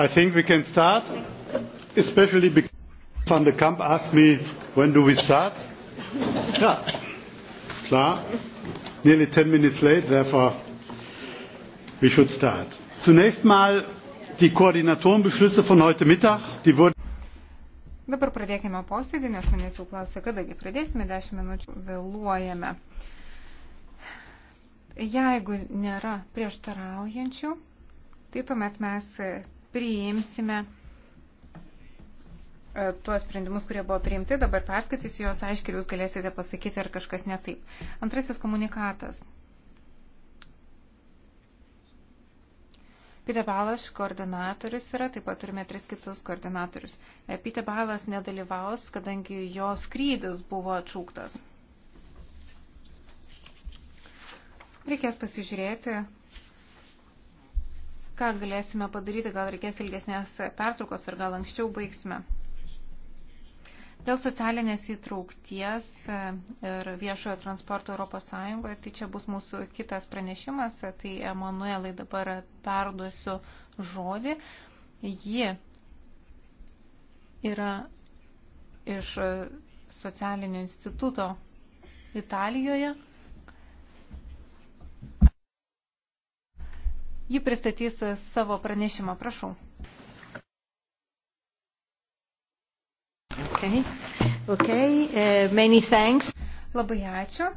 I think we can start, especially because Van de Kamp asked me when do we start. Ja, klar. Nearly 10 minutes late, therefore we should start. Zunächst mal die Koordinatorenbeschlüsse von heute Mittag. Die wurden Dabar pradėkime posėdį, nes manęs jau klausė, kadagi pradėsime, 10 minučių vėluojame. Jeigu nėra prieštaraujančių, tai tuomet mes priimsime e, tuos sprendimus, kurie buvo priimti, dabar perskaitysiu juos aiškiai ir jūs galėsite pasakyti, ar kažkas ne taip. Antrasis komunikatas. Pite Balas koordinatorius yra, taip pat turime tris kitus koordinatorius. E, Pite Balas nedalyvaus, kadangi jo skrydis buvo atšauktas. Reikės pasižiūrėti, ką galėsime padaryti, gal reikės ilgesnės pertraukos ir gal anksčiau baigsime. Dėl socialinės įtraukties e, ir viešojo transporto ES, tai čia bus mūsų kitas pranešimas, tai Emanuelai dabar perduosiu žodį. Ji yra iš socialinio instituto Italijoje Ji pristatys e, savo pranešimą. Prašau. Okay. Okay. Uh, many thanks. Labai ačiū.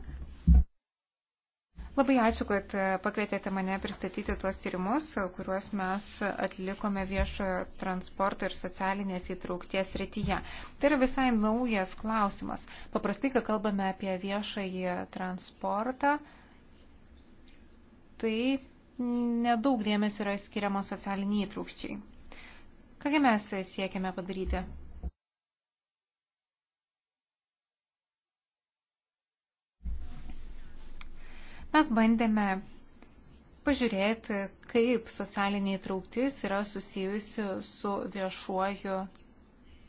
Labai ačiū, kad e, pakvietėte mane pristatyti tuos tyrimus, kuriuos mes atlikome viešojo transporto ir socialinės įtraukties rytyje. Tai yra visai naujas klausimas. Paprastai, kai kalbame apie viešąjį transportą, tai nedaug dėmesio yra skiriama socialiniai įtraukščiai. Kągi mes siekiame padaryti? Mes bandėme pažiūrėti, kaip socialiniai trauktis yra susijusi su viešuoju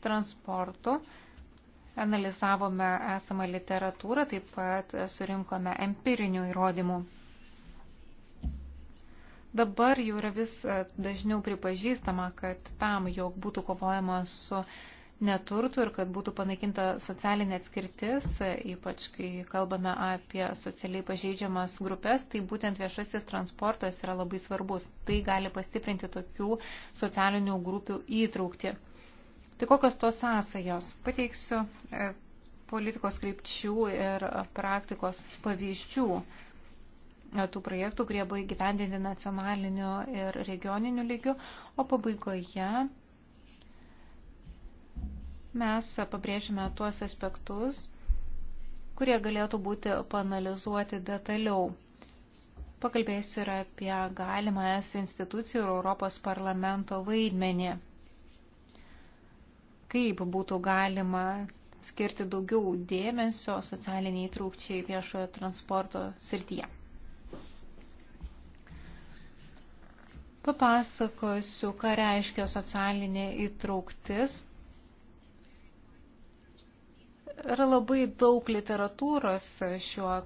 transportu. Analizavome esamą literatūrą, taip pat surinkome empirinių įrodymų. Dabar jau yra vis e, dažniau pripažįstama, kad tam, jog būtų kovojama su neturtų ir kad būtų panaikinta socialinė atskirtis, e, ypač kai kalbame apie socialiai pažeidžiamas grupės, tai būtent viešasis transportas yra labai svarbus. Tai gali pastiprinti tokių socialinių grupių įtraukti. Tai kokios tos sąsajos? Pateiksiu e, politikos krypčių ir praktikos pavyzdžių E, tų projektų, kurie buvo įgyvendinti nacionaliniu ir regioniniu lygiu, o pabaigoje mes pabrėžime tuos aspektus, kurie galėtų būti panalizuoti detaliau. Pakalbėsiu ir apie galimą es institucijų ir Europos parlamento vaidmenį. Kaip būtų galima skirti daugiau dėmesio socialiniai trūkčiai viešojo transporto srityje. Papasakosiu, ką reiškia socialinė įtrauktis. Yra labai daug literatūros šiuo e,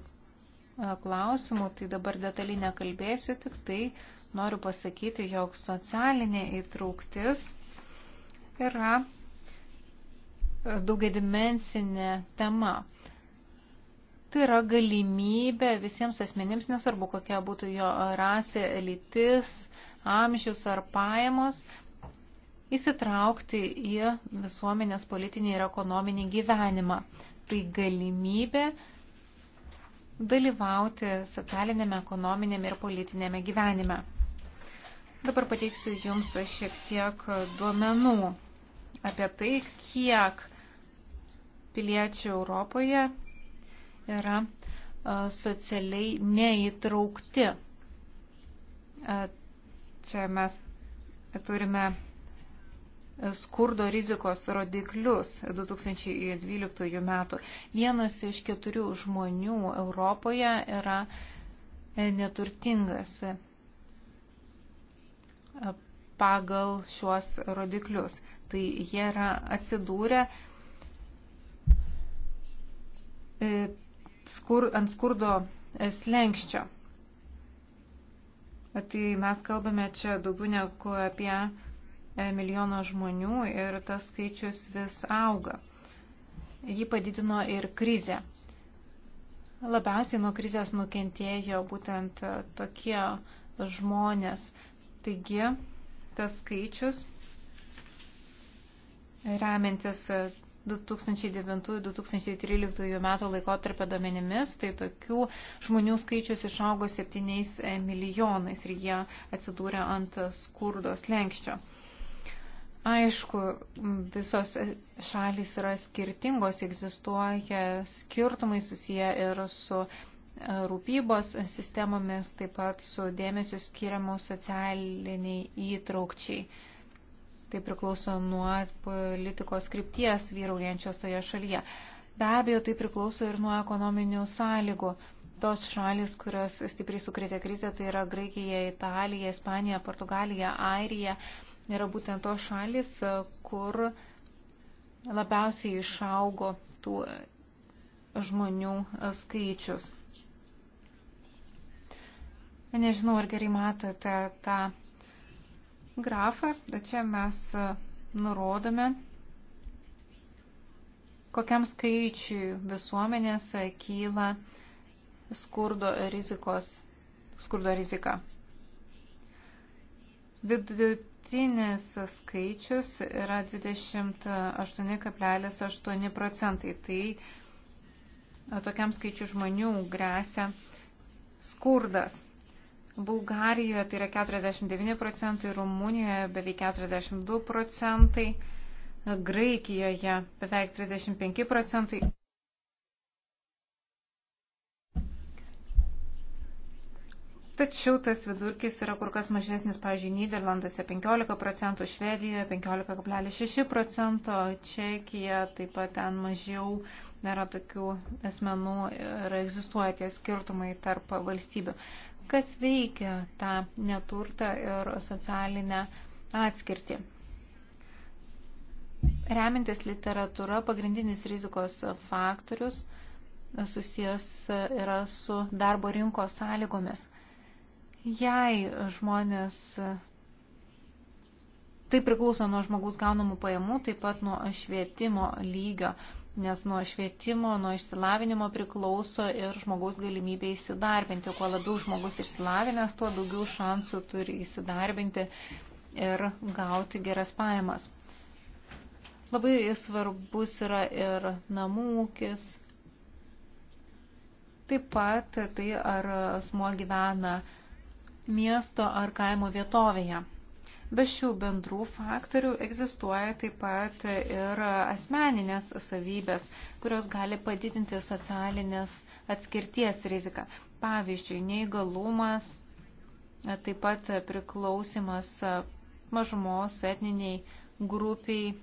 klausimu, tai dabar detaliai nekalbėsiu, tik tai noriu pasakyti, jog socialinė įtrauktis yra e, daugiadimensinė tema. Tai yra galimybė visiems asmenims, nesvarbu kokia būtų jo rasė, lytis, amžius ar pajamos, įsitraukti į visuomenės politinį ir ekonominį gyvenimą. Tai galimybė dalyvauti socialinėme, ekonominėme ir politinėme gyvenime. Dabar pateiksiu Jums šiek tiek duomenų apie tai, kiek piliečių Europoje yra socialiai neįtraukti. Čia mes turime skurdo rizikos rodiklius 2012 metų. Vienas iš keturių žmonių Europoje yra neturtingas pagal šiuos rodiklius. Tai jie yra atsidūrę e, skur, ant skurdo slengščio. Tai mes kalbame čia daugiau negu apie e, milijono žmonių ir tas skaičius vis auga. Jį padidino ir krizė. Labiausiai nuo krizės nukentėjo būtent e, tokie žmonės. Taigi, tas skaičius, remiantis e, 2009-2013 metų laikotarpio domenimis, tai tokių žmonių skaičius išaugo 7 e, milijonais ir jie atsidūrė ant skurdos lenkščio. Aišku, visos šalys yra skirtingos, egzistuoja skirtumai susiję ir su e, rūpybos sistemomis, taip pat su dėmesiu skiriamo socialiniai įtraukčiai. Tai priklauso nuo politikos skripties vyraujančios toje šalyje. Be abejo, tai priklauso ir nuo ekonominių sąlygų. Tos šalis, kurios stipriai sukrėtė krizę, tai yra Graikija, Italija, Ispanija, Portugalija, Airija, yra būtent tos šalis, kur labiausiai išaugo tų žmonių skaičius. Nežinau, ar gerai matote tą grafą. Čia mes e, nurodome, kokiam skaičiui visuomenės kyla skurdo, rizikos, skurdo rizika. Vidutinis skaičius yra 28,8 procentai. Tai e, tokiam skaičiu žmonių grėsia skurdas. Bulgarijoje tai yra 49 procentai, Rumunijoje beveik 42 procentai, Graikijoje beveik 35 procentai. Tačiau tas vidurkis yra kur kas mažesnis, pavyzdžiui, Niderlanduose 15 procentų, Švedijoje 15,6 procento, Čekija taip pat ten mažiau nėra tokių asmenų ir egzistuoja tie skirtumai tarp valstybių kas veikia tą neturtą ir socialinę atskirtį. Remintis literatūra, pagrindinis rizikos faktorius susijęs yra su darbo rinkos sąlygomis. Jei žmonės tai priklauso nuo žmogus gaunamų pajamų, taip pat nuo švietimo lygio, nes nuo švietimo, nuo išsilavinimo priklauso ir žmogaus galimybė įsidarbinti. Kuo labiau žmogus išsilavinęs, tuo daugiau šansų turi įsidarbinti ir gauti geras pajamas. Labai svarbus yra ir namų ūkis. Taip pat tai, ar asmo gyvena miesto ar kaimo vietovėje. Be šių bendrų faktorių egzistuoja taip pat ir asmeninės savybės, kurios gali padidinti socialinės atskirties riziką. Pavyzdžiui, neįgalumas, taip pat priklausimas mažumos etniniai grupiai,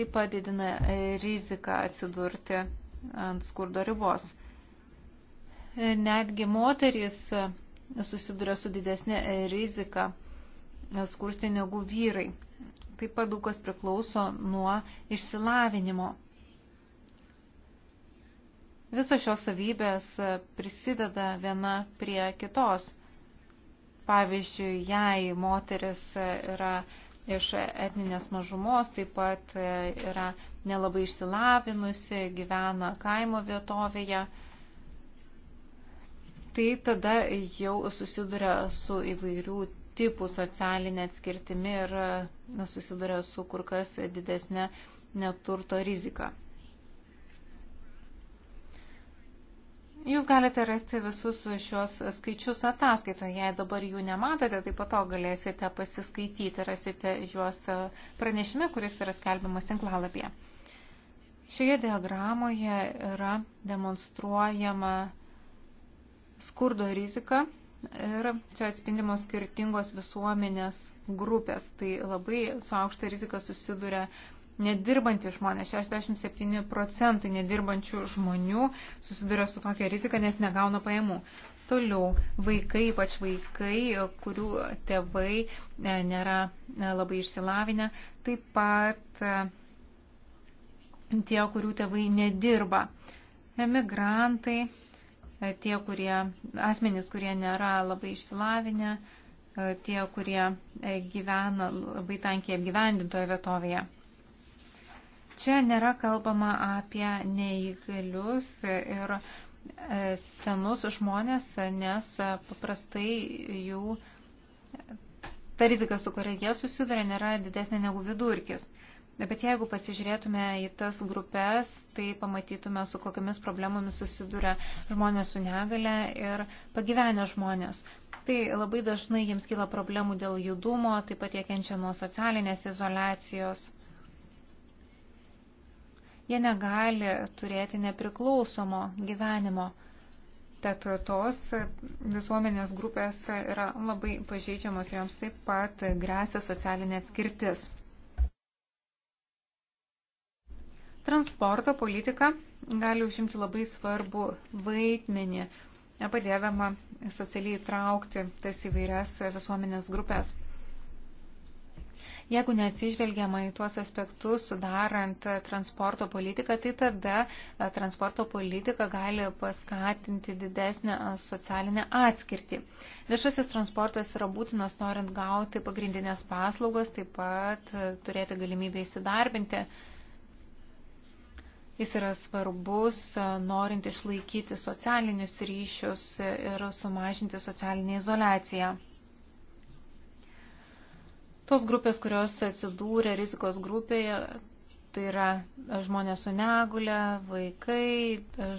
taip pat didina riziką atsidurti ant skurdo ribos. Netgi moterys susiduria su didesnė rizika skursti negu vyrai. Taip pat daug kas priklauso nuo išsilavinimo. Visos šios savybės prisideda viena prie kitos. Pavyzdžiui, jei moteris yra iš etninės mažumos, taip pat yra nelabai išsilavinusi, gyvena kaimo vietovėje, tai tada jau susiduria su įvairių tipų socialinė atskirtimi ir na, susiduria su kur kas didesnė neturto rizika. Jūs galite rasti visus šios skaičius ataskaitoje. Jei dabar jų nematote, tai po to galėsite pasiskaityti, rasite juos pranešime, kuris yra skelbiamas tinklalapyje. Šioje diagramoje yra demonstruojama skurdo rizika Ir čia atspindimos skirtingos visuomenės grupės. Tai labai su aukšta rizika susiduria nedirbantys žmonės. 67 procentai nedirbančių žmonių susiduria su tokia rizika, nes negauna pajamų. Toliau vaikai, ypač vaikai, kurių tėvai e, nėra e, labai išsilavinę, taip pat e, tie, kurių tėvai nedirba. Emigrantai E, tie, kurie, asmenys, kurie nėra labai išsilavinę, e, tie, kurie e, gyvena labai tankiai apgyvendintoje vietovėje. Čia nėra kalbama apie neįgalius ir senus žmonės, nes paprastai jų ta rizika, su kuria jie susiduria, nėra didesnė negu vidurkis. Bet jeigu pasižiūrėtume į tas grupės, tai pamatytume, su kokiamis problemomis susiduria žmonės su negale ir pagyvenę žmonės. Tai labai dažnai jiems kyla problemų dėl judumo, taip pat jie kenčia nuo socialinės izolacijos. Jie negali turėti nepriklausomo gyvenimo. Tad tos visuomenės grupės yra labai pažeidžiamos, joms taip pat grėsia socialinė atskirtis. Transporto politika gali užimti labai svarbu vaidmenį, padėdama socialiai įtraukti tas įvairias visuomenės grupės. Jeigu neatsižvelgiama į tuos aspektus sudarant transporto politiką, tai tada transporto politika gali paskatinti didesnę socialinę atskirtį. Viešasis transportas yra būtinas norint gauti pagrindinės paslaugas, taip pat turėti galimybę įsidarbinti. Jis yra svarbus, norint išlaikyti socialinius ryšius ir sumažinti socialinę izolaciją. Tos grupės, kurios atsidūrė rizikos grupėje, tai yra žmonės su negule, vaikai,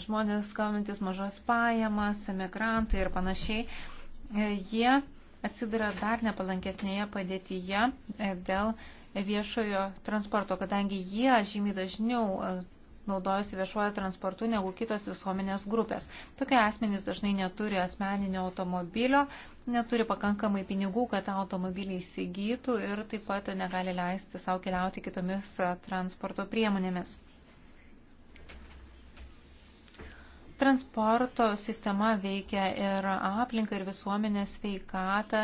žmonės gaunantis mažas pajamas, emigrantai ir panašiai, e, jie atsiduria dar nepalankesnėje padėtyje e, dėl viešojo transporto, kadangi jie žymiai dažniau e, naudojasi viešuoju transportu negu kitos visuomenės grupės. Tokie asmenys dažnai neturi asmeninio automobilio, neturi pakankamai pinigų, kad tą automobilį įsigytų ir taip pat negali leisti savo keliauti kitomis transporto priemonėmis. Transporto sistema veikia ir aplinką, ir visuomenės sveikatą,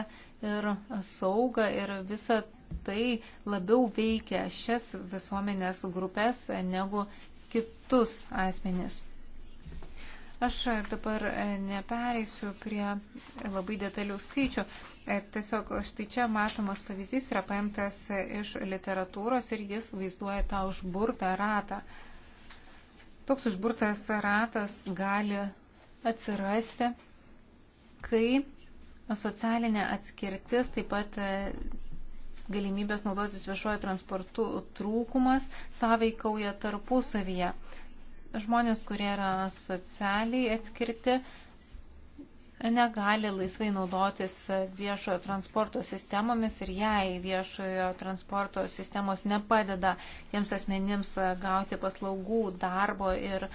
ir saugą, ir visą tai labiau veikia šias visuomenės grupės negu kitus asmenis. Aš dabar e, nepereisiu prie labai detalių skaičių. E, tiesiog štai čia matomas pavyzdys yra paimtas iš literatūros ir jis vaizduoja tą užburtą ratą. Toks užburtas ratas gali atsirasti, kai socialinė atskirtis taip pat e, galimybės naudotis viešuoju transportu trūkumas sąveikauja tarpusavyje. Žmonės, kurie yra socialiai atskirti, negali laisvai naudotis viešojo transporto sistemomis ir jei viešojo transporto sistemos nepadeda tiems asmenims gauti paslaugų, darbo ir e,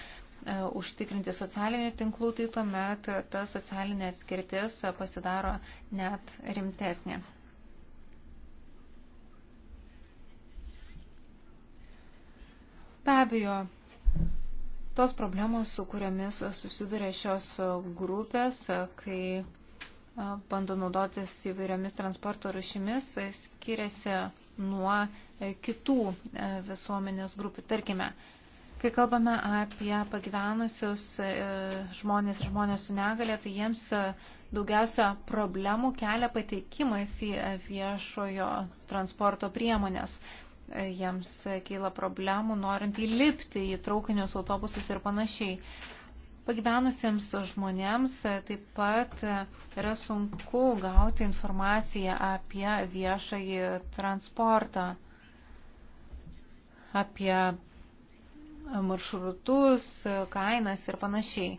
užtikrinti socialinių tinklų, tai tuomet ta socialinė atskirtis pasidaro net rimtesnė. Be abejo, tos problemos, su kuriomis susiduria šios grupės, kai bando naudotis įvairiomis transporto rušimis, skiriasi nuo e, kitų e, visuomenės grupių. Tarkime, Kai kalbame apie pagyvenusius e, žmonės ir žmonės su negalė, tai jiems daugiausia problemų kelia pateikimas į viešojo transporto priemonės jiems keila problemų, norint įlipti į traukinius autobusus ir panašiai. Pagyvenusiems žmonėms taip pat yra sunku gauti informaciją apie viešąjį transportą, apie maršrutus, kainas ir panašiai.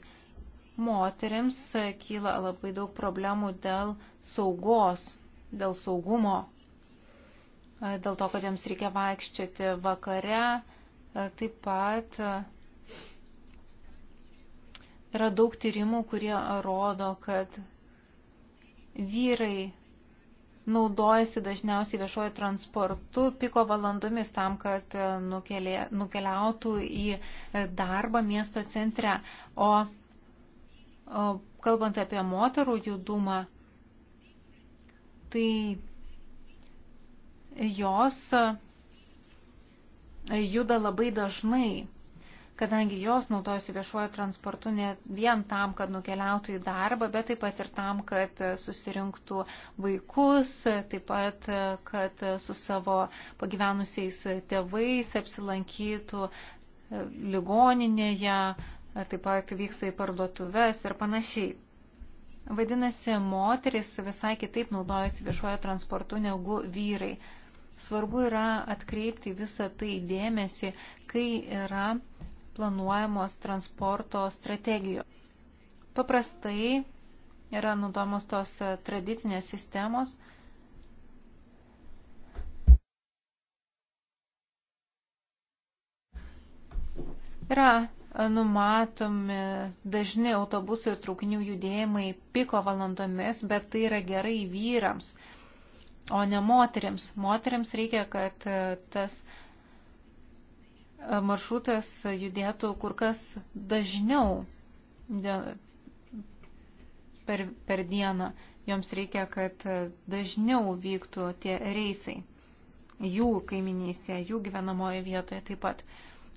Moterims kyla labai daug problemų dėl saugos, dėl saugumo dėl to, kad jiems reikia vaikščioti vakare. Taip pat yra daug tyrimų, kurie rodo, kad vyrai naudojasi dažniausiai viešojo transportu piko valandomis tam, kad nukelė, nukeliautų į darbą miesto centre. O, o kalbant apie moterų judumą, tai jos e, juda labai dažnai, kadangi jos naudojasi viešuoju transportu ne vien tam, kad nukeliautų į darbą, bet taip pat ir tam, kad susirinktų vaikus, taip pat, e, kad su savo pagyvenusiais tėvais apsilankytų e, ligoninėje, taip pat vyksta į parduotuves ir panašiai. Vadinasi, moteris visai kitaip naudojasi viešuoju transportu negu vyrai. Svarbu yra atkreipti visą tai dėmesį, kai yra planuojamos transporto strategijos. Paprastai yra nudomos tos tradicinės sistemos. Yra numatomi dažni autobusų ir traukinių judėjimai piko valandomis, bet tai yra gerai vyrams o ne moteriams. Moteriams reikia, kad e, tas e, maršrutas judėtų kur kas dažniau per, per dieną. Joms reikia, kad e, dažniau vyktų tie reisai jų kaiminystėje, jų gyvenamoje vietoje taip pat.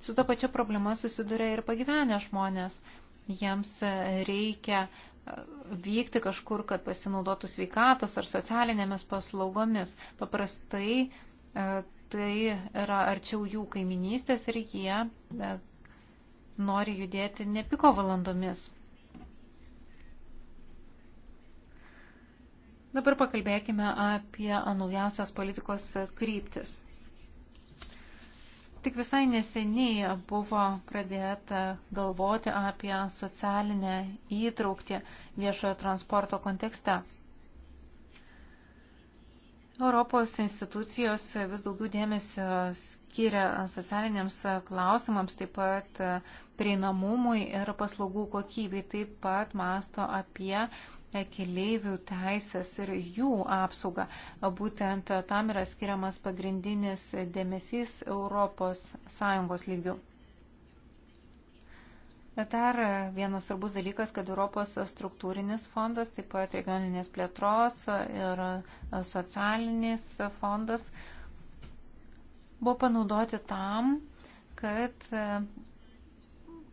Su ta pačia problema susiduria ir pagyvenę žmonės. Jiems reikia vykti kažkur, kad pasinaudotų sveikatos ar socialinėmis paslaugomis. Paprastai e, tai yra arčiau jų kaiminystės ir jie e, nori judėti ne piko valandomis. Dabar pakalbėkime apie naujausias politikos kryptis. Tik visai neseniai buvo pradėta galvoti apie socialinę įtraukti viešojo transporto kontekste. Europos institucijos vis daugiau dėmesio skiria socialiniams klausimams, taip pat prieinamumui ir paslaugų kokybei, taip pat masto apie keleivių teisės ir jų apsaugą. Būtent tam yra skiriamas pagrindinis dėmesys ES lygių. Dar vienas svarbus dalykas, kad Europos struktūrinis fondas, taip pat regioninės plėtros ir socialinis fondas buvo panaudoti tam, kad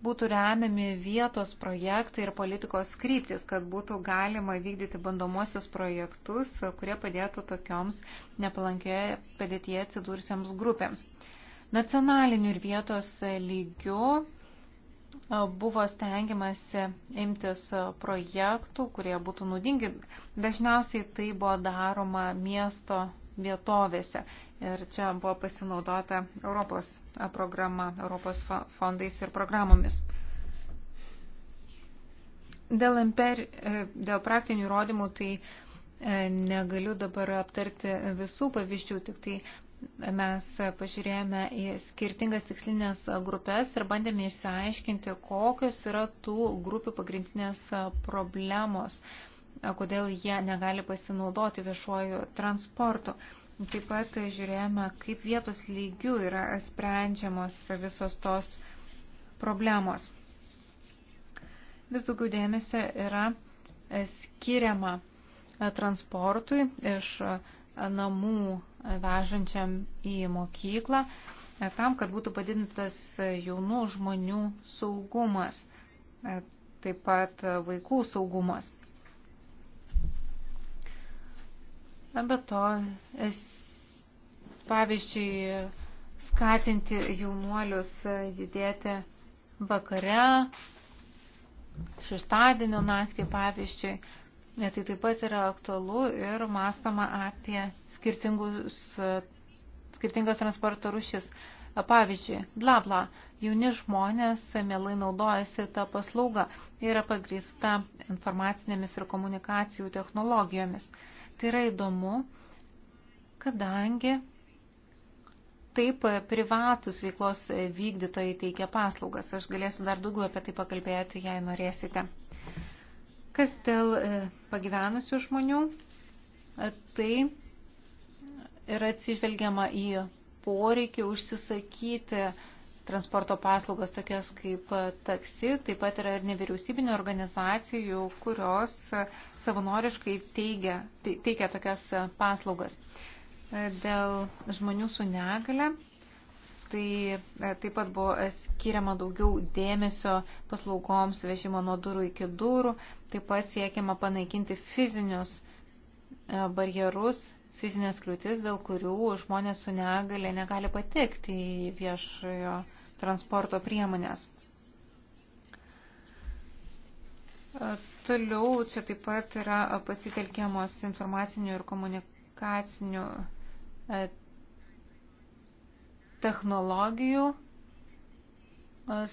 būtų remiami vietos projektai ir politikos kryptis, kad būtų galima vykdyti bandomuosius projektus, kurie padėtų tokioms nepalankioje padėtyje atsidūrusiams grupėms. Nacionaliniu ir vietos lygiu buvo stengiamasi imtis projektų, kurie būtų nudingi. Dažniausiai tai buvo daroma miesto vietovėse. Ir čia buvo pasinaudota Europos programa, Europos fondais ir programomis. Dėl, imper, e, dėl praktinių įrodymų, tai e, negaliu dabar aptarti visų pavyzdžių, tik tai mes pažiūrėjome į skirtingas tikslinės grupės ir bandėme išsiaiškinti, kokios yra tų grupių pagrindinės problemos, kodėl jie negali pasinaudoti viešuoju transportu. Taip pat žiūrėjome, kaip vietos lygių yra sprendžiamos visos tos problemos. Vis daugiau dėmesio yra skiriama transportui iš namų vežančiam į mokyklą, tam, kad būtų padidintas jaunų žmonių saugumas, taip pat vaikų saugumas. Be to, es, pavyzdžiui, skatinti jaunuolius judėti vakare, šeštadienio naktį, pavyzdžiui, Ja, tai taip pat yra aktualu ir mąstama apie skirtingas transporto rušis. Pavyzdžiui, bla bla, jauni žmonės mielai naudojasi tą paslaugą ir yra pagrįsta informacinėmis ir komunikacijų technologijomis. Tai yra įdomu, kadangi taip privatus veiklos vykdytojai teikia paslaugas. Aš galėsiu dar daugiau apie tai pakalbėti, jei norėsite. Kas dėl e, pagyvenusių žmonių, e, tai yra atsižvelgiama į poreikį užsisakyti transporto paslaugos tokias kaip e, taksi, taip pat yra ir nevyriausybinio organizacijų, kurios e, savanoriškai teigia, teikia tokias e, paslaugas. Dėl žmonių su negale, tai taip pat buvo skiriama daugiau dėmesio paslaugoms vežimo nuo durų iki durų, taip pat siekiama panaikinti fizinius barjerus fizinės kliūtis, dėl kurių žmonės su negalė negali patekti į viešojo transporto priemonės. Toliau čia taip pat yra pasitelkiamos informacinių ir komunikacinių e, technologijų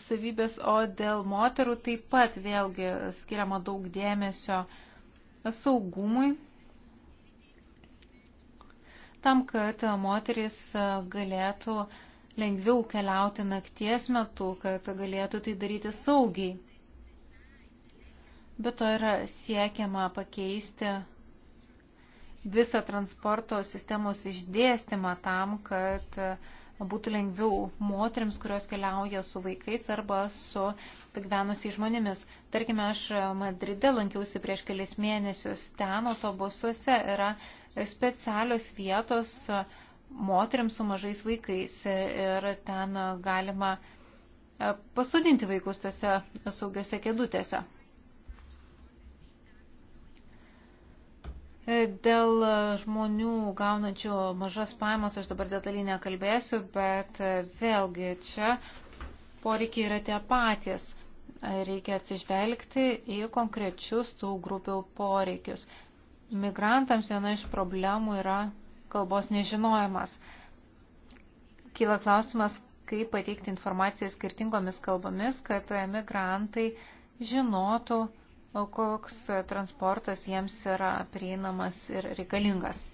savybės, o dėl moterų taip pat vėlgi skiriama daug dėmesio saugumui tam, kad moteris e, galėtų lengviau keliauti nakties metu, kad galėtų tai daryti saugiai. Bet to yra siekiama pakeisti visą transporto sistemos išdėstymą tam, kad e, būtų lengviau moteriams, kurios keliauja su vaikais arba su pagyvenusiais žmonėmis. Tarkime, aš Madride lankiausi prieš kelias mėnesius, ten autobusuose yra specialios vietos moteriams su mažais vaikais ir ten galima e, pasodinti vaikus tose saugiose kėdutėse. E, dėl žmonių gaunančių mažas pajamas aš dabar detaliai nekalbėsiu, bet e, vėlgi čia poreikiai yra tie patys. Reikia atsižvelgti į konkrečius tų grupių poreikius. Migrantams viena iš problemų yra kalbos nežinojimas. Kyla klausimas, kaip pateikti informaciją skirtingomis kalbomis, kad migrantai žinotų, koks transportas jiems yra prieinamas ir reikalingas.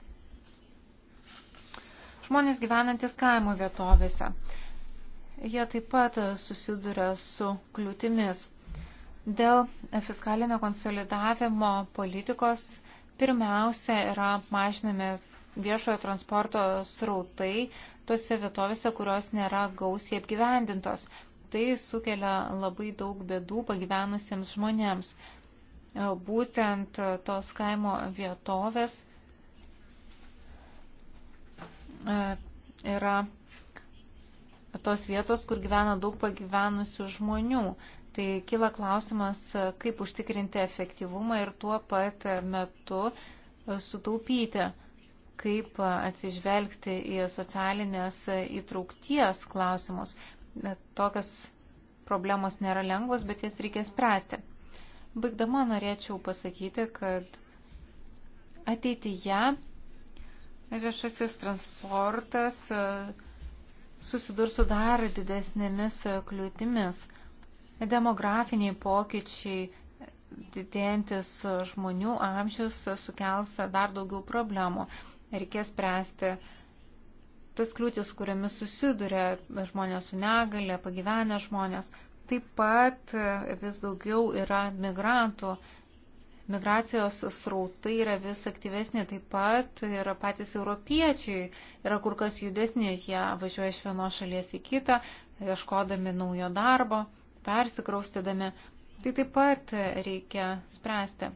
Žmonės gyvenantis kaimo vietovėse. Jie taip pat susiduria su kliūtimis. Dėl fiskalinio konsolidavimo politikos Pirmiausia yra mažinami viešojo transporto srautai tose vietovėse, kurios nėra gausiai apgyvendintos. Tai sukelia labai daug bėdų pagyvenusiems žmonėms. Būtent tos kaimo vietovės e, yra tos vietos, kur gyvena daug pagyvenusių žmonių tai kila klausimas, kaip užtikrinti efektyvumą ir tuo pat metu sutaupyti, kaip atsižvelgti į socialinės įtraukties klausimus. Tokios problemos nėra lengvos, bet jas reikia spręsti. Baigdama norėčiau pasakyti, kad ateityje viešasis transportas susidurs su dar didesnėmis kliūtimis. Demografiniai pokyčiai didėjantis žmonių amžius sukels dar daugiau problemų. Reikės spręsti tas kliūtis, kuriamis susiduria žmonės su negale, pagyvenę žmonės. Taip pat vis daugiau yra migrantų. Migracijos srautai yra vis aktyvesnė, taip pat yra patys europiečiai, yra kur kas judesnė, jie važiuoja iš vienos šalies į kitą, ieškodami naujo darbo persikraustydami, tai taip pat reikia spręsti.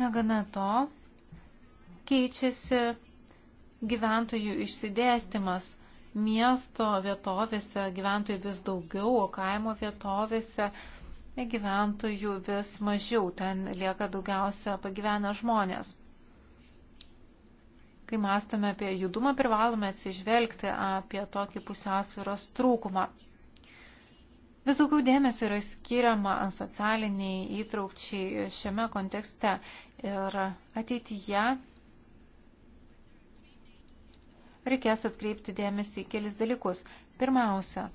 Negana to, keičiasi gyventojų išsidėstimas. Miesto vietovėse gyventojų vis daugiau, o kaimo vietovėse gyventojų vis mažiau. Ten lieka daugiausia pagyvenę žmonės. Kai mąstome apie judumą, privalome atsižvelgti apie tokį pusiausvyros trūkumą. Vis daugiau dėmesio yra skiriama socialiniai įtraukčiai šiame kontekste ir ateityje reikės atkreipti dėmesį į kelis dalykus. Pirmiausia,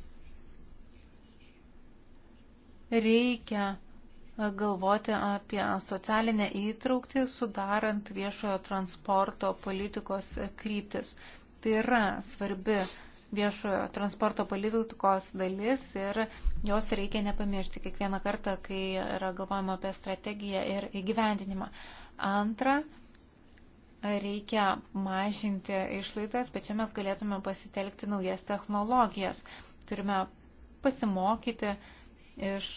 reikia galvoti apie socialinę įtraukti, sudarant viešojo transporto politikos kryptis. Tai yra svarbi viešojo transporto politikos dalis ir jos reikia nepamiršti kiekvieną kartą, kai yra galvojama apie strategiją ir įgyvendinimą. Antra, reikia mažinti išlaidas, bet čia mes galėtume pasitelkti naujas technologijas. Turime pasimokyti iš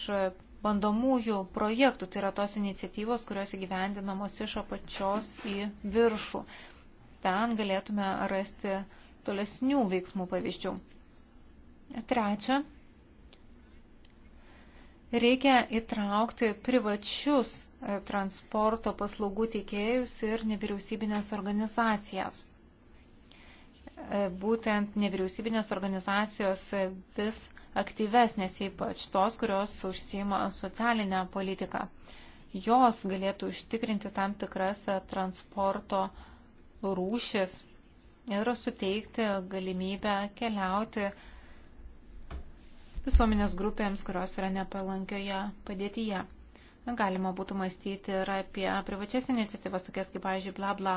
bandomųjų projektų, tai yra tos iniciatyvos, kurios įgyvendinamos iš apačios į viršų. Ten galėtume rasti tolesnių veiksmų pavyzdžių. Trečia, reikia įtraukti privačius e, transporto paslaugų teikėjus ir nevyriausybinės organizacijas e, būtent nevyriausybinės organizacijos e, vis aktyvesnės, ypač tos, kurios užsima socialinę politiką. Jos galėtų užtikrinti tam tikras e, transporto rūšis ir suteikti galimybę keliauti visuomenės grupėms, kurios yra nepalankioje padėtyje. Galima būtų mąstyti ir apie privačias iniciatyvas, tokias kaip, pavyzdžiui, bla bla.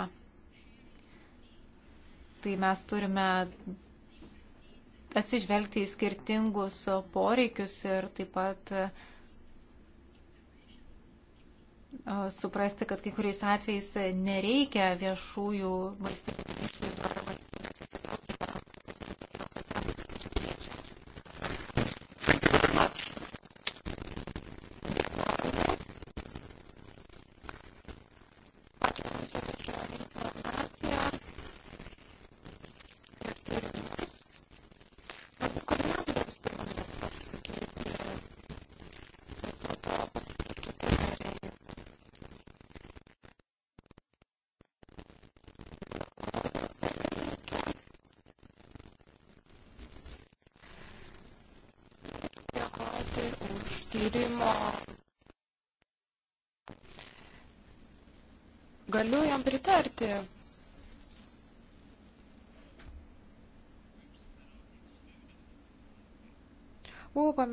Tai mes turime atsižvelgti į skirtingus poreikius ir taip pat suprasti, kad kai kuriais atvejais nereikia viešųjų valstybės išlaidų ar valstybės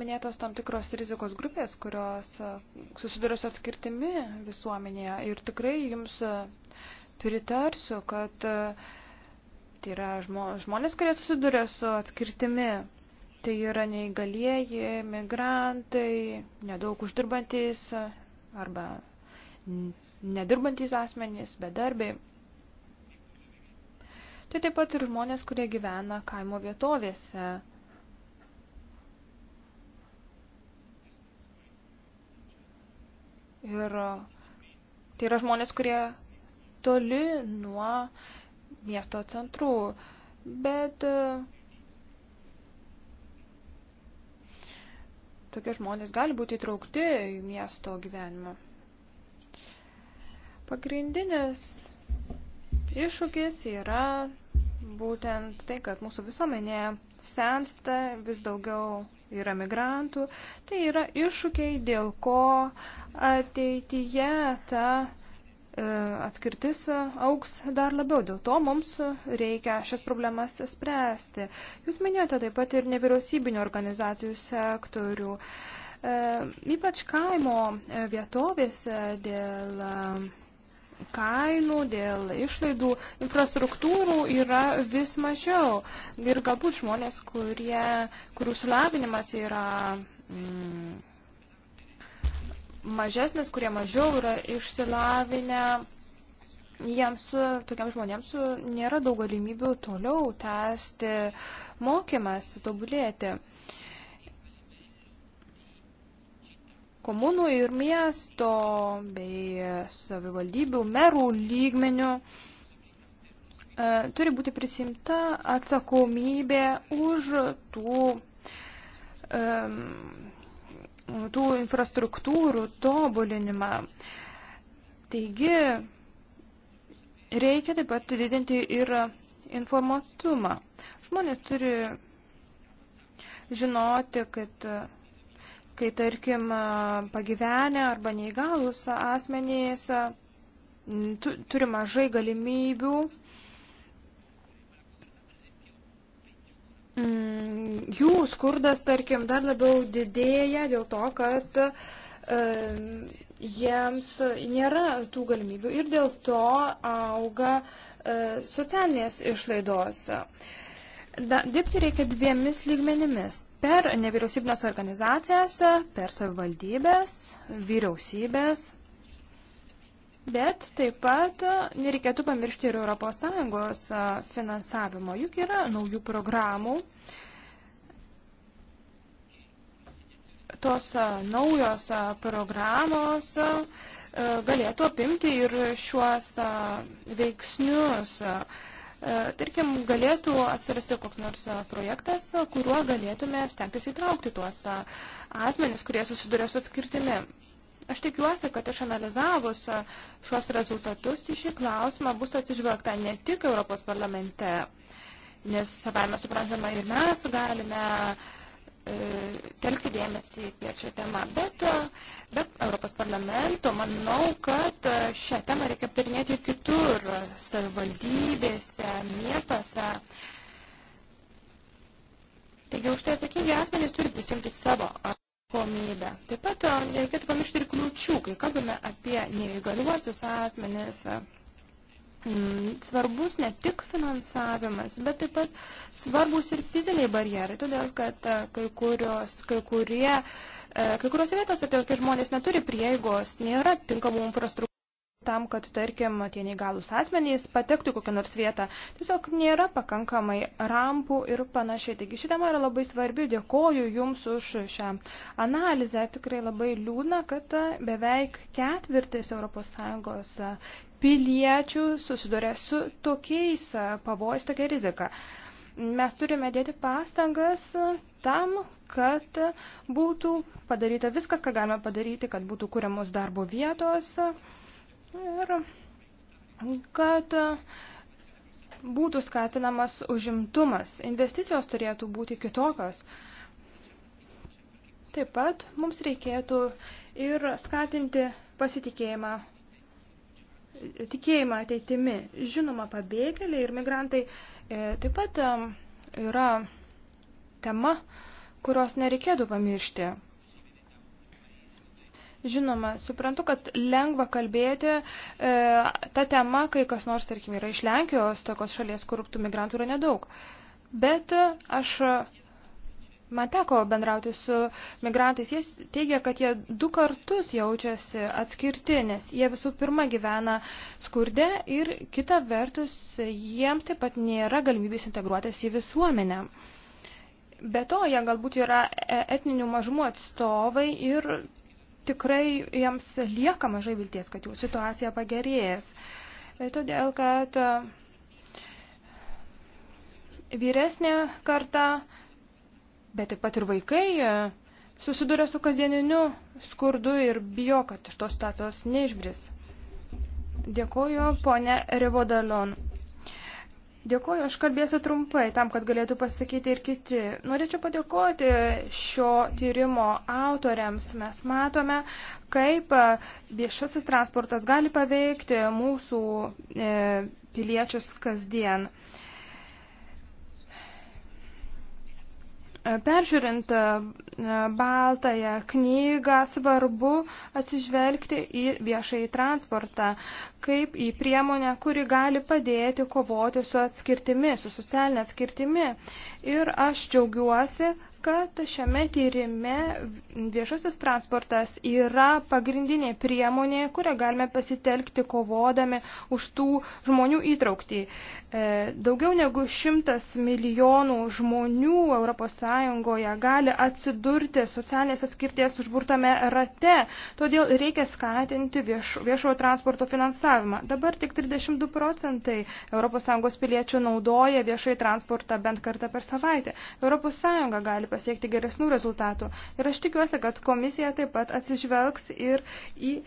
paminėtos tam tikros rizikos grupės, kurios e, susiduria su atskirtimi visuomenėje. Ir tikrai jums e, pritarsiu, kad e, tai yra žmonės, kurie susiduria su atskirtimi. Tai yra neįgalieji, migrantai, nedaug uždirbantys arba nedirbantys asmenys, bedarbiai. Tai taip pat ir žmonės, kurie gyvena kaimo vietovėse Ir e, tai yra žmonės, kurie toli nuo miesto centrų. Bet e, tokie žmonės gali būti įtraukti į miesto gyvenimą. Pagrindinis iššūkis yra būtent tai, kad mūsų visuomenėje sensta, vis daugiau yra migrantų. Tai yra iššūkiai, dėl ko ateityje ta e, atskirtis auks dar labiau. Dėl to mums reikia šias problemas spręsti. Jūs minėjote taip pat ir nevyriausybinio organizacijų sektorių. E, ypač kaimo vietovėse dėl kainų, dėl išlaidų infrastruktūrų yra vis mažiau. Ir galbūt žmonės, kurie, kurių slavinimas yra mm, mažesnis, kurie mažiau yra išsilavinę, jiems, tokiam žmonėms nėra daug galimybių toliau tęsti mokymas, tobulėti. komunų ir miesto bei savivaldybių merų lygmenių e, turi būti prisimta atsakomybė už tų, e, tų infrastruktūrų tobulinimą. Taigi, reikia taip pat didinti ir informatumą. Žmonės turi žinoti, kad kai tarkim pagyvenę arba neįgalus asmenys turi mažai galimybių jų skurdas, tarkim, dar labiau didėja dėl to, kad e, jiems nėra tų galimybių ir dėl to auga e, socialinės išlaidos. Da, dirbti reikia dviemis lygmenimis per nevyriausybinės organizacijas, per savivaldybės, vyriausybės, bet taip pat nereikėtų pamiršti ir ES finansavimo, juk yra naujų programų. Tos naujos programos e, galėtų apimti ir šiuos veiksnius, E, tarkim, galėtų atsirasti koks nors e, projektas, kuriuo galėtume stengtis įtraukti tuos e, asmenis, kurie susiduria su atskirtimi. Aš tikiuosi, kad išanalizavus šios rezultatus į šį klausimą bus atsižvelgta ne tik Europos parlamente, nes savai mes suprantama ir mes galime E, telkti dėmesį ties šią temą. Bet, e, bet Europos parlamento manau, kad e, šią temą reikia aptarinėti ir kitur, savivaldybėse, miestuose. Taigi už tai atsakingi asmenys turi prisimti savo atsakomybę. Taip pat nereikėtų pamiršti ir kliūčių, kai kalbame apie neįgaliuosius asmenys. Mm, svarbus ne tik finansavimas, bet taip pat svarbus ir fiziniai barjerai, todėl kad e, kai, kurios, kai kurie, e, kai kurios vietose tokie žmonės neturi prieigos, nėra tinkamų infrastruktūrų tam, kad, tarkim, tie neįgalus asmenys patektų kokią nors vietą. Tiesiog nėra pakankamai rampų ir panašiai. Taigi ši tema yra labai svarbi. Dėkoju Jums už šią analizę. Tikrai labai liūdna, kad e, beveik ketvirtis ES piliečių susiduria su tokiais e, pavojais, tokia rizika. Mes turime dėti pastangas tam, kad būtų padaryta viskas, ką galime padaryti, kad būtų kuriamos darbo vietos ir kad būtų skatinamas užimtumas. Investicijos turėtų būti kitokios. Taip pat mums reikėtų ir skatinti pasitikėjimą tikėjimą ateitimi. Žinoma, pabėgėliai ir migrantai e, taip pat e, yra tema, kurios nereikėtų pamiršti. Žinoma, suprantu, kad lengva kalbėti e, tą temą, kai kas nors, tarkim, yra iš Lenkijos, tokios šalies, kur tų migrantų yra nedaug. Bet aš Man teko bendrauti su migrantais, jie teigia, kad jie du kartus jaučiasi atskirti, nes jie visų pirma gyvena skurde ir kita vertus jiems taip pat nėra galimybės integruotis į visuomenę. Be to, jie galbūt yra e, etninių mažumų atstovai ir tikrai jiems lieka mažai vilties, kad jų situacija pagerės. E, todėl, kad e, vyresnė karta bet taip pat ir vaikai e, susiduria su kasdieniniu skurdu ir bijo, kad iš tos situacijos neišbris. Dėkoju, ponė Revodalion. Dėkoju, aš kalbėsiu trumpai, tam, kad galėtų pasakyti ir kiti. Norėčiau padėkoti šio tyrimo autoriams. Mes matome, kaip e, viešasis transportas gali paveikti mūsų e, piliečius kasdien. E, Peržiūrint e, baltąją knygą svarbu atsižvelgti į viešai transportą kaip į priemonę, kuri gali padėti kovoti su atskirtimi, su socialinė atskirtimi. Ir aš džiaugiuosi, kad šiame tyrime viešasis transportas yra pagrindinė priemonė, kurią galime pasitelkti kovodami už tų žmonių įtraukti. E, daugiau negu šimtas milijonų žmonių ES gali atsidurti socialinės atskirties užburtame rate, todėl reikia skatinti vieš, viešojo transporto finansavimą. Dabar tik 32 procentai ES piliečių naudoja viešai transportą bent kartą per savaitę. ES gali pasiekti geresnių rezultatų. Ir aš tikiuosi, kad komisija taip pat atsižvelgs ir į e,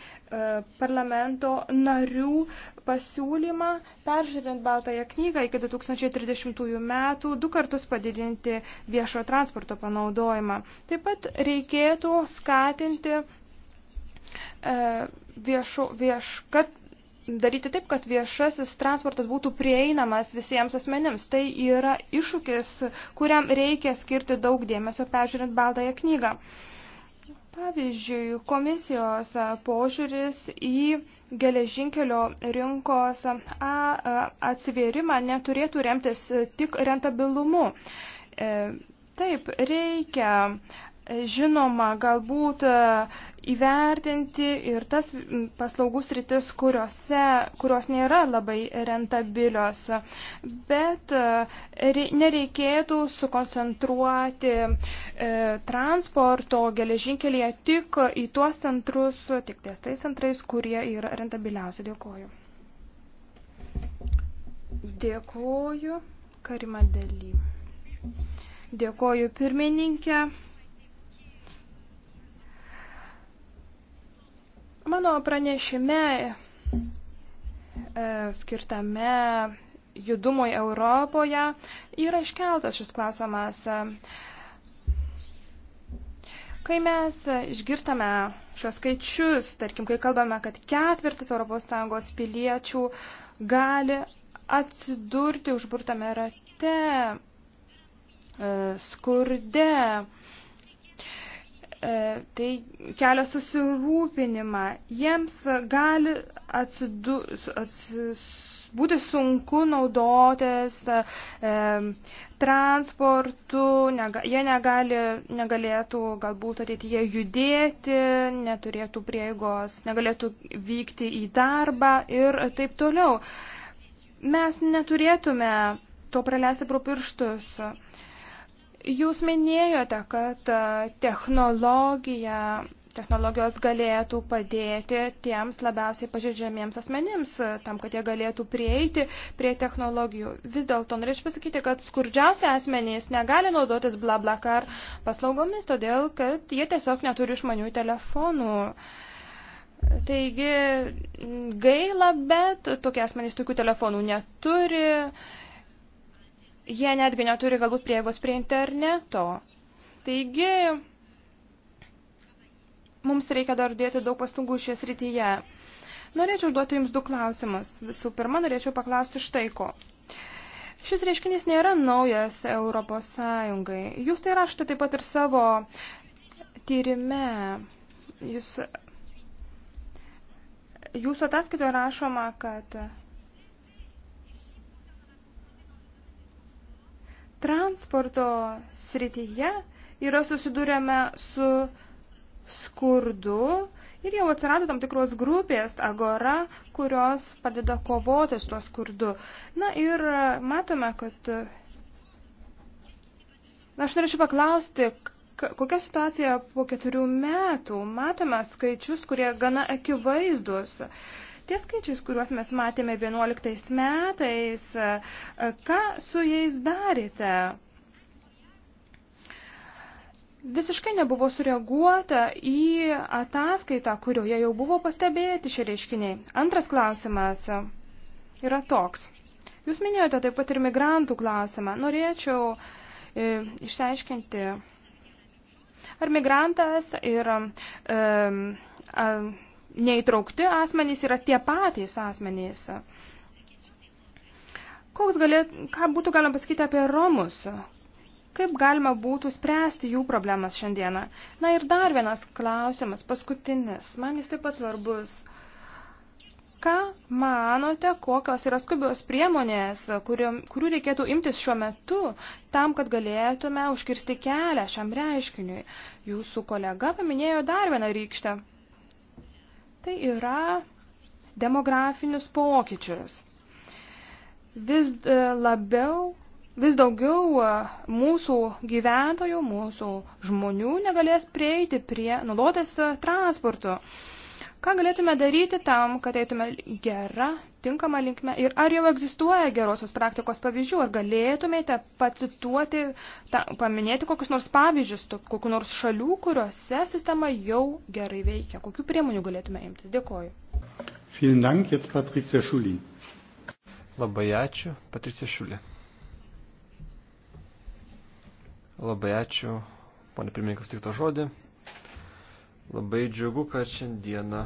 parlamento narių pasiūlymą, peržiūrint Baltąją knygą iki 2030 metų, du kartus padidinti viešojo transporto panaudojimą. Taip pat reikėtų skatinti e, viešo, vieš, kad daryti taip, kad viešasis transportas būtų prieinamas visiems asmenims. Tai yra iššūkis, kuriam reikia skirti daug dėmesio peržiūrint baltąją knygą. Pavyzdžiui, komisijos požiūris į geležinkelio rinkos atsivėrimą neturėtų remtis tik rentabilumu. E, taip, reikia žinoma, galbūt e, įvertinti ir tas paslaugų sritis, kuriuose, kurios nėra labai rentabilios, bet e, nereikėtų sukoncentruoti e, transporto geležinkelėje tik į tuos centrus, tik ties tais centrais, kurie yra rentabiliausi. Dėkuoju. Dėkuoju, Karima Dely. Dėkuoju pirmininkė. Mano pranešime e, skirtame judumui Europoje yra iškeltas šis klausimas. Kai mes išgirstame šios skaičius, tarkim, kai kalbame, kad ketvirtis ES piliečių gali atsidurti užburtame rate, e, skurde, E, tai kelia susirūpinimą. Jiems gali atsidu, atsis, būti sunku naudotis e, transportu, nega, jie negali, negalėtų galbūt ateityje judėti, neturėtų prieigos, negalėtų vykti į darbą ir taip toliau. Mes neturėtume to praleisti pro pirštus. Jūs minėjote, kad e, technologija, technologijos galėtų padėti tiems labiausiai pažeidžiamiems asmenims, e, tam, kad jie galėtų prieiti prie technologijų. Vis dėlto norėčiau pasakyti, kad skurdžiausi asmenys negali naudotis blablakar paslaugomis, todėl kad jie tiesiog neturi išmanių telefonų. Taigi gaila, bet tokie asmenys tokių telefonų neturi jie netgi neturi galbūt prieigos prie interneto. Taigi, mums reikia dar dėti daug pastangų šioje srityje. Norėčiau užduoti Jums du klausimus. Visų pirma, norėčiau paklausti štai ko. Šis reiškinys nėra naujas Europos Sąjungai. Jūs tai rašote taip pat ir savo tyrime. Jūs, jūsų ataskaitoje rašoma, kad Transporto srityje yra susidūrėme su skurdu ir jau atsirado tam tikros grupės agora, kurios padeda kovoti su tuo skurdu. Na ir matome, kad. Na, aš norėčiau paklausti, kokia situacija po keturių metų. Matome skaičius, kurie gana akivaizdus. Uh, Tie skaičiais, kuriuos mes matėme 11 metais, ką su jais darėte? Visiškai nebuvo sureaguota į ataskaitą, kurioje jau buvo pastebėti šie reiškiniai. Antras klausimas yra toks. Jūs minėjote taip pat ir migrantų klausimą. Norėčiau e, išsiaiškinti, ar migrantas ir e, e, neįtraukti asmenys yra tie patys asmenys. Koks galė, ką būtų galima pasakyti apie Romus? Kaip galima būtų spręsti jų problemas šiandieną? Na ir dar vienas klausimas, paskutinis. Man jis taip pat svarbus. Ką manote, kokios yra skubios priemonės, kurių, kurių reikėtų imtis šiuo metu, tam, kad galėtume užkirsti kelią šiam reiškiniui? Jūsų kolega paminėjo dar vieną rykštę tai yra demografinius pokyčius. Vis e, labiau, vis daugiau e, mūsų gyventojų, mūsų žmonių negalės prieiti prie naudotis e, transportu. Ką galėtume daryti tam, kad eitume gerą tinkama linkme ir ar jau egzistuoja gerosios praktikos pavyzdžių, ar galėtumėte pacituoti, ta, paminėti kokius nors pavyzdžius, kokiu nors šalių, kuriuose sistema jau gerai veikia, kokiu priemonių galėtume imtis. Dėkoju. Vielen Dank, jetzt Patricia Schulin. Labai ačiū, Patricija Šulė. Labai ačiū, ponė pirmininkas, tik to žodį. Labai džiugu, kad šiandieną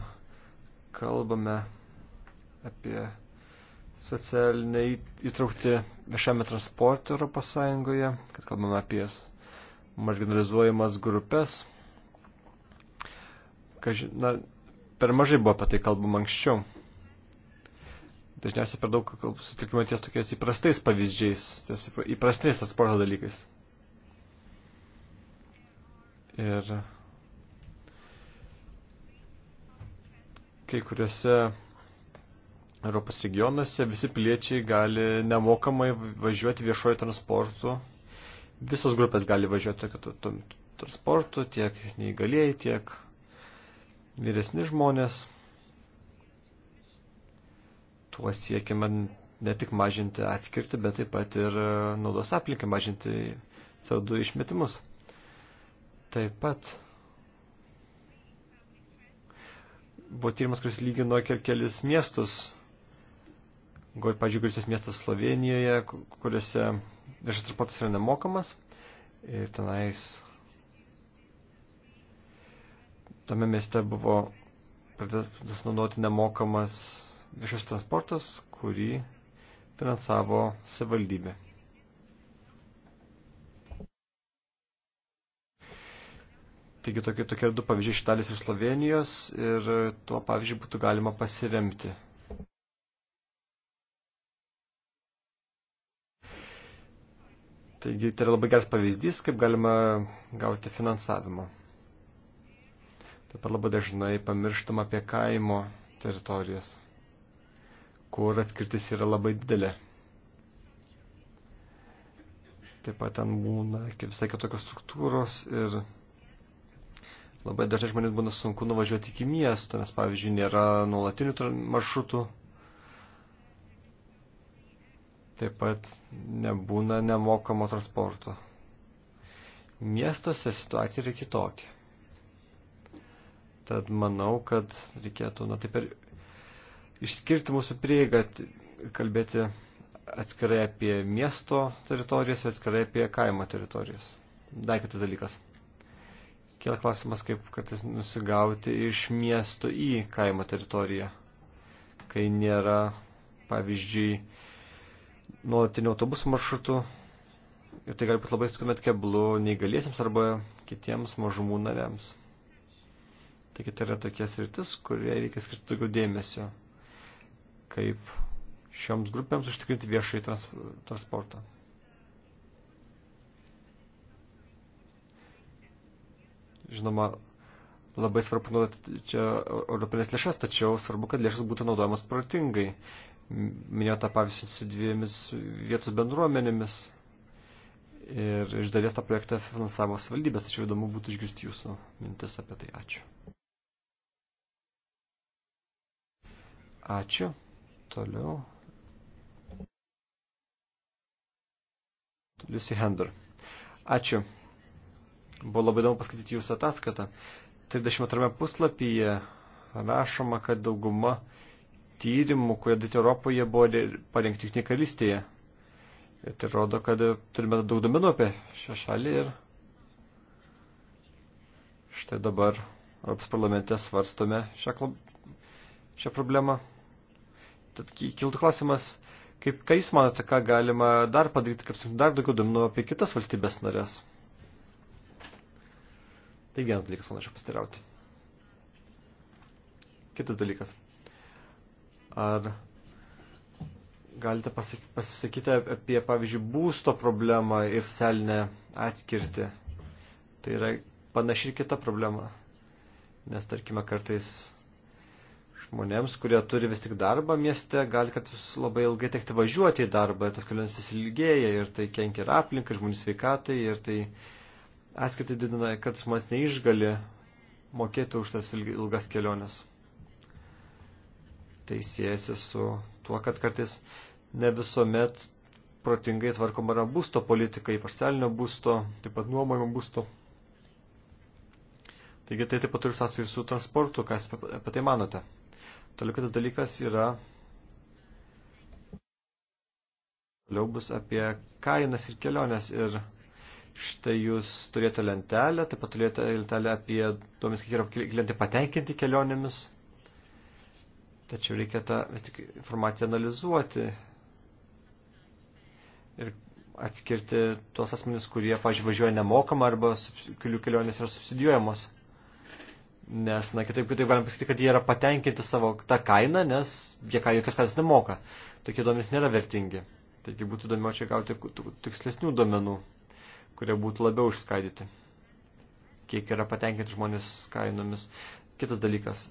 kalbame apie socialinę įtraukti viešame transporte Europos Sąjungoje, kad kalbame apie marginalizuojamas grupės. Kaži, na, per mažai buvo apie tai kalbama anksčiau. Dažniausiai per daug sutikime ties tokiais įprastais pavyzdžiais, ties įprastais transporto dalykais. Ir kai kuriuose Europos regionuose visi piliečiai gali nemokamai važiuoti viešojo transportu. Visos grupės gali važiuoti tokiu transportu, tiek neįgalėjai, tiek vyresni žmonės. Tuo siekiame ne tik mažinti atskirti, bet taip pat ir e, naudos aplinkai mažinti CO2 išmetimus. Taip pat buvo tyrimas, kuris lygino kelis miestus pažiūrėjau, kuris miestas Slovenijoje, kuriuose viešas transportas yra nemokamas. Ir tenais tame mieste buvo pradėtas naudoti nemokamas viešas transportas, kurį finansavo savivaldybė. Taigi tokie, tokie du pavyzdžiai iš Italijos ir Slovenijos ir tuo pavyzdžiui būtų galima pasiremti Taigi tai yra labai geras pavyzdys, kaip galima gauti finansavimą. Taip pat labai dažnai pamirštam apie kaimo teritorijas, kur atskirtis yra labai didelė. Taip pat ten būna visai kitokios struktūros ir labai dažnai žmonėms būna sunku nuvažiuoti iki miesto, nes pavyzdžiui nėra nuolatinių maršrutų Taip pat nebūna nemokamo transporto. Miestuose situacija yra kitokia. Tad manau, kad reikėtų, na taip ir išskirti mūsų prieigą, kalbėti atskirai apie miesto teritorijas ir atskirai apie kaimo teritorijas. Dar kitas dalykas. Kėl klausimas, kaip kartais nusigauti iš miesto į kaimo teritoriją, kai nėra, pavyzdžiui, nuolatinių autobusų maršrutų. Ir tai gali būti labai tuomet keblu neįgaliesiems arba kitiems mažumų nariams. Taigi tai yra tokie sritis, kurie reikia skirti daugiau dėmesio, kaip šioms grupėms užtikrinti viešai trans transportą. Žinoma, labai svarbu naudoti čia europinės lėšas, tačiau svarbu, kad lėšas būtų naudojamas protingai minėta pavyzdžiui su dviemis vietos bendruomenėmis ir iš dalies tą projektą finansavo savaldybės, tačiau įdomu būtų išgirsti jūsų mintis apie tai. Ačiū. Ačiū. Toliau. Lucy Hender. Ačiū. Buvo labai įdomu paskaityti jūsų ataskaitą. 32 puslapyje rašoma, kad dauguma uh, tyrimų, kurie daryti Europoje, buvo parengti tik karalystėje. Ir tai rodo, kad turime daug domenų apie šią šalį ir štai dabar Europos parlamente svarstome šią, klub, šią problemą. Tad kiltų klausimas, kaip, ką jūs manote, ką galima dar padaryti, kaip dar daugiau domenų apie kitas valstybės narės? Tai vienas dalykas, ko norėčiau pastirauti. Kitas dalykas. Ar galite pasisakyti apie, pavyzdžiui, būsto problemą ir socialinę atskirtį? Tai yra panaši ir kita problema. Nes, tarkime, kartais žmonėms, kurie turi vis tik darbą mieste, gali kartais labai ilgai tekti važiuoti į darbą, tos kelionės vis ilgėja ir tai kenkia ir aplinkai, žmonių sveikatai ir tai atskirti didina, kad žmonės neišgali mokėti už tas ilgas keliones tai siejasi su tuo, kad kartais ne visuomet protingai tvarkoma yra būsto politika, ypač socialinio būsto, taip pat nuomojimo būsto. Taigi tai taip pat turi sąsajų su transportu, ką apie tai manote. Toliau kitas dalykas yra, toliau bus apie kainas ir keliones ir štai jūs turėjote lentelę, taip pat turėjote lentelę apie duomenis, kiek yra klientai patenkinti kelionėmis. Tačiau reikia tą vis tik informaciją analizuoti ir atskirti tuos asmenis, kurie, pažiūrėjau, važiuoja nemokamą arba kelių kelionės yra subsidijuojamos. Nes, na, kitaip, kitaip galim pasakyti, kad jie yra patenkinti savo tą kainą, nes jie ką jokios kainos nemoka. Tokie duomenys nėra vertingi. Taigi būtų įdomiau čia gauti tikslesnių duomenų, kurie būtų labiau išskaidyti. Kiek yra patenkinti žmonės kainomis. Kitas dalykas.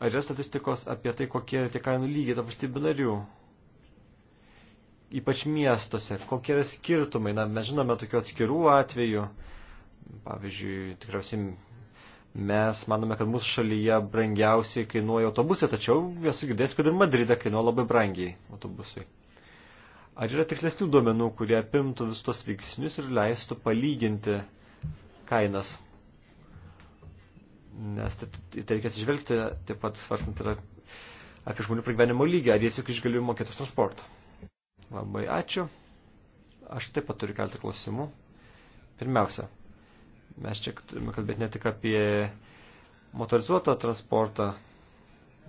Ar yra statistikos apie tai, kokie tie kainų lygiai tarp valstybių narių? Ypač miestuose, kokie yra skirtumai. Na, mes žinome tokių atskirų atvejų. Pavyzdžiui, tikriausiai mes manome, kad mūsų šalyje brangiausiai kainuoja autobusai, tačiau esu girdėjęs, kad ir Madride kainuoja labai brangiai autobusai. Ar yra tikslesnių duomenų, kurie apimtų visus tos veiksnius ir leistų palyginti kainas? nes tai, į tai reikės išvelgti, taip pat svarstant yra apie žmonių pragyvenimo lygį, ar jie tik išgaliu mokėtus transportą. Labai ačiū. Aš taip pat turiu keletą klausimų. Pirmiausia, mes čia turime kalbėti ne tik apie motorizuotą transportą,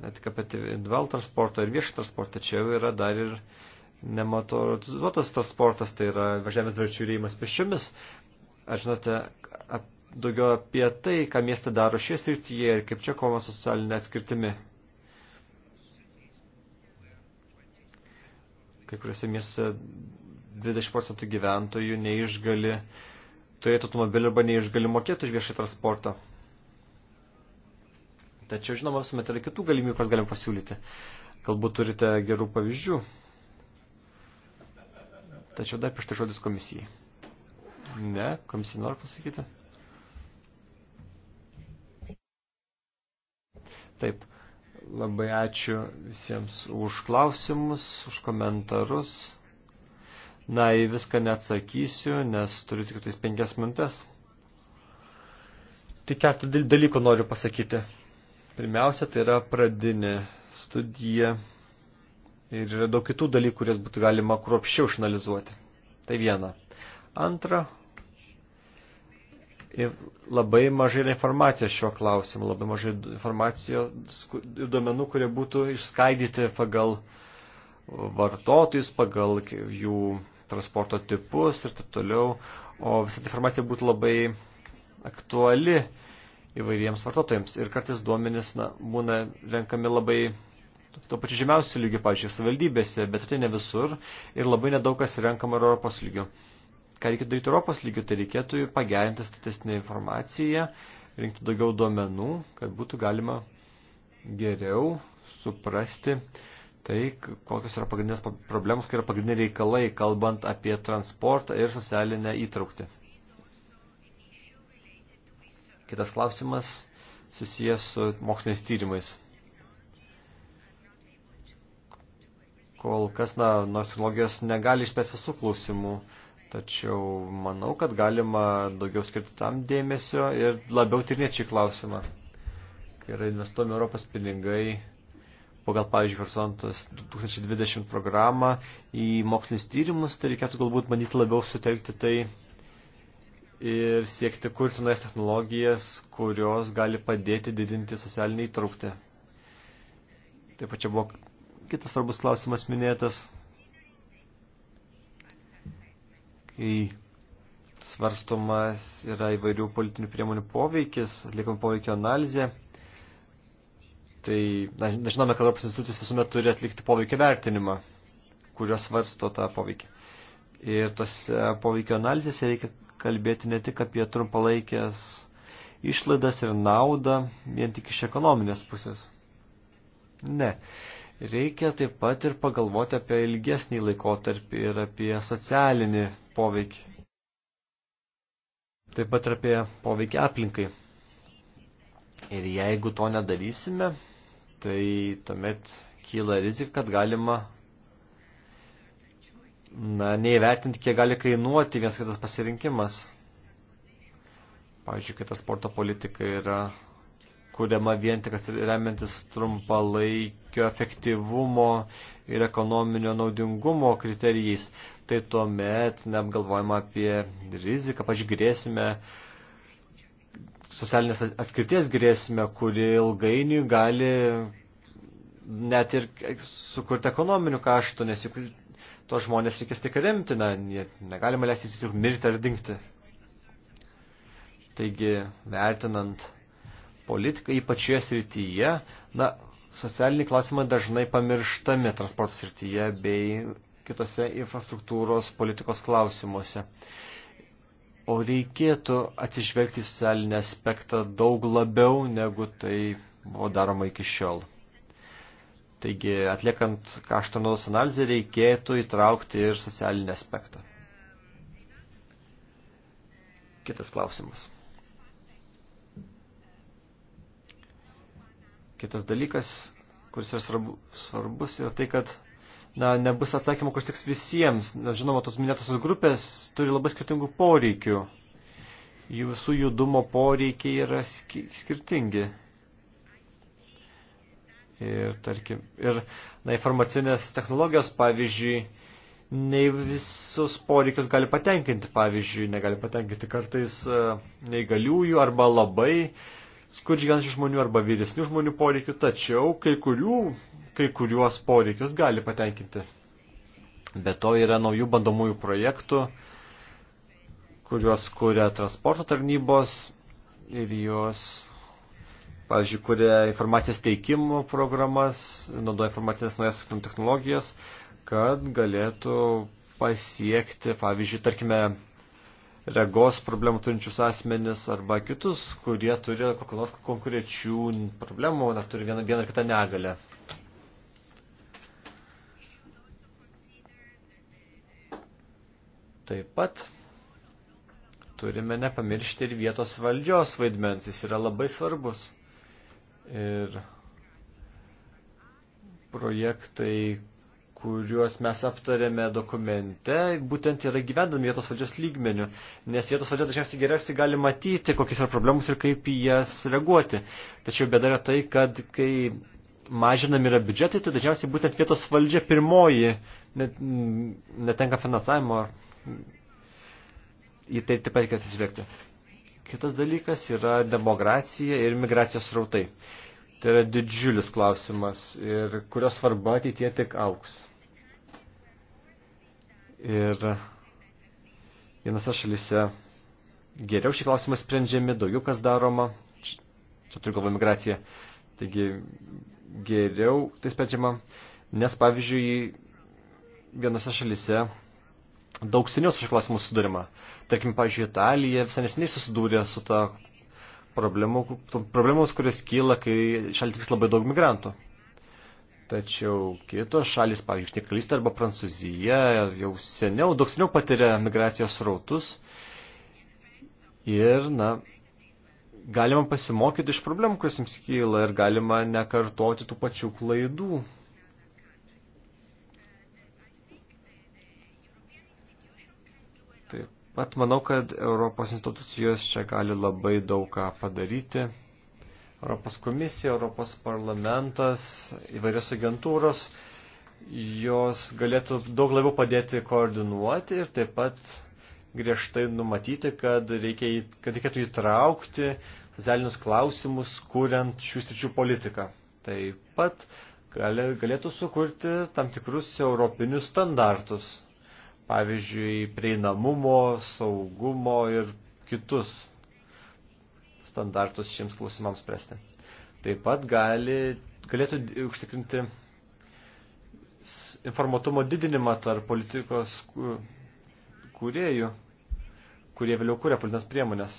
ne tik apie individualų transportą ir viešą transportą, čia jau yra dar ir nemotorizuotas transportas, tai yra važiavimas dviračių ir įėjimas pešiomis. Ar žinote, ap, daugiau apie tai, ką miestai daro šie srityje ir kaip čia kova su socialinė atskirtimi. Kai kuriuose miestuose 20 procentų gyventojų neišgali turėti automobilį arba neišgali mokėti už viešą transportą. Tačiau, žinoma, visuomet yra kitų galimybių, kas galim pasiūlyti. Galbūt turite gerų pavyzdžių. Tačiau dar prieš tai žodis komisijai. Ne, komisija nori pasakyti. Taip, labai ačiū visiems už klausimus, už komentarus. Na, į viską neatsakysiu, nes turiu tik tais penkias mintes. Tik keletą dalykų noriu pasakyti. Pirmiausia, tai yra pradinė studija ir yra daug kitų dalykų, kurias būtų galima kruopščiau išanalizuoti. Tai viena. Antra, labai mažai yra informacijos šiuo klausimu, labai mažai informacijos ir duomenų, kurie būtų išskaidyti pagal vartotojus, pagal jų transporto tipus ir taip toliau. O visa ta informacija būtų labai aktuali įvairiems vartotojams. Ir kartais duomenys na, būna renkami labai to pačiu žemiausiu lygiu, pažiūrėjau, savivaldybėse, bet tai ne visur ir labai nedaug kas renkama Europos lygiu. Ką reikėtų daryti Europos lygių, tai reikėtų pagerinti statistinę informaciją, rinkti daugiau duomenų, kad būtų galima geriau suprasti tai, kokios yra pagrindinės problemos, kai yra pagrindiniai reikalai, kalbant apie transportą ir socialinę įtraukti. Kitas klausimas susijęs su moksliniais tyrimais. Kol kas, na, nors technologijos negali išspręsti visų klausimų, Tačiau manau, kad galima daugiau skirti tam dėmesio ir labiau tirnėti šį klausimą. Kai yra investuojami Europos pinigai, pagal, pavyzdžiui, Horizontas 2020 programą į mokslinis tyrimus, tai reikėtų galbūt bandyti labiau sutelkti tai ir siekti kurti naujas technologijas, kurios gali padėti didinti socialinį įtraukti. Taip pat čia buvo kitas svarbus klausimas minėtas kai svarstomas yra įvairių politinių priemonių poveikis, atliekam poveikio analizė. Tai na, žinome, kad Europos institucijos visuomet turi atlikti poveikio vertinimą, kurios svarsto tą poveikį. Ir tose poveikio analizėse reikia kalbėti ne tik apie trumpalaikės išlaidas ir naudą, vien tik iš ekonominės pusės. Ne. Reikia taip pat ir pagalvoti apie ilgesnį laikotarpį ir apie socialinį poveikį. Taip pat ir apie poveikį aplinkai. Ir jeigu to nedarysime, tai tuomet kyla rizika, kad galima na, neįvertinti, kiek gali kainuoti vienas kitas pasirinkimas. Pavyzdžiui, kai ta sporto politika yra kuriama vien tik remiantis trumpalaikio efektyvumo ir ekonominio naudingumo kriterijais, tai tuomet neapgalvojama apie riziką, pažiūrėsime socialinės atskirties grėsmę, kuri ilgainiui gali net ir e, sukurti ekonominių kaštų, nes juk tos žmonės reikės tik remti, na, negalima leisti jų tik mirti ar dingti. Taigi, vertinant politika, ypač šioje srityje, na, socialiniai klausimai dažnai pamirštami transporto srityje bei kitose infrastruktūros politikos klausimuose. O reikėtų atsižvelgti socialinį aspektą daug labiau, negu tai buvo daroma iki šiol. Taigi, atliekant kašto naudos analizę, reikėtų įtraukti ir socialinį aspektą. Kitas klausimas. Kitas dalykas, kuris yra svarbu, svarbus, yra tai, kad na, nebus atsakymų, kuris tiks visiems. Nes žinoma, tos minėtosios grupės turi labai skirtingų poreikių. Jų visų judumo poreikiai yra ski skirtingi. Ir, tarkim, ir na, informacinės technologijos, pavyzdžiui, nei visus poreikius gali patenkinti, pavyzdžiui, negali patenkinti kartais e, neįgaliųjų arba labai uh, skurdžiai gyvenančių žmonių arba vyresnių žmonių poreikių, tačiau kai, kurių, kai kuriuos poreikius gali patenkinti. Be to yra naujų bandomųjų projektų, kuriuos kuria transporto tarnybos ir jos, pavyzdžiui, kuria informacijos teikimo programas, naudoja informacinės naujas technologijas, kad galėtų pasiekti, pavyzdžiui, tarkime, regos problemų turinčius asmenis arba kitus, kurie turi kokių nors konkrečių problemų, na, turi vieną, vieną ar kitą negalę. Taip pat turime nepamiršti ir vietos valdžios vaidmens, jis yra labai svarbus. Ir projektai, kuriuos mes aptarėme dokumente, būtent yra gyvendami vietos valdžios lygmenių, nes vietos valdžia dažniausiai geriausiai gali matyti, kokios yra problemos ir kaip į jas reaguoti. Tačiau bėda yra tai, kad kai mažinami yra biudžetai, tai dažniausiai būtent vietos valdžia pirmoji net, mm, netenka finansavimo. Į tai taip pat reikia atsižvelgti. Kitas dalykas yra demokracija ir migracijos rautai. Tai yra didžiulis klausimas ir kurios svarba ateitie tik auks. Ir vienose šalyse geriau šį klausimą sprendžiami, daugiau kas daroma, čia turiu galvo migraciją, taigi geriau tai sprendžiama, nes pavyzdžiui, vienose šalyse daug seniau su šio klausimu susidurima. Tarkim, pavyzdžiui, Italija visai neseniai susidūrė su ta problemos, problemos kurios kyla, kai šalia tiks labai daug migrantų. Tačiau kitos šalis, pavyzdžiui, Nekalystė arba Prancūzija, jau seniau, daug seniau patiria migracijos rautus. Ir, na, galima pasimokyti iš problemų, kuris jums kyla ir galima nekartoti tų pačių klaidų. Taip pat manau, kad Europos institucijos čia gali labai daug ką padaryti. Europos komisija, Europos parlamentas, įvairios agentūros, jos galėtų daug labiau padėti koordinuoti ir taip pat griežtai numatyti, kad, reikia, kad reikėtų įtraukti socialinius klausimus, kuriant šių sričių politiką. Taip pat galėtų sukurti tam tikrus europinius standartus, pavyzdžiui, prieinamumo, saugumo ir kitus standartus šiems klausimams spręsti. Taip pat gali, galėtų užtikrinti informatumo didinimą tarp politikos kūrėjų, kurie vėliau kūrė politinės priemonės.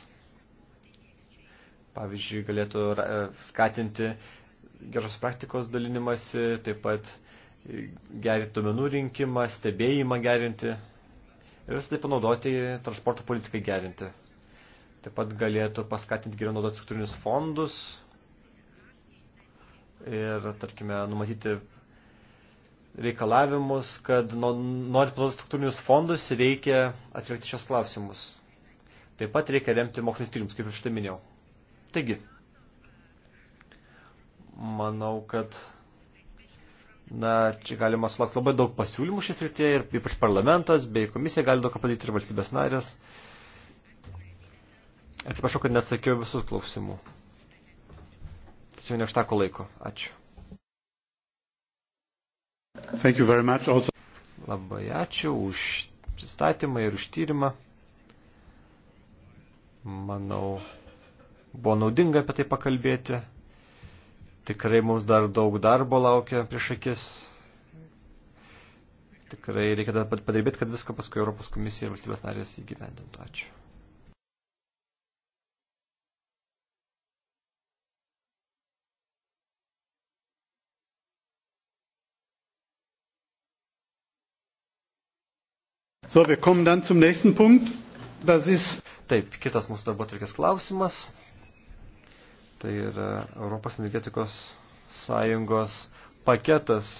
Pavyzdžiui, galėtų e, skatinti geros praktikos dalinimasi, taip pat gerinti duomenų rinkimą, stebėjimą gerinti ir visą tai panaudoti transporto politikai gerinti. Taip pat galėtų paskatinti geriau naudoti struktūrinius fondus ir, tarkime, numatyti reikalavimus, kad norint plėtoti struktūrinius fondus reikia atsvegti šios klausimus. Taip pat reikia remti mokslinis tyrimus, kaip aš tai minėjau. Taigi, manau, kad na, čia galima sulaukti labai daug pasiūlymų šis rytėje ir ypač parlamentas bei komisija gali daug ką padaryti ir valstybės narės. Atsiprašau, kad neatsakiau visus klausimų. Tiesiog neužteko laiko. Ačiū. Thank you very much also. Labai ačiū už pristatymą ir už tyrimą. Manau, buvo naudinga apie tai pakalbėti. Tikrai mums dar daug darbo laukia prieš akis. Tikrai reikia dar padirbėti, kad viską paskui Europos komisija ir valstybės narės įgyvendintų. Ačiū. So, wir kommen dann zum nächsten Punkt. Das ist Taip, kitas mūsų darbotvarkės klausimas. Tai yra Europos energetikos sąjungos paketas.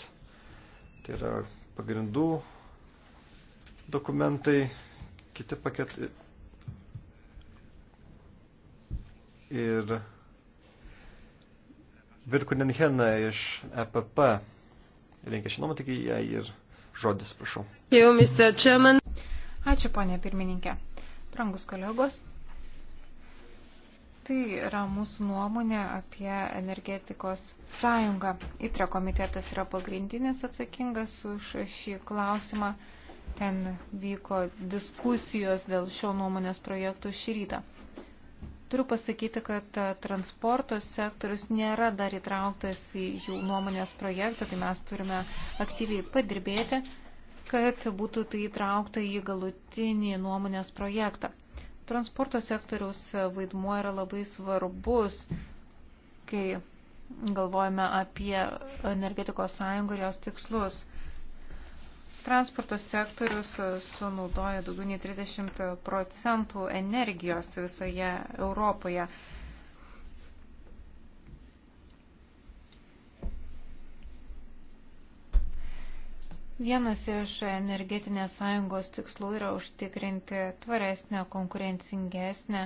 Tai yra pagrindų dokumentai, kiti paketai. Ir Virkunen Hena iš EPP rengia šį nuomonę, tik jai ir žodis, prašau. Jau, Mr. Chairman. Ačiū, ponė pirmininkė. Prangus kolegos. Tai yra mūsų nuomonė apie energetikos sąjungą. ITRA komitetas yra pagrindinis atsakingas už šį klausimą. Ten vyko diskusijos dėl šio nuomonės projektų šį rytą. Turiu pasakyti, kad e, transporto sektorius nėra dar įtrauktas į jų nuomonės projektą, tai mes turime aktyviai padirbėti, kad būtų tai įtraukta į galutinį nuomonės projektą. Transporto sektoriaus vaidmuo yra labai svarbus, kai galvojame apie energetikos sąjungą ir jos tikslus. Transporto sektorius e, sunaudoja daugiau nei 30 procentų energijos visoje Europoje. Vienas iš energetinės sąjungos tikslų yra užtikrinti tvaresnę, konkurencingesnę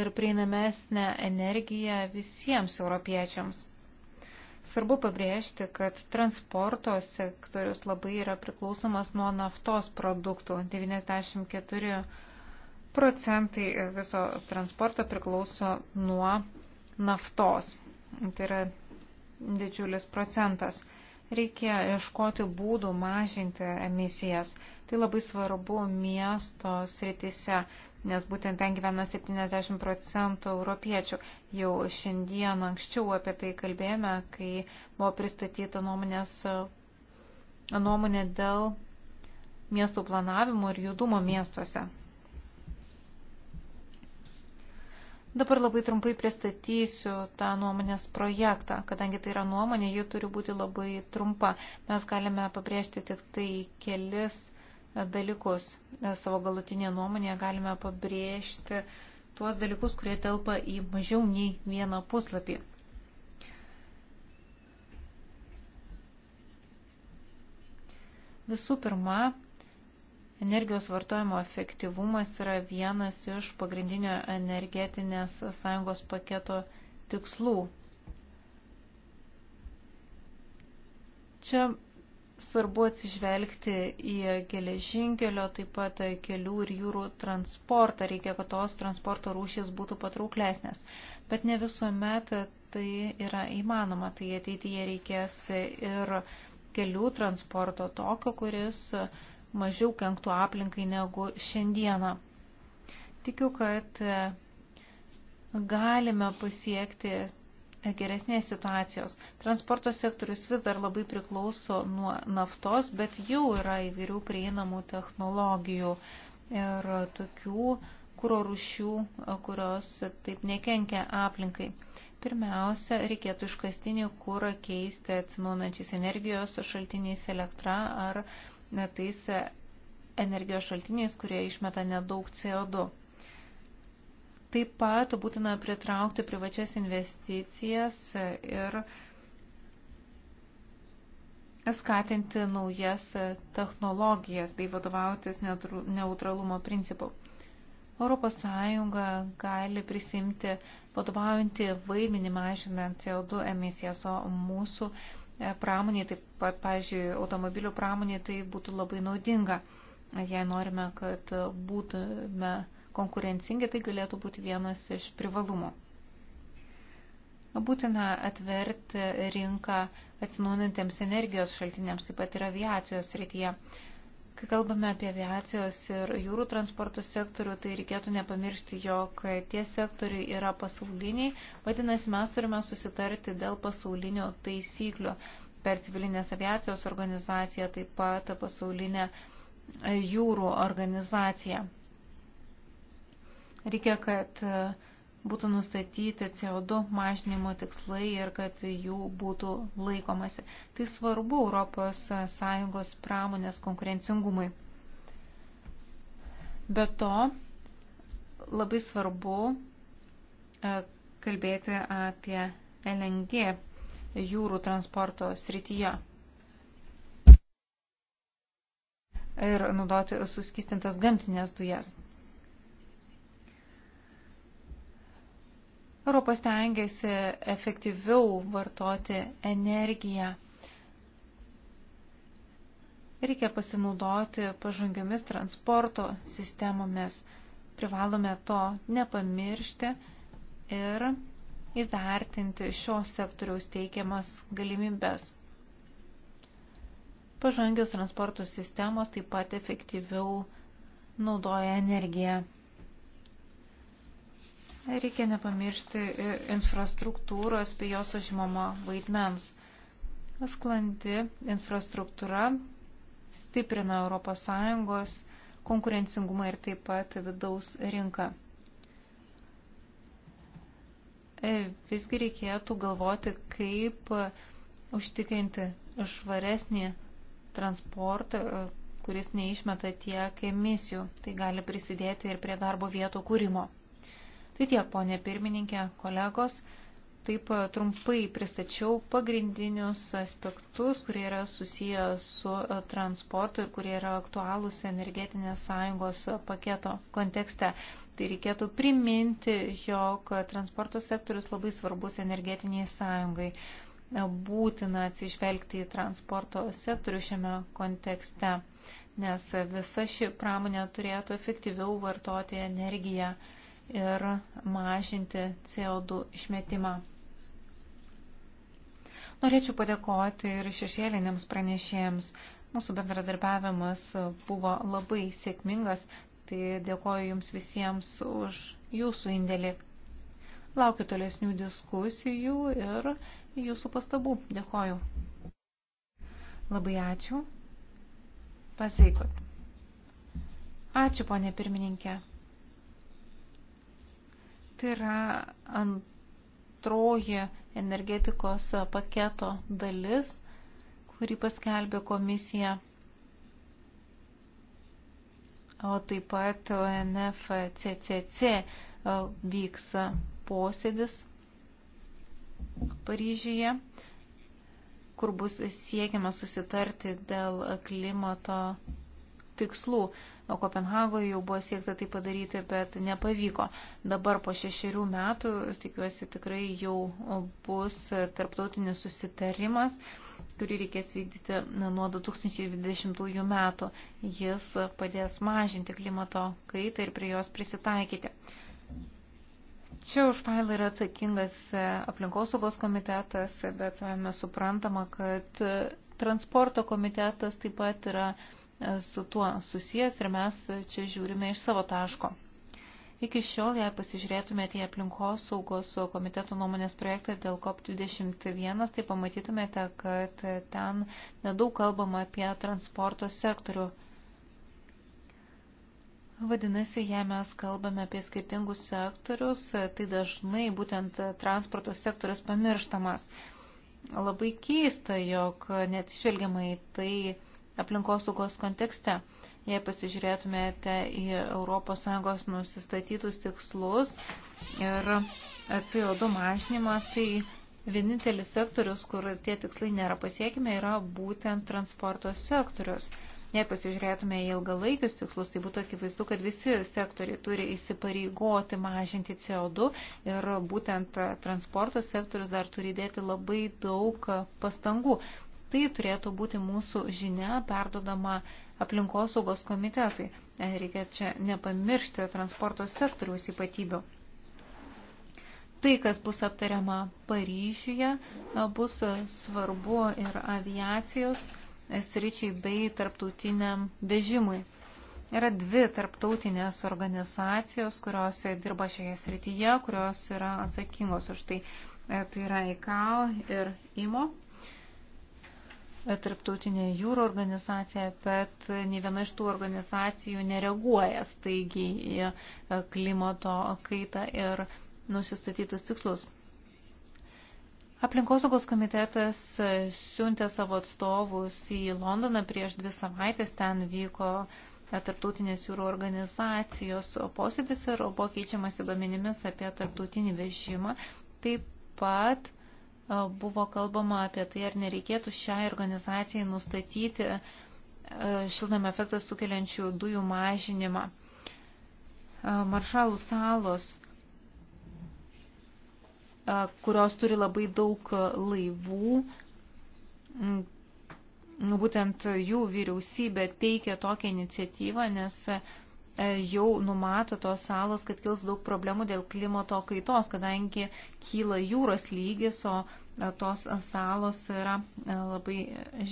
ir prieinamesnę energiją visiems europiečiams. Svarbu pabrėžti, kad transporto sektorius labai yra priklausomas nuo naftos produktų. 94 procentai viso transporto priklauso nuo naftos. Tai yra didžiulis procentas. Reikia ieškoti būdų mažinti emisijas. Tai labai svarbu miesto sritise nes būtent ten gyvena 70 procentų europiečių. Jau šiandien anksčiau apie tai kalbėjome, kai buvo pristatyta nuomonės, nuomonė dėl miestų planavimo ir judumo miestuose. Dabar labai trumpai pristatysiu tą nuomonės projektą, kadangi tai yra nuomonė, ji turi būti labai trumpa. Mes galime pabrėžti tik tai kelis dalykus. E, savo galutinėje nuomonėje galime pabrėžti tuos dalykus, kurie telpa į mažiau nei vieną puslapį. Visų pirma, energijos vartojimo efektyvumas yra vienas iš pagrindinio energetinės sąjungos paketo tikslų. Čia svarbu atsižvelgti į geležinkelio, taip pat kelių ir jūrų transportą. Reikia, kad tos transporto rūšys būtų patrauklesnės. Bet ne visuomet tai yra įmanoma. Tai ateityje reikės ir kelių transporto tokio, kuris mažiau kenktų aplinkai negu šiandieną. Tikiu, kad galime pasiekti geresnės situacijos. Transporto sektorius vis dar labai priklauso nuo naftos, bet jau yra įvairių prieinamų technologijų ir tokių kūro rušių, kurios taip nekenkia aplinkai. Pirmiausia, reikėtų iškastinį kūrą keisti atsinaunančiais energijos šaltiniais elektra ar tais energijos šaltiniais, kurie išmeta nedaug CO2. Taip pat būtina pritraukti privačias investicijas ir skatinti naujas technologijas bei vadovautis neutralumo principu. ES gali prisimti vadovaujantį vaidmenį mažinant CO2 emisijas, o mūsų e, pramoniai, taip pat, pavyzdžiui, automobilių pramoniai, tai būtų labai naudinga, jei norime, kad būtume konkurencingi, tai galėtų būti vienas iš privalumų. Būtina atverti rinką atsinaujinantiems energijos šaltiniams, taip pat ir aviacijos rytyje. Kai kalbame apie aviacijos ir jūrų transporto sektorių, tai reikėtų nepamiršti, jog tie sektoriai yra pasauliniai, vadinasi, mes turime susitarti dėl pasaulinių taisyklių per civilinės aviacijos organizaciją, taip pat pasaulinę jūrų organizaciją. Reikia, kad e, būtų nustatyti CO2 mažinimo tikslai ir kad jų būtų laikomasi. Tai svarbu ES pramonės konkurencingumui. Be to, labai svarbu e, kalbėti apie LNG jūrų transporto srityje. Ir naudoti suskistintas gamtinės dujas. Europos tengiasi efektyviau vartoti energiją. Reikia pasinaudoti pažangiomis transporto sistemomis. Privalome to nepamiršti ir įvertinti šios sektoriaus teikiamas galimybės. Pažangios transporto sistemos taip pat efektyviau naudoja energiją. Reikia nepamiršti infrastruktūros bei jos užimamo vaidmens. Sklandi infrastruktūra stiprina ES konkurencingumą ir taip pat vidaus rinką. E, visgi reikėtų galvoti, kaip užtikrinti švaresnį transportą, e, kuris neišmeta tiek emisijų. Tai gali prisidėti ir prie darbo vietų kūrimo. Tai tiek, ponė pirmininkė, kolegos. Taip e, trumpai pristačiau pagrindinius aspektus, kurie yra susiję su e, transportu ir kurie yra aktualūs energetinės sąjungos e, paketo kontekste. Tai reikėtų priminti, jog transporto sektorius labai svarbus energetiniai sąjungai. Būtina atsižvelgti į transporto sektorių šiame kontekste, nes visa ši pramonė turėtų efektyviau vartoti energiją ir mažinti CO2 išmetimą. Norėčiau padėkoti ir šešėlinėms pranešėjams. Mūsų bendradarbiavimas buvo labai sėkmingas, tai dėkoju Jums visiems už Jūsų indėlį. Laukiu tolesnių diskusijų ir Jūsų pastabų. Dėkoju. Labai ačiū. Pasaikot. Ačiū, ponė pirmininkė. Tai yra antroji energetikos paketo dalis, kurį paskelbė komisija. O taip pat NFCCC vyks posėdis Paryžyje, kur bus siekiama susitarti dėl klimato tikslų. O Kopenhagoje jau buvo siekta tai padaryti, bet nepavyko. Dabar po šešerių metų, tikiuosi, tikrai jau bus tarptautinis susitarimas, kurį reikės vykdyti nuo 2020 metų. Jis padės mažinti klimato kaitą ir prie jos prisitaikyti. Čia už failą yra atsakingas aplinkosaugos komitetas, bet savame suprantama, kad transporto komitetas taip pat yra su tuo susijęs ir mes čia žiūrime iš savo taško. Iki šiol, jei pasižiūrėtumėte į aplinkos saugos komiteto nuomonės projektą dėl COP21, tai pamatytumėte, kad ten nedaug kalbama apie transporto sektorių. Vadinasi, jei mes kalbame apie skirtingus sektorius, tai dažnai būtent transporto sektorius pamirštamas. Labai keista, jog net išvelgiama į tai, aplinkosaugos kontekste. Jei pasižiūrėtumėte į ES nusistatytus tikslus ir CO2 mažinimą, tai vienintelis sektorius, kur tie tikslai nėra pasiekime, yra būtent transporto sektorius. Jei pasižiūrėtume į ilgalaikius tikslus, tai būtų akivaizdu, kad visi sektoriai turi įsipareigoti mažinti CO2 ir būtent transporto sektorius dar turi dėti labai daug pastangų tai turėtų būti mūsų žinia perdodama aplinkosaugos komitetui. E, reikia čia nepamiršti transporto sektoriaus ypatybių. Tai, kas bus aptariama Paryžiuje, e, bus svarbu ir aviacijos e, sričiai bei tarptautiniam vežimui. Yra dvi tarptautinės organizacijos, kurios dirba šioje srityje, kurios yra atsakingos už tai. Tai yra ICAO ir IMO tarptautinė jūro organizacija, bet nei viena iš tų organizacijų nereaguoja staigiai į e, klimato kaitą ir nusistatytus tikslus. Aplinkosaugos komitetas siuntė savo atstovus į Londoną prieš dvi savaitės, ten vyko e, tarptautinės jūrų organizacijos posėdis ir buvo keičiamasi duomenimis apie tarptautinį vežimą. Taip pat buvo kalbama apie tai, ar nereikėtų šiai organizacijai nustatyti šiltnamio efektą sukeliančių dujų mažinimą. Maršalų salos, kurios turi labai daug laivų, būtent jų vyriausybė teikia tokią iniciatyvą, nes E, jau numato tos salos, kad kils daug problemų dėl klimato kaitos, kadangi kyla jūros lygis, o e, tos salos yra e, labai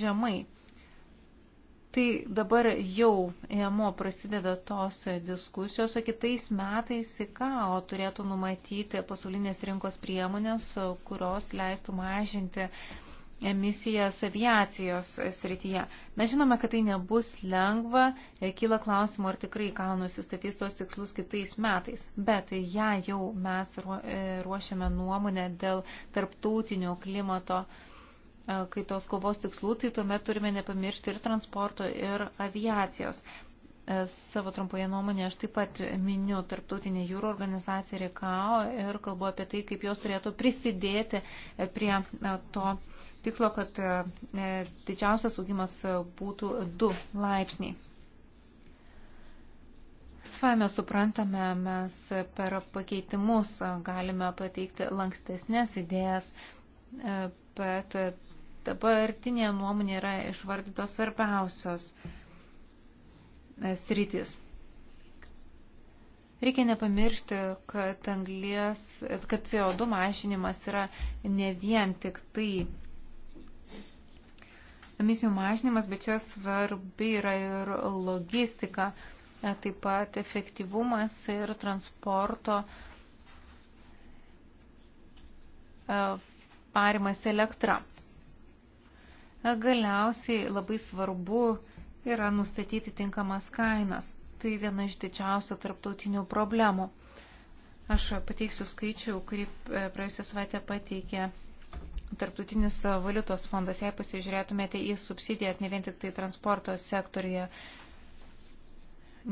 žemai. Tai dabar jau EMO prasideda tos diskusijos, o kitais metais IKAO turėtų numatyti pasaulinės rinkos priemonės, kurios leistų mažinti uh, emisijas aviacijos srityje. Mes žinome, kad tai nebus lengva, kyla klausimų, ar tikrai ką nusistatys tuos tikslus kitais metais. Bet ją ja, jau mes e, ruošiame nuomonę dėl tarptautinio klimato e, kaitos kovos tikslų, tai tuomet turime nepamiršti ir transporto, ir aviacijos. E, savo trumpoje nuomonėje aš taip pat miniu Tarptautinį jūrų organizaciją RIKAO ir kalbu apie tai, kaip jos turėtų prisidėti prie to tikslo, kad e, didžiausias augimas būtų 2 laipsniai. Svame suprantame, mes per pakeitimus galime pateikti lankstesnės idėjas, e, bet dabartinė nuomonė yra išvardytos svarbiausios e, sritis. Reikia nepamiršti, kad, anglies, kad CO2 mažinimas yra ne vien tik tai emisijų mažinimas, bet čia svarbi yra ir logistika, e, taip pat efektyvumas ir transporto e, parimas elektra. E, galiausiai labai svarbu yra nustatyti tinkamas kainas. Tai viena iš didžiausių tarptautinių problemų. Aš pateiksiu skaičių, kurį praėjusią savaitę pateikė Tarptautinis valiutos fondas, jei pasižiūrėtumėte į subsidijas, ne vien tik tai transporto sektorija,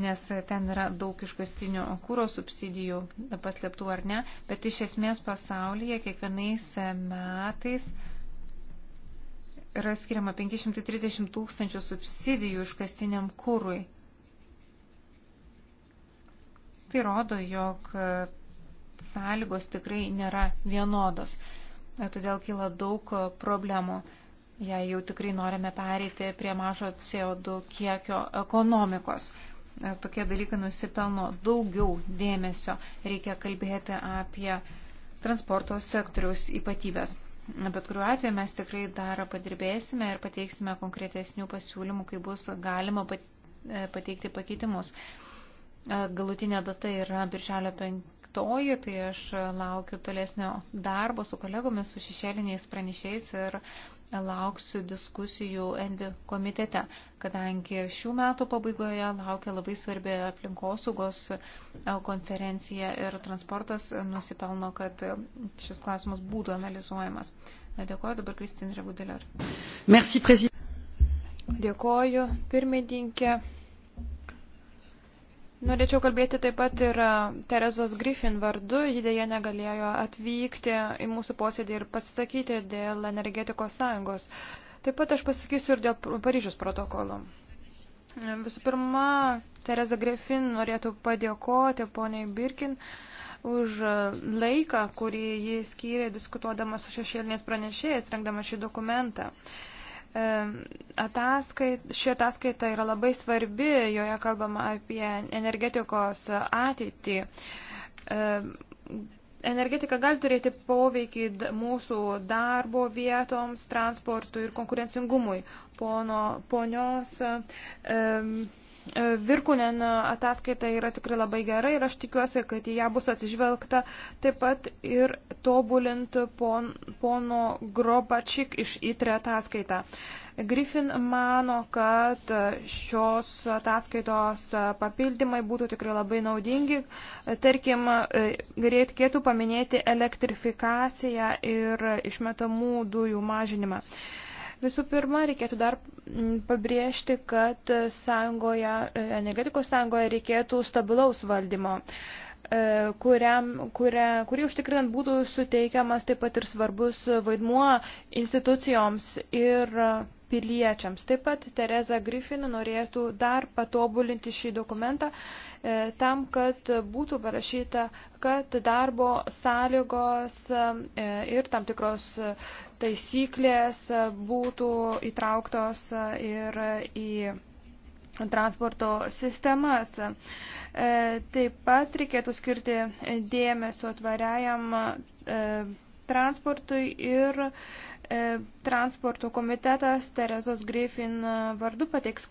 nes ten yra daug iškastinio kūro subsidijų, paslėptų ar ne, bet iš esmės pasaulyje kiekvienais e, metais yra skiriama 530 tūkstančių subsidijų iškastiniam kūrui. Tai rodo, jog e, sąlygos tikrai nėra vienodos todėl kyla daug e, problemų, jei jau tikrai norime pereiti prie mažo CO2 kiekio ekonomikos. E, tokie dalykai nusipelno daugiau dėmesio. Reikia kalbėti apie transporto sektoriaus ypatybės. Bet kuriuo atveju mes tikrai dar padirbėsime ir pateiksime konkretesnių pasiūlymų, kai bus galima e, pateikti pakeitimus. Galutinė data yra birželio 5 penktoji, tai aš laukiu tolesnio darbo su kolegomis, su šešėliniais pranešiais ir lauksiu diskusijų ENDI komitete, kadangi šių metų pabaigoje laukia labai svarbi aplinkosaugos konferencija ir transportas nusipelno, kad šis klausimas būtų analizuojamas. Dėkuoju dabar Kristin Revudeler. Dėkuoju, pirmininkė. Norėčiau kalbėti taip pat ir Terezos Griffin vardu. Ji dėja negalėjo atvykti į mūsų posėdį ir pasisakyti dėl energetikos sąjungos. Taip pat aš pasakysiu ir dėl Paryžiaus protokolo. Visų pirma, Tereza Griffin norėtų padėkoti poniai Birkin už laiką, kurį jį skyrė diskutuodama su šešėlinės pranešėjais, rengdama šį dokumentą. Uh, Ataskait, ši ataskaita yra labai svarbi, joje kalbama apie energetikos ateitį. Energetika gali turėti poveikį mūsų darbo vietoms, transportui ir konkurencingumui. Pono, ponios um, Virkunen ataskaita yra tikrai labai gera ir aš tikiuosi, kad į ją bus atsižvelgta taip pat ir tobulint pon, pono Grobačik iš ITRE ataskaitą. Griffin mano, kad šios ataskaitos papildymai būtų tikrai labai naudingi. Tarkim, reikėtų paminėti elektrifikaciją ir išmetamų dujų mažinimą. Uh, Visų pirma, reikėtų dar mm, pabrėžti, kad sąjungoje, e, energetikos sąjungoje reikėtų stabilaus valdymo. E, kuriam, kuria, kurį užtikrinant būtų suteikiamas taip pat ir svarbus vaidmuo institucijoms ir piliečiams. Taip pat Tereza Griffin norėtų dar patobulinti šį dokumentą e, tam, kad būtų parašyta, kad darbo sąlygos e, ir tam tikros taisyklės būtų įtrauktos ir į transporto sistemas. E, taip pat reikėtų skirti dėmesio tvariajam e, transportui ir e, transporto komitetas Terezos Griffin vardu pateiks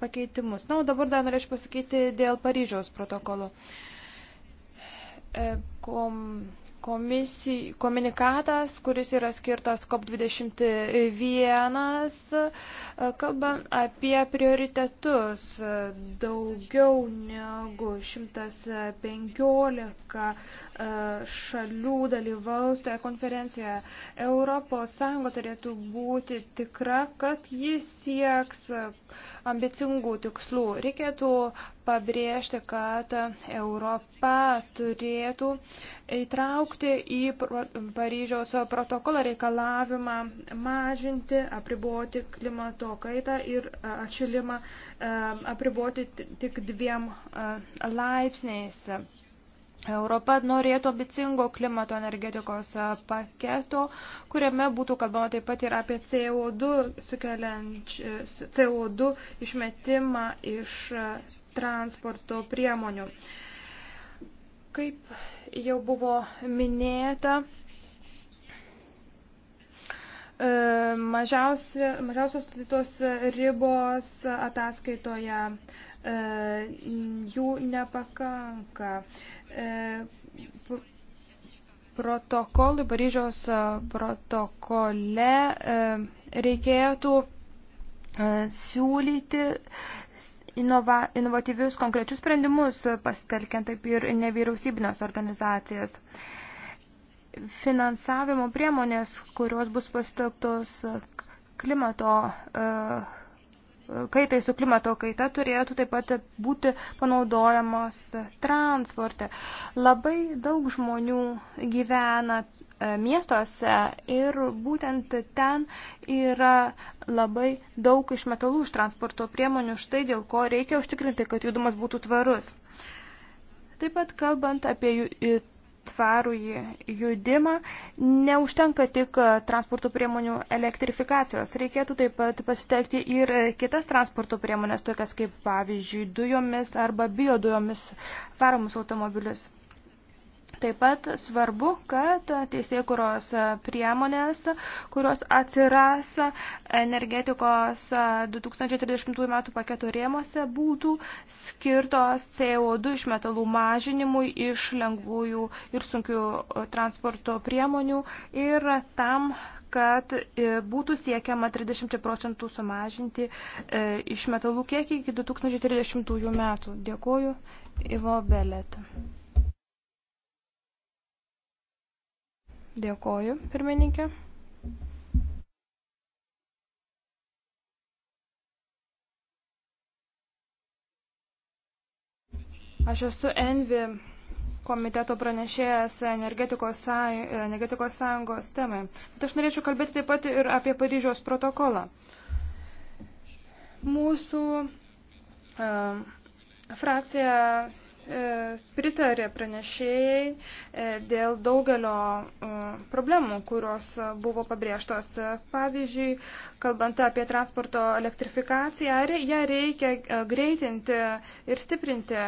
pakeitimus. Na, o dabar dar norėčiau pasakyti dėl Paryžiaus protokolo. Kom komisij, komunikatas, kuris yra skirtas COP21, kalbam apie prioritetus daugiau negu 115 e, šalių dalyvaus toje konferencijoje. Europos Sąjunga turėtų būti tikra, kad jis sieks ambicingų tikslų. Reikėtų pabrėžti, kad Europa turėtų įtraukti į Paryžiaus protokolą reikalavimą mažinti, apriboti klimato kaitą ir atšilimą e, apriboti tik dviem e, laipsniais. Europa norėtų ambicingo klimato energetikos paketo, kuriame būtų kalbama taip pat ir apie CO2, e, CO2 išmetimą iš transporto priemonių. Kaip jau buvo minėta, e, mažiausios tos ribos ataskaitoje E, jų nepakanka. E, Protokolui, Paryžiaus protokole e, reikėtų siūlyti inova, inovatyvius konkrečius sprendimus, pasitelkiant taip ir nevyriausybinės organizacijas. Finansavimo priemonės, kurios bus pasitelktos klimato uh, kaitai, su klimato kaita turėtų taip pat būti panaudojamos transporte. Labai daug žmonių gyvena e, miestuose ir būtent ten yra labai daug išmetalų iš transporto priemonių, štai dėl ko reikia užtikrinti, kad judumas būtų tvarus. Taip pat kalbant apie tvarų judimą, neužtenka tik e, transporto priemonių elektrifikacijos. Reikėtų taip pat pasitelkti ir e, kitas transporto priemonės, tokias kaip pavyzdžiui dujomis arba biodujomis varomus automobilius. Taip pat svarbu, kad teisėkuros priemonės, kurios atsiras energetikos 2030 m. paketo rėmose, būtų skirtos CO2 iš metalų mažinimui iš lengvųjų ir sunkių transporto priemonių ir tam, kad būtų siekiama 30 procentų sumažinti e, iš metalų kiekį iki 2030 metų. Dėkuoju, Ivo Belet. Dėkoju, pirmininkė. Aš esu Envi komiteto pranešėjas energetikos, sąjung, energetikos sąjungos temai. Bet aš norėčiau kalbėti taip pat ir apie Paryžiaus protokolą. Mūsų uh, frakcija E, pritarė pranešėjai e, dėl daugelio e, problemų, kurios buvo pabrėžtos. Pavyzdžiui, kalbant apie transporto elektrifikaciją, ją reikia greitinti ir stiprinti.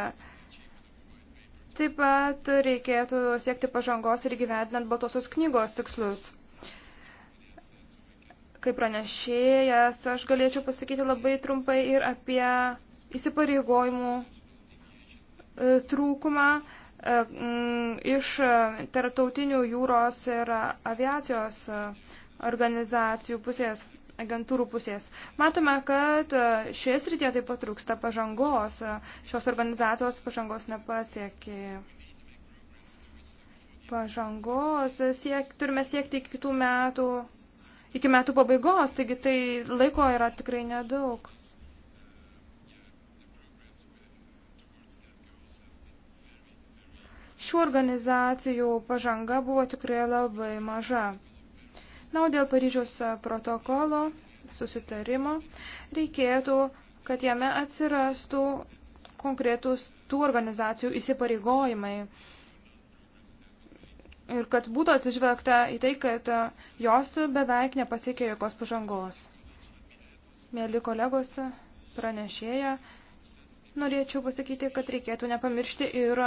Taip pat reikėtų siekti pažangos ir gyvendinant Baltosios knygos tikslus kaip pranešėjas, aš galėčiau pasakyti labai trumpai ir apie įsipareigojimų trūkumą e, iš tarptautinių jūros ir aviacijos organizacijų pusės agentūrų pusės. Matome, kad šioje srityje taip pat trūksta pažangos. Šios organizacijos pažangos nepasiekė. Pažangos siek, turime siekti iki kitų metų, iki metų pabaigos, taigi tai laiko yra tikrai nedaug. Šių organizacijų pažanga buvo tikrai labai maža. Na, o dėl Paryžiaus protokolo susitarimo reikėtų, kad jame atsirastų konkretus tų organizacijų įsipareigojimai. Ir kad būtų atsižvelgta į tai, kad jos beveik nepasiekė jokios pažangos. Mėly kolegos, pranešėja, norėčiau pasakyti, kad reikėtų nepamiršti ir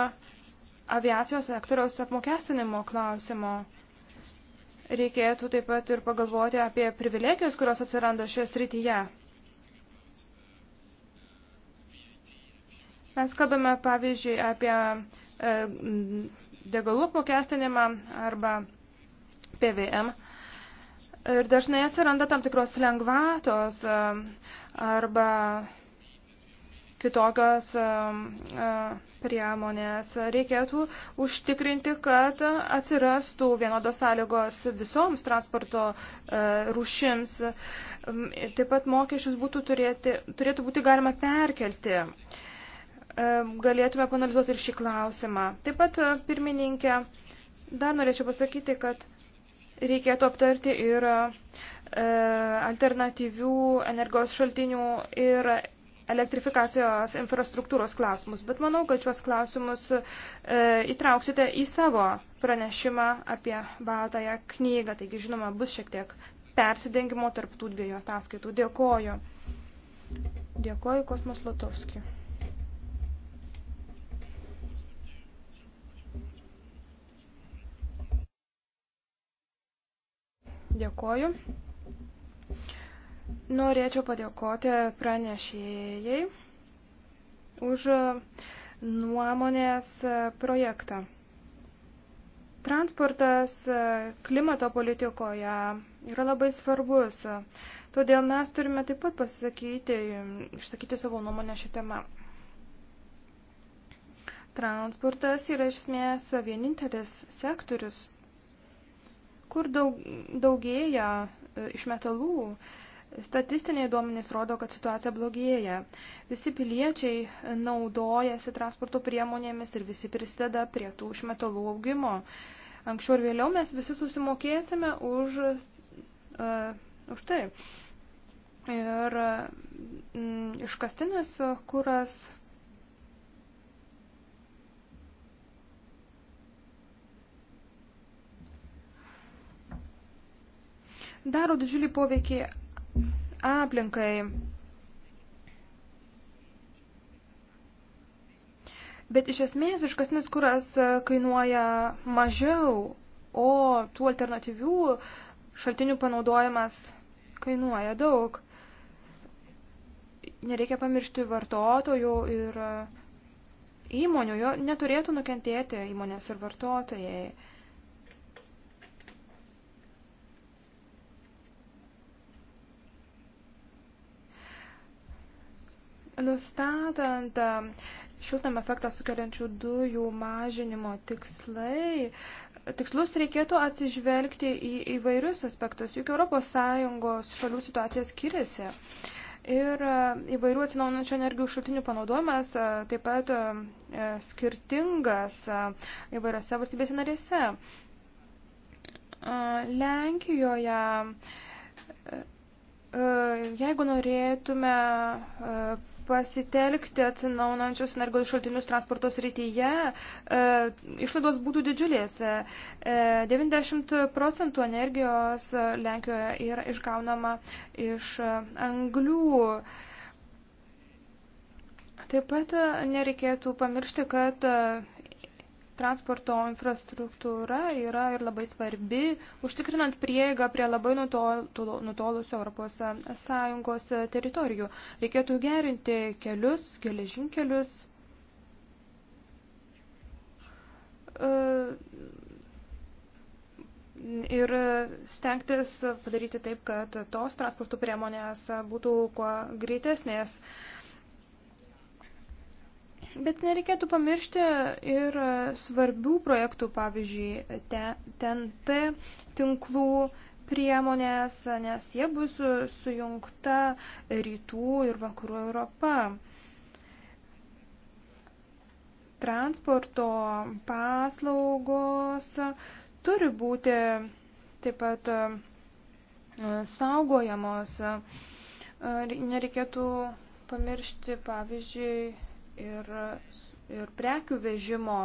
aviacijos sektoriaus apmokestinimo klausimo. Reikėtų taip pat ir pagalvoti apie privilegijos, kurios atsiranda šioje srityje. Mes kalbame, pavyzdžiui, apie e, degalų apmokestinimą arba PVM. Ir dažnai atsiranda tam tikros lengvatos e, arba kitokios. E, e, priemonės. Reikėtų užtikrinti, kad atsirastų vienodos sąlygos visoms transporto e, rūšims. Taip pat mokesčius būtų turėti, turėtų būti galima perkelti. E, galėtume panalizuoti ir šį klausimą. Taip pat, e, pirmininkė, dar norėčiau pasakyti, kad reikėtų aptarti ir alternatyvių energijos šaltinių ir elektrifikacijos infrastruktūros klausimus, bet manau, kad šios klausimus e, įtrauksite į savo pranešimą apie baltąją knygą, taigi žinoma, bus šiek tiek persidengimo tarp tų dviejų ataskaitų. Dėkoju. Dėkoju Kosmos Lotovski. Dėkoju. Norėčiau padėkoti pranešėjai už nuomonės projektą. Transportas klimato politikoje yra labai svarbus, todėl mes turime taip pat pasisakyti, išsakyti savo nuomonę šią temą. Transportas yra iš esmės vienintelis sektorius, kur daug, daugėja e, iš metalų Statistiniai duomenys rodo, kad situacija blogėja. Visi piliečiai naudojasi transporto priemonėmis ir visi prisideda prie tų išmetalų augimo. Anksčiau ir vėliau mes visi susimokėsime už, uh, už tai. Ir mm, iškastinis kuras daro didžiulį poveikį aplinkai. Bet iš esmės iškasnis kuras e, kainuoja mažiau, o tų alternatyvių šaltinių panaudojimas kainuoja daug. Nereikia pamiršti vartotojų ir e, įmonių, jo neturėtų nukentėti įmonės ir vartotojai. Nustatant um, šiltnamio efektą sukeliančių dujų mažinimo tikslai, tikslus reikėtų atsižvelgti į įvairius aspektus, juk ES šalių situacija skiriasi. Ir uh, įvairių atsinaujinančių energijų šaltinių panaudojimas uh, taip pat um, e, skirtingas uh, įvairiose valstybėse narėse. Lenkijoje jeigu norėtume pasitelkti atsinaunančius energijos šaltinius transporto srityje, e, išlaidos būtų didžiulės. E, 90 e, procentų energijos Lenkijoje yra išgaunama iš anglių. Taip pat nereikėtų pamiršti, kad transporto infrastruktūra yra ir labai svarbi, užtikrinant prieigą prie labai nutolusių Europos Sąjungos teritorijų. Reikėtų gerinti kelius, geležinkelius. E, ir stengtis padaryti taip, kad tos transporto priemonės būtų kuo greitesnės. Bet nereikėtų pamiršti ir svarbių projektų, pavyzdžiui, TNT tinklų priemonės, nes jie bus sujungta rytų ir vakarų Europa. Transporto paslaugos turi būti taip pat e, saugojamos. E, nereikėtų pamiršti, pavyzdžiui, ir, ir prekių vežimo.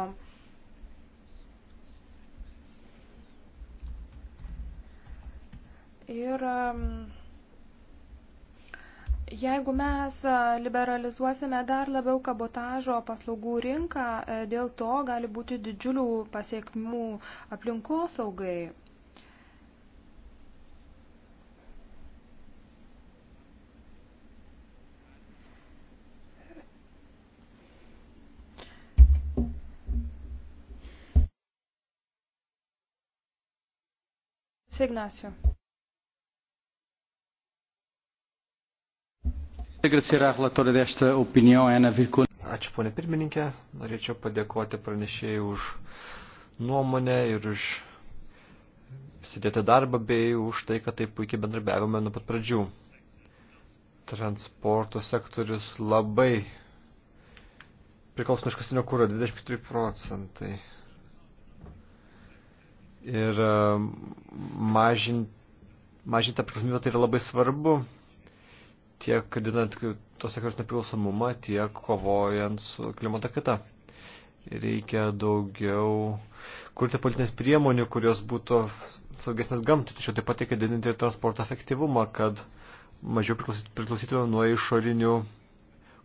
Ir um, jeigu mes liberalizuosime dar labiau kabotažo paslaugų rinką, e, dėl to gali būti didžiulių pasiekmių aplinkosaugai. saugai. Svignaciu. Ačiū, ponė pirmininkė. Norėčiau padėkoti pranešėjai už nuomonę ir už sėdėti darbą bei už tai, kad taip puikiai bendrabiavome nuo pat pradžių. Transporto sektorius labai priklauso nuo iškastinio kūro 24 procentai ir e, mažinti mažinti priklausomybę tai yra labai svarbu, tiek didinant tos sektoriaus nepriklausomumą, tiek kovojant su klimato kita. Reikia daugiau kurti politinės priemonių, kurios būtų saugesnės gamtai, tačiau taip pat reikia didinti ir transporto efektyvumą, kad mažiau priklausytume nuo išorinių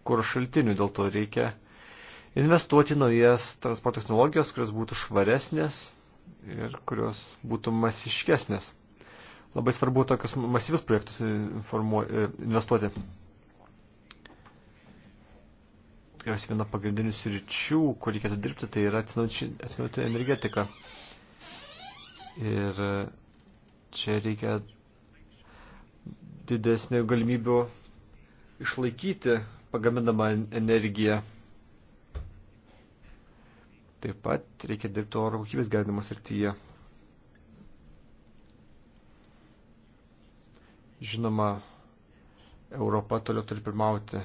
kūro šaltinių. Dėl to reikia investuoti naujas transporto technologijos, kurios būtų švaresnės ir kurios būtų masiškesnės. Labai svarbu tokius masyvius projektus investuoti. Tikriausiai viena pagrindinių sričių, kur reikėtų dirbti, tai yra atsinauti energetiką. Ir čia reikia didesnių galimybių išlaikyti pagamindamą energiją Taip pat reikia dirbti oro kokybės gerinimo srityje. Žinoma, Europa toliau turi pirmauti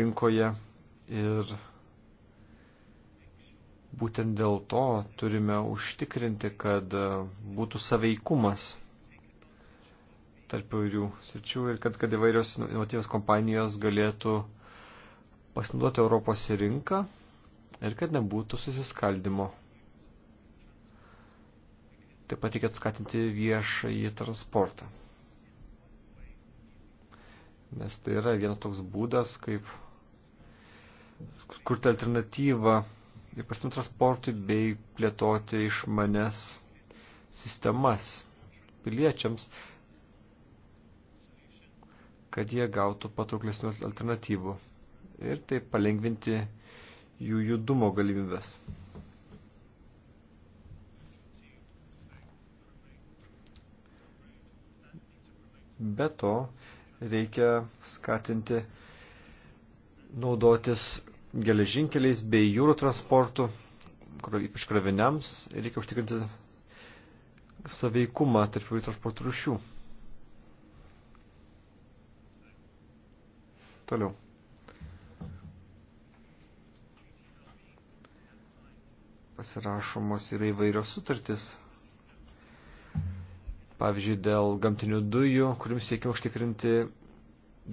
rinkoje ir būtent dėl to turime užtikrinti, kad būtų saveikumas tarp įvairių sričių ir kad, kad įvairios inovatyvios kompanijos galėtų pasinaudoti Europos rinką ir kad nebūtų susiskaldimo. Taip pat reikia skatinti viešąjį transportą. Nes tai yra vienas toks būdas, kaip kurti alternatyvą įprastam transportui bei plėtoti išmanes sistemas piliečiams, kad jie gautų patrauklesnių alternatyvų ir taip palengvinti jų judumo galimybės. Be to, reikia skatinti naudotis geležinkeliais bei jūrų transportu, ypač kroviniams, reikia užtikrinti saveikumą tarp įvairių transporto rušių. Toliau. pasirašomos yra įvairios sutartis. Pavyzdžiui, dėl gamtinių dujų, kuriuos siekiam užtikrinti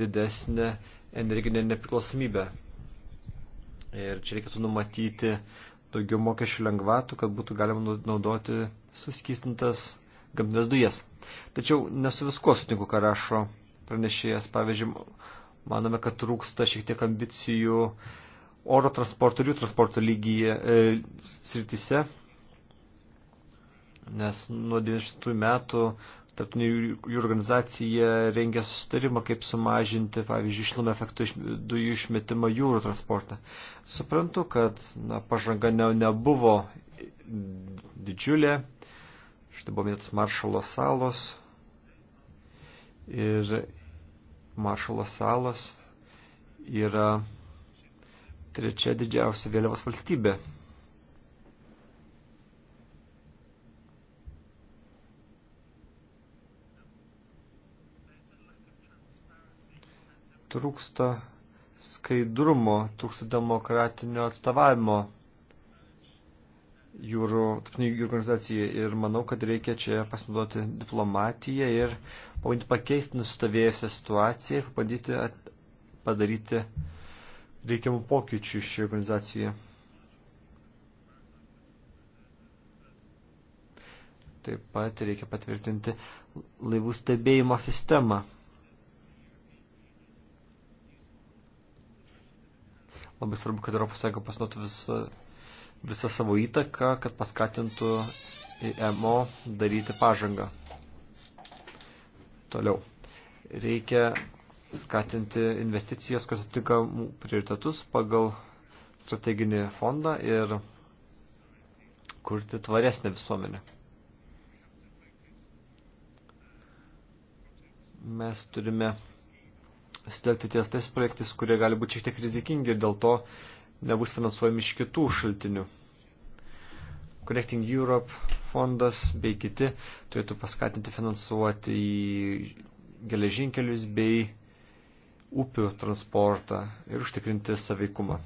didesnę energinę nepriklausomybę. Ir čia reikėtų numatyti daugiau mokesčių lengvatų, kad būtų galima naudoti suskistintas gamtinės dujas. Tačiau nesu visko sutinku, ką rašo pranešėjas. Pavyzdžiui, manome, kad trūksta šiek tiek ambicijų uh, oro transporto ir jų transporto lygyje e, sritise, nes nuo 90 metų tarptautinė jų organizacija rengia sustarimą, kaip sumažinti, pavyzdžiui, šilumą efektų iš, dujų išmetimą jūrų transportą. Suprantu, kad na, pažanga ne, nebuvo didžiulė, štai buvo minėtas maršalo salos ir maršalo salos yra trečia didžiausia vėliavos valstybė. Trūksta skaidrumo, trūksta demokratinio atstovavimo jūrų, jūrų organizacijai ir manau, kad reikia čia pasinaudoti diplomatiją ir pabandyti pakeisti nusistovėjusią situaciją ir pabandyti at, padaryti uh, reikiamų pokyčių šioje organizacijoje. Taip pat reikia patvirtinti laivų stebėjimo sistemą. Labai svarbu, kad Europos Sąjunga pasinautų visą, visą savo įtaką, kad paskatintų IMO daryti pažangą. Toliau. Reikia skatinti investicijas, kad atitinka prioritetus pagal strateginį fondą ir kurti tvaresnę visuomenę. Mes turime stelkti ties tais projektais, kurie gali būti šiek tiek rizikingi ir dėl to nebus finansuojami iš kitų šaltinių. Connecting Europe fondas bei kiti turėtų paskatinti finansuoti į geležinkelius bei upių transportą ir užtikrinti saveikumą.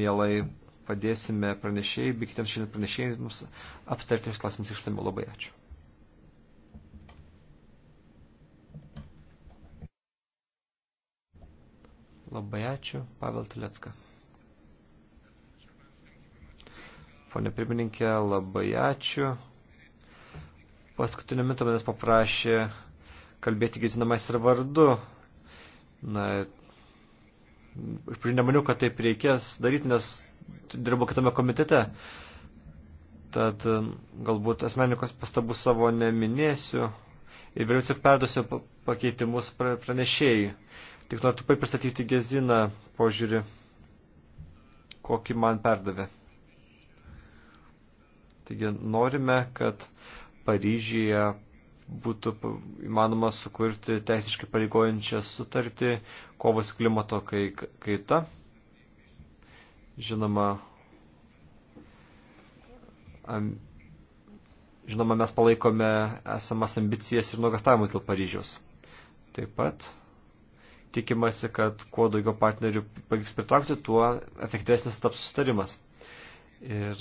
Mielai padėsime pranešėjai, bei kitiems šiandien pranešėjams aptarti šios klausimus išsamiau. Labai ačiū. Labai ačiū, Pavel Tulecka. Pone pirmininkė, labai ačiū. Paskutiniu metu manęs paprašė kalbėti gizinamais ir vardu, Na, aš nemaniau, kad taip reikės daryti, nes dirbu kitame komitete. Tad e, galbūt asmenikos pastabų savo neminėsiu ir vėliau tik perduosiu pakeitimus pranešėjai. Tik noriu tupai pristatyti Geziną požiūrį, kokį man perdavė. Taigi norime, kad Paryžyje būtų įmanoma sukurti teisiškai pareigojančią sutartį kovos klimato kaita. Žinoma, am, žinoma, mes palaikome esamas ambicijas ir nuogastavimus dėl Paryžiaus. Taip pat tikimasi, kad kuo daugiau partnerių pavyks pritraukti, tuo efektyvesnis taps sustarimas. Ir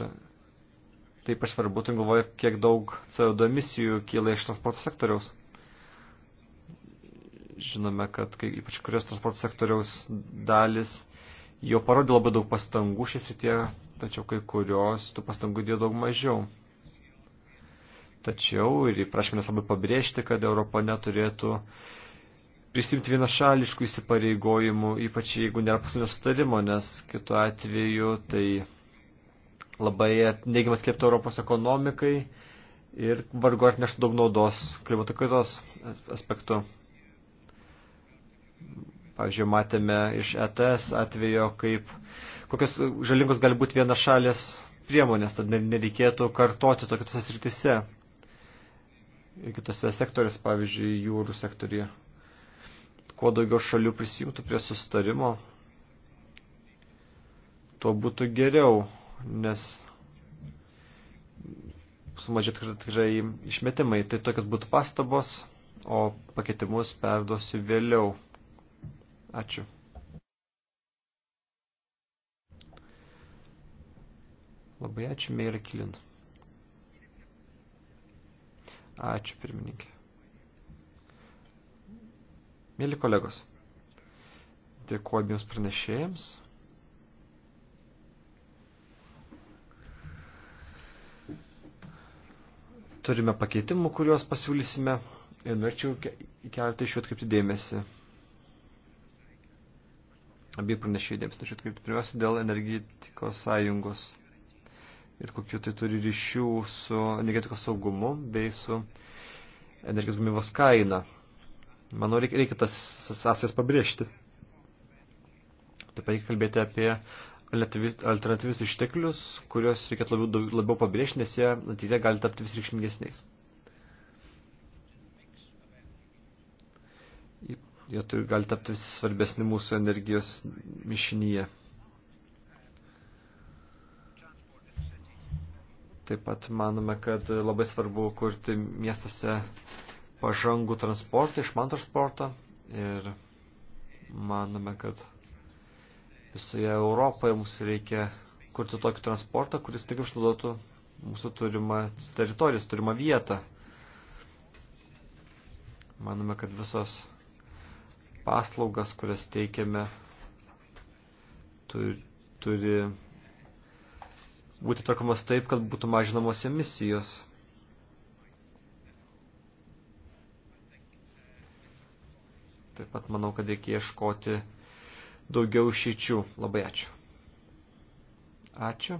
Taip aš svarbu, turint galvoje, kiek daug CO2 emisijų kyla iš transporto sektoriaus. Žinome, kad kai, ypač kurios transporto sektoriaus dalis jau parodė labai daug pastangų šis rytie, tačiau kai kurios tų pastangų dėjo daug mažiau. Tačiau ir prašymės labai pabrėžti, kad Europa neturėtų prisimti vienašališkų įsipareigojimų, ypač jeigu nėra pasaulinio sutarimo, nes kitu atveju tai labai neigiamas lieptų Europos ekonomikai ir vargu ar neštų daug naudos klimato kaitos aspektu. Pavyzdžiui, matėme iš ETS atvejo, kaip kokios žalingos gali būti viena šalės priemonės, tad nereikėtų kartoti to kitose sritise ir kitose sektoriuose, pavyzdžiui, jūrų sektorija. Kuo daugiau šalių prisijungtų prie sustarimo, tuo būtų geriau nes sumažėtų tikrai išmetimai. Tai tokios būtų pastabos, o pakeitimus perduosiu vėliau. Ačiū. Labai ačiū, Meira Kilin. Ačiū, pirmininkė. Mėly kolegos, dėkuoju abiems pranešėjams. Turime pakeitimų, kuriuos pasiūlysime ir norėčiau keletą iš jų atkreipti dėmesį. Abie pranešėjai dėmesį norėčiau atkreipti pirmiausia dėl energetikos sąjungos ir kokiu tai turi ryšių su energetikos saugumu bei su energijos gamybos kaina. Manau, reikia, reikia tas sąsajas pabrėžti. Taip pat reikia kalbėti apie alternatyvius išteklius, kuriuos reikėtų labiau, labiau pabrėžti, nes jie ateitie gali tapti vis reikšmingesniais. Jie turi, gali tapti vis svarbesni mūsų energijos mišinyje. Taip pat manome, kad labai svarbu kurti miestuose pažangų transportą, išman transportą ir manome, kad visoje Europoje mums reikia kurti tokį transportą, kuris tik išnaudotų mūsų turimą teritoriją, turimą vietą. Manome, kad visos paslaugas, kurias teikiame, turi, turi būti tvarkomas taip, kad būtų mažinamos emisijos. Taip pat manau, kad reikia ieškoti daugiau šyčių. Labai ačiū. Ačiū.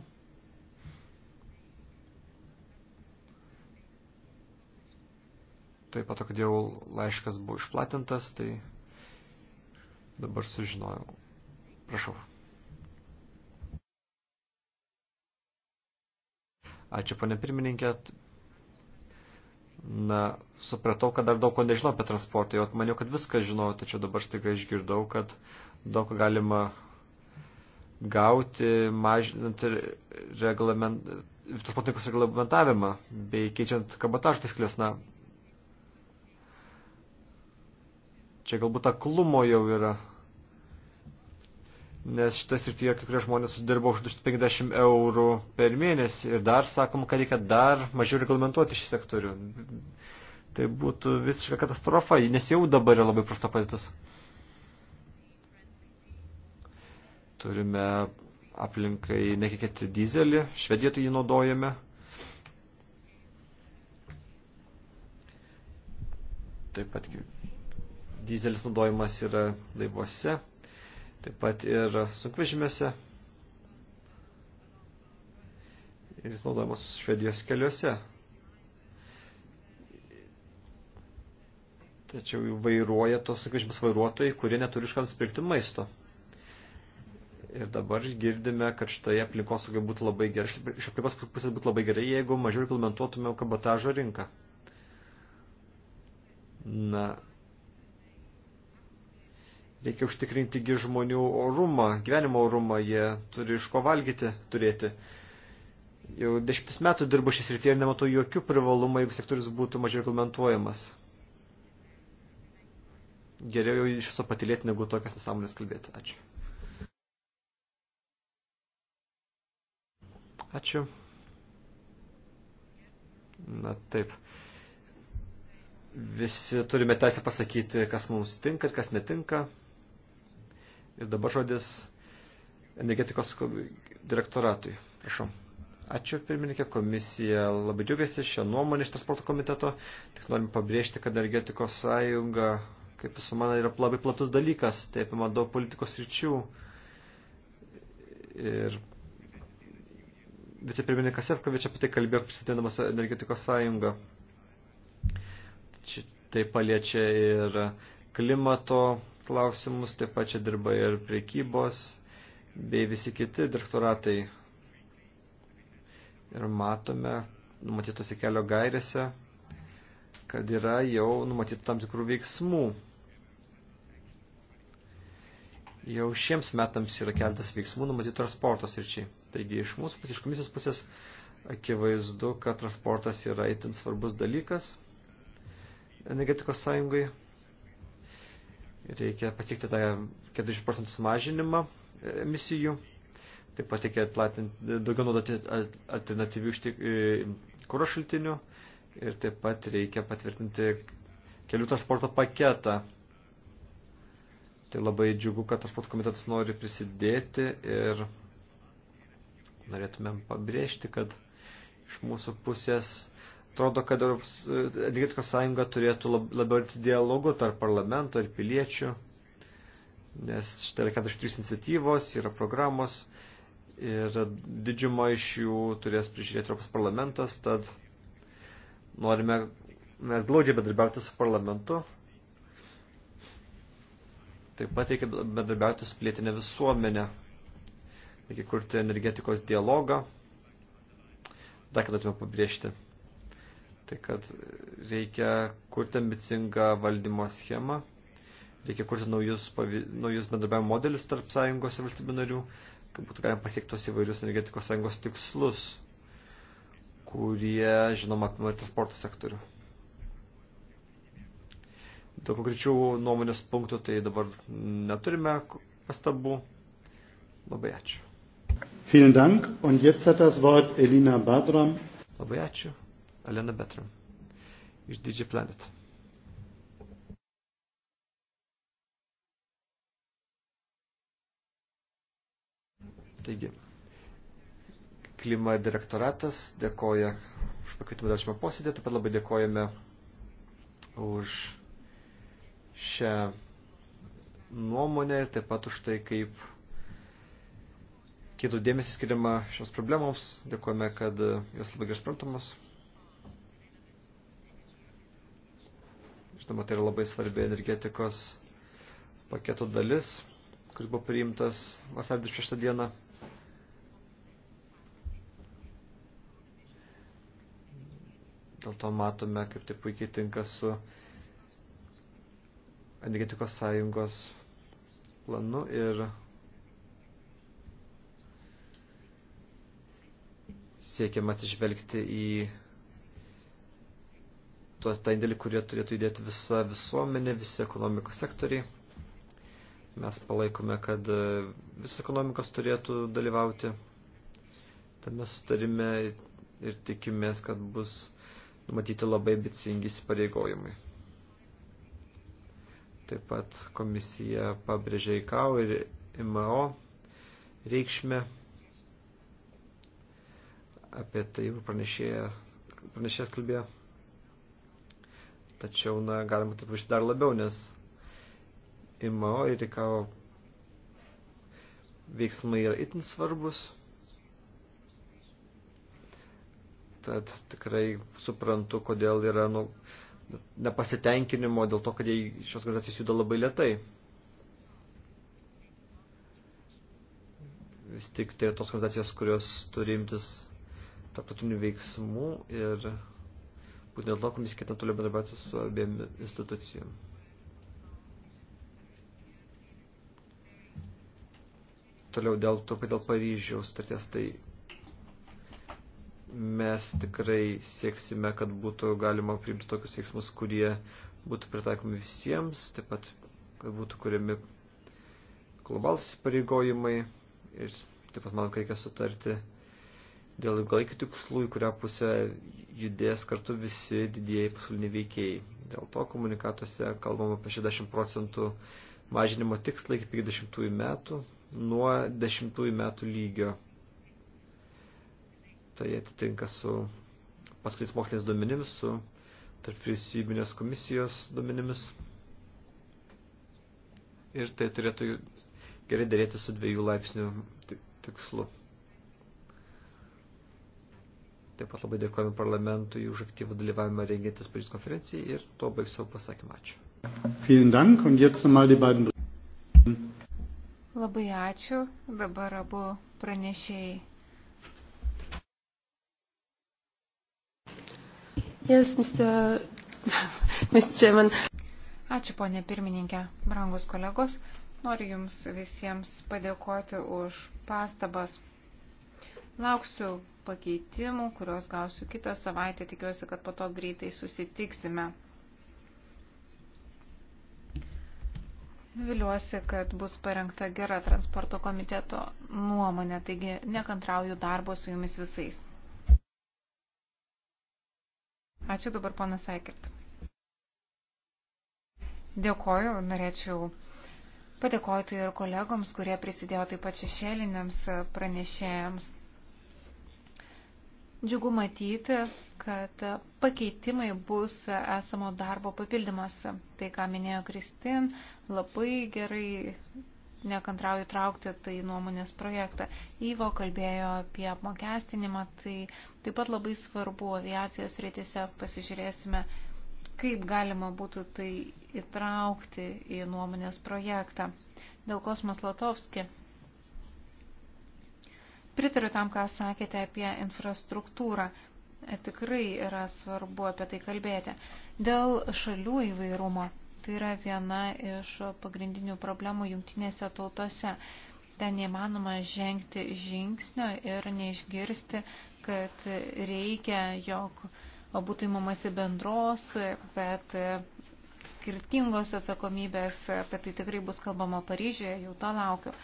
Taip pat, kad jau laiškas buvo išplatintas, tai dabar sužinojau. Prašau. Ačiū, ponė pirmininkė na, supratau, kad dar daug ko nežinau apie transportą, jau maniau, kad viską žinau, tačiau dabar staiga išgirdau, kad daug ko galima gauti, mažinant reglament, transportininkus reglamentavimą bei keičiant kabotažo taisyklės. Na, čia galbūt aklumo jau yra nes šitas ir tie kai kurie žmonės uždirba už 250 eurų per mėnesį ir dar sakoma, kad reikia dar mažiau reglamentuoti šį sektorių. Tai būtų visiška katastrofa, nes jau dabar yra labai prasta padėtis. Turime aplinkai nekikėti dizelį, švedijoje tai jį naudojame. Taip pat dizelis naudojimas yra laivuose taip pat ir sunkvežimėse. Ir jis naudojamas Švedijos keliuose. Tačiau vairuoja tos sunkvežimės vairuotojai, kurie neturi iš ką nusipirkti maisto. Ir dabar girdime, kad štai aplinkos būtų labai gerai, iš aplinkos pusės būtų labai gerai, jeigu mažiau reglamentuotume kabotažo rinką. Na, Reikia užtikrinti žmonių orumą, gyvenimo orumą, jie turi iš ko valgyti turėti. Jau dešimtis metų dirbu šis rytyje ir nematau jokių privalumų, jeigu sektorius būtų mažiau reglamentuojamas. Geriau jau iš viso patilėti, negu tokias nesąmonės kalbėti. Ačiū. Ačiū. Na taip. Visi turime teisę pasakyti, kas mums tinka ir kas netinka. Ir dabar žodis energetikos direktoratui. Prašau. Ačiū pirmininkė, komisija labai džiaugiasi šią nuomonę iš transporto komiteto. Tik norim pabrėžti, kad energetikos sąjunga, kaip visų man, yra labai platus dalykas, tai apima daug politikos ryčių. Ir vicepirmininkas Efkovič apie tai kalbėjo, pristatydamas energetikos sąjungą. Tai paliečia ir klimato klausimus, taip pat čia dirba ir priekybos bei visi kiti direktoratai. Ir matome, numatytose kelio gairėse, kad yra jau numatyti tam tikrų veiksmų. Jau šiems metams yra keltas veiksmų numatyti transportos ryčiai. Taigi iš mūsų pusės, iš komisijos pusės, akivaizdu, kad transportas yra itin svarbus dalykas energetikos sąjungai reikia pasiekti tą 40 procentų sumažinimą e, emisijų, taip pat reikia platinti, daugiau naudoti alternatyvių e, kūro šaltinių ir taip pat reikia patvirtinti kelių transporto paketą. Tai labai džiugu, kad transporto komitetas nori prisidėti ir norėtumėm pabrėžti, kad iš mūsų pusės atrodo, kad Europos e, energetikos sąjunga turėtų lab, labiau arti dialogų tarp parlamento ir piliečių, nes štai yra 43 iniciatyvos, yra programos ir didžiumą iš jų turės prižiūrėti Europos parlamentas, tad norime mes glaudžiai bedarbiauti su parlamentu. Taip pat reikia bedarbiauti su plėtinė visuomenė. Reikia kurti energetikos dialogą. Dar ką turėtume pabrėžti. Tai kad reikia kurti ambicingą valdymo schemą, reikia kurti naujus, pavy... naujus bendrabiavimo modelius tarp sąjungos ir valstybių narių, kad būtų galima pasiekti tos įvairius energetikos sąjungos tikslus, kurie, žinoma, apima ir transporto sektorių. Dėl konkrečių nuomonės punktų tai dabar neturime pastabų. Labai ačiū. Vielen Dank. Und jetzt hat das Wort Elina Badram. Labai ačiū. Alena Betra iš DJ Planet. Taigi, klima direktoratas dėkoja už pakvietimą dėl šiame posėdė, taip pat labai dėkojame už šią nuomonę ir taip pat už tai, kaip kitų dėmesį skiriama šios problemoms. Dėkojame, kad jos labai gerai suprantamos. Žinoma, tai yra labai svarbi energetikos paketo dalis, kuris buvo priimtas vasarį 26 dieną. Dėl to matome, kaip tai puikiai tinka su energetikos sąjungos planu ir siekiam atsižvelgti į tą, tą indėlį, kurie turėtų įdėti visa visuomenė, visi ekonomikos sektoriai. Mes palaikome, kad e, visi ekonomikos turėtų dalyvauti tame sutarime ir tikimės, kad bus numatyti labai ambicingi įsipareigojimai. Taip pat komisija pabrėžė IKAO ir IMO reikšmę. Apie tai jau pranešėjas kalbėjo. Tačiau, na, galima taip iš dar labiau, nes IMO ir IKAO veiksmai yra itin svarbus. Tad tikrai suprantu, kodėl yra nu, nepasitenkinimo dėl to, kad jie šios organizacijos juda labai lietai. Vis tik tai tos organizacijos, kurios turi imtis tarptautinių veiksmų ir Būtent to komisija ketina toliau bendrabiauti su abiem institucijom. Toliau dėl to, kad dėl Paryžiaus starties, tai mes tikrai sieksime, kad būtų galima priimti tokius veiksmus, kurie būtų pritaikomi visiems, taip pat, kad būtų kuriami globalus įsipareigojimai ir taip pat manau, kad reikia sutarti dėl ilgalaikių tikslų, į kurią pusę judės kartu visi didieji pasauliniai veikėjai. Dėl to komunikatuose kalbama apie 60 procentų mažinimo tikslą iki 50 metų nuo 10 metų lygio. Tai atitinka su paskutiniais moksliniais duomenimis, su tarp vyriausybinės komisijos duomenimis. Ir tai turėtų gerai dėrėti su dviejų laipsnių tikslu. Taip pat labai dėkojame parlamentui už aktyvų dalyvavimą rengiantis Paryžiaus konferencijai ir tuo baigsiu savo pasakymą. Ačiū. Labai ačiū. Dabar abu pranešėjai. Yes, Mr. Mr. Chairman. Ačiū, ponė pirmininkė, brangus kolegos. Noriu Jums visiems padėkoti už pastabas. Lauksiu pakeitimų, kuriuos gausiu kitą savaitę. Tikiuosi, kad po to greitai susitiksime. Viliuosi, kad bus parengta gera transporto komiteto nuomonė, taigi nekantrauju darbo su jumis visais. Ačiū dabar, ponas Eikert. Dėkoju, norėčiau padėkoti ir kolegoms, kurie prisidėjo taip pat šešėliniams pranešėjams. Džiugu matyti, kad pakeitimai bus esamo darbo papildymas. Tai, ką minėjo Kristin, labai gerai nekantrauju traukti tai nuomonės projektą. Įvo kalbėjo apie apmokestinimą, tai taip pat labai svarbu aviacijos rytise pasižiūrėsime, kaip galima būtų tai įtraukti į nuomonės projektą. Dėl kosmas Latovski Pritariu tam, ką sakėte apie infrastruktūrą. E, tikrai yra svarbu apie tai kalbėti. Dėl šalių įvairumo. Tai yra viena iš pagrindinių problemų jungtinėse tautose. Ten neįmanoma žengti žingsnio ir neišgirsti, kad reikia, jog būtų įmamasi bendros, bet skirtingos atsakomybės, apie tai tikrai bus kalbama Paryžiuje, jau to laukiu.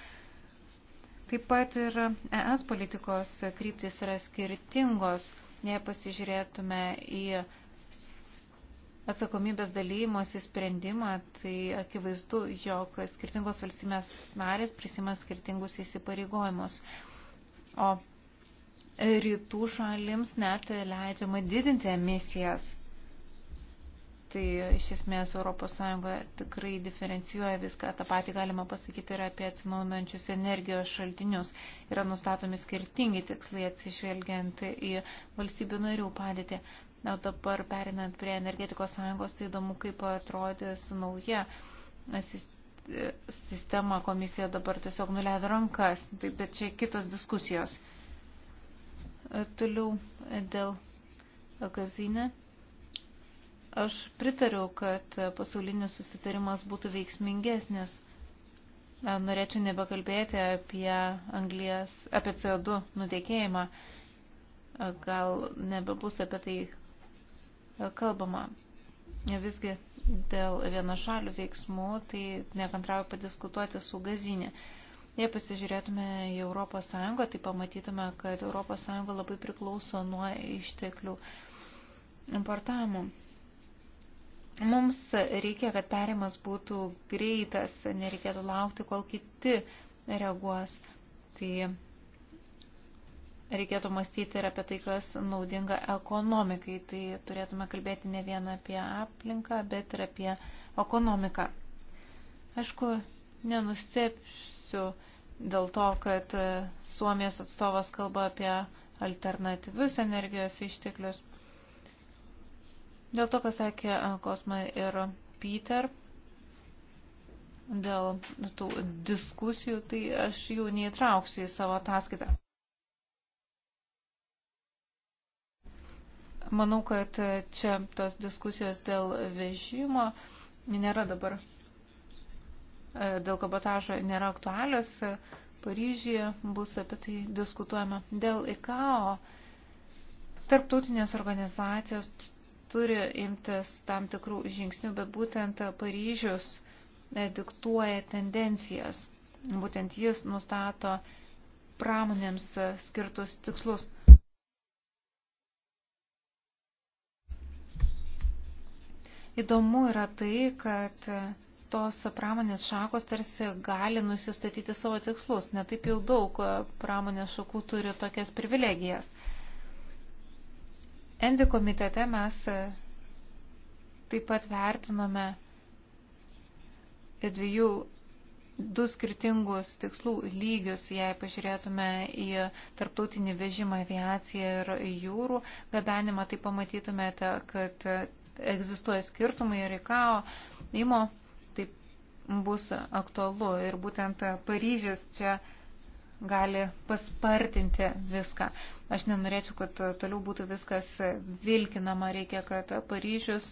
Taip pat ir ES politikos kryptis yra skirtingos, jei pasižiūrėtume į atsakomybės dalymosi sprendimą, tai akivaizdu, jog skirtingos valstybės narės prisima skirtingus įsipareigojimus. O rytų šalims net leidžiama didinti emisijas tai iš esmės ES tikrai diferencijuoja viską. Ta pati galima pasakyti ir apie atsinaunančius energijos šaltinius. Yra nustatomi skirtingi tikslai atsižvelgiant į valstybių narių padėtį. Na, dabar perinant prie energetikos sąjungos, tai įdomu, kaip atrodys nauja sistema. Komisija dabar tiesiog nuleido rankas. Taip, bet čia kitos diskusijos. Toliau dėl gazinė. Aš pritariu, kad pasaulinis susitarimas būtų veiksmingesnis. Norėčiau nebekalbėti apie anglijas, apie CO2 nutekėjimą. Gal nebebus apie tai kalbama. Visgi dėl vienašalių veiksmų, tai nekantrauju padiskutuoti su gazinė. Jei pasižiūrėtume į ES, tai pamatytume, kad ES labai priklauso nuo išteklių importavimo. Mums reikia, kad perimas būtų greitas, nereikėtų laukti, kol kiti reaguos. Tai reikėtų mąstyti ir apie tai, kas naudinga ekonomikai. Tai turėtume kalbėti ne vien apie aplinką, bet ir apie ekonomiką. Aišku, nenustepsiu dėl to, kad Suomijos atstovas kalba apie alternatyvius energijos išteklius. Dėl to, ką sakė Kosma ir Peter, dėl tų diskusijų, tai aš jų neįtrauksiu į savo ataskaitą. Manau, kad čia tos diskusijos dėl vežimo nėra dabar, dėl kabotažo nėra aktualios. Paryžyje bus apie tai diskutuojama. Dėl ICAO tarptautinės organizacijos turi imtis tam tikrų žingsnių, bet būtent Paryžius e, diktuoja tendencijas. Būtent jis nustato pramonėms e, skirtus tikslus. Įdomu yra tai, kad e, tos pramonės šakos tarsi gali nusistatyti savo tikslus. Netaip jau daug pramonės šakų turi tokias privilegijas. Envi komitete mes e, taip pat vertinome dviejų du skirtingus tikslų lygius, jei pažiūrėtume į tarptautinį vežimą aviaciją ir jūrų gabenimą, tai pamatytumėte, kad egzistuoja skirtumai ir ICAO įmo taip bus aktualu ir būtent Paryžius čia gali paspartinti viską. Aš nenorėčiau, kad toliau būtų viskas vilkinama, reikia, kad Paryžius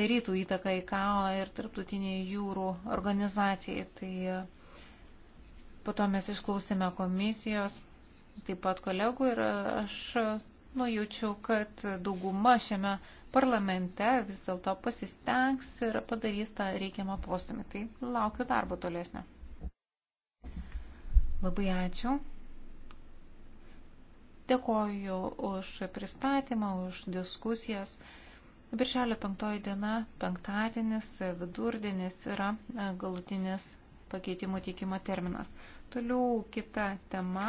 darytų įtaką į KAO ir tarptautiniai jūrų organizacijai. Tai e, po to mes išklausėme komisijos, taip pat kolegų ir aš nujaučiau, kad dauguma šiame parlamente vis dėlto pasistengs ir padarys tą reikiamą postumį. Tai laukiu darbo tolesnio. Labai ačiū. Dėkoju už pristatymą, už diskusijas. Birželio penktoji diena, penktadienis, vidurdienis yra e, galutinis pakeitimų teikimo terminas. Toliau kita tema.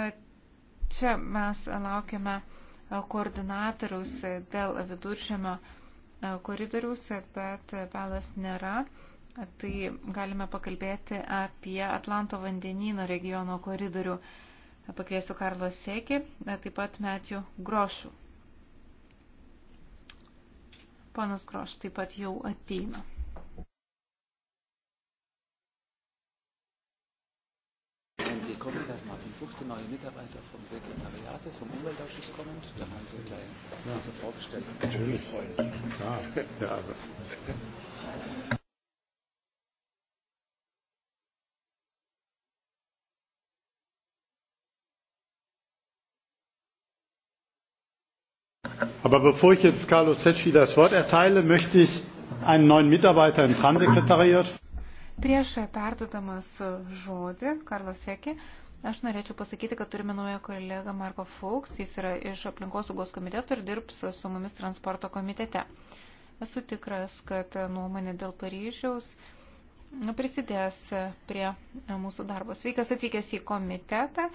E, čia mes laukiame e, koordinatoriaus dėl viduršėmio koridoriaus, bet balas nėra tai galime pakalbėti apie Atlanto vandenyno regiono koridorių. Pakviesiu Karlo Sėkį, taip pat Metijų Grošų. Ponas Groš taip pat jau ateina. Wenn Sie kommen, dass Martin Fuchs, der neue Mitarbeiter vom Sekretariat ist, vom Umweltausschuss kommt, dann haben Sie gleich ja. sofort bestellt. Natürlich. Klar. Ja, aber. Aber bevor ich jetzt Carlo Secchi das Wort erteile, möchte ich einen neuen Mitarbeiter im Transsekretariat. Prieš perduodamas žodį, Karlo Sekė, aš norėčiau pasakyti, kad turime naują kolegą Marko Fuchs, jis yra iš aplinkosaugos komiteto ir dirbs su mumis transporto komitete. Esu tikras, kad nuomonė dėl Paryžiaus prisidės prie mūsų darbo. Sveikas atvykęs į komitetą,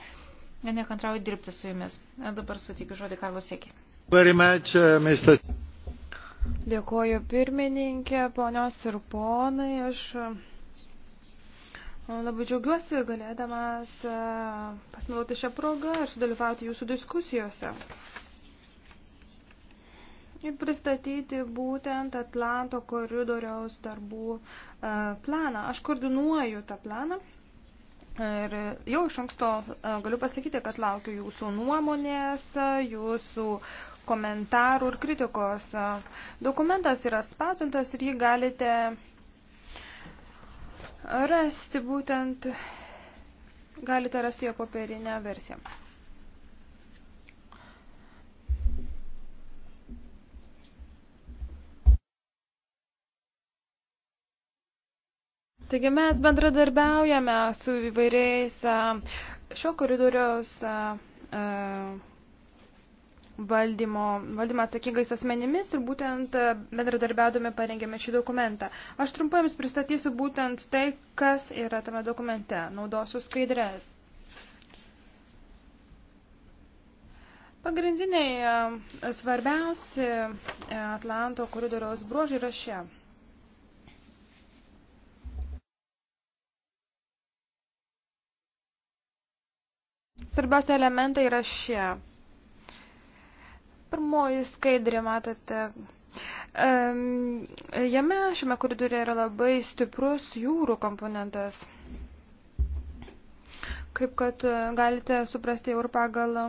nekantrauju dirbti su jumis. Dabar sutikiu žodį Karlo Sekė. Uh, Dėkuoju pirmininkė, ponios ir ponai. Aš uh, labai džiaugiuosi galėdamas uh, pasinaudoti šią progą ir sudalyvauti jūsų diskusijose. Ir pristatyti būtent Atlanto koridoriaus darbų planą. Aš koordinuoju tą planą. Ir jau iš anksto galiu pasakyti, kad laukiu jūsų nuomonės, jūsų komentarų ir kritikos. Dokumentas yra spausdintas ir jį galite rasti būtent, galite rasti jo popierinę versiją. Taigi mes bendradarbiaujame su įvairiais šio koridoriaus uh, valdymo, valdymą atsakingais asmenimis ir būtent e, bendradarbiaudami parengėme šį dokumentą. Aš trumpai Jums pristatysiu būtent tai, kas yra tame dokumente. Naudosiu skaidrės. Pagrindiniai e, svarbiausi e, Atlanto koridoriaus bruožai yra šie. Svarbiausia elementai yra šie Pirmoji skaidrė, matote, jame šiame koridorė yra labai stiprus jūrų komponentas. Kaip kad e, galite suprasti jau ir pagal e,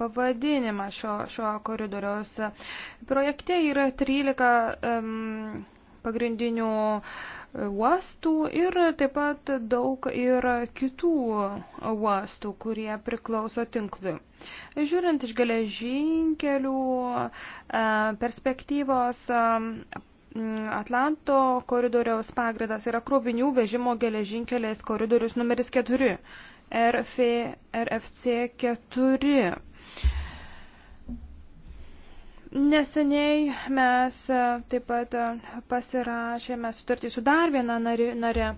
pavadinimą šio, šio koridoriaus. Projekte yra 13 um, pagrindinių e, uostų ir taip pat daug ir kitų uostų, kurie priklauso tinklui. Žiūrint iš geležinkelių e, perspektyvos, e, Atlanto koridoriaus pagrindas yra krovinių vežimo geležinkeliais koridorius numeris 4, RF, RFC 4. Neseniai mes e, taip pat e, pasirašėme sutartį su dar viena nare,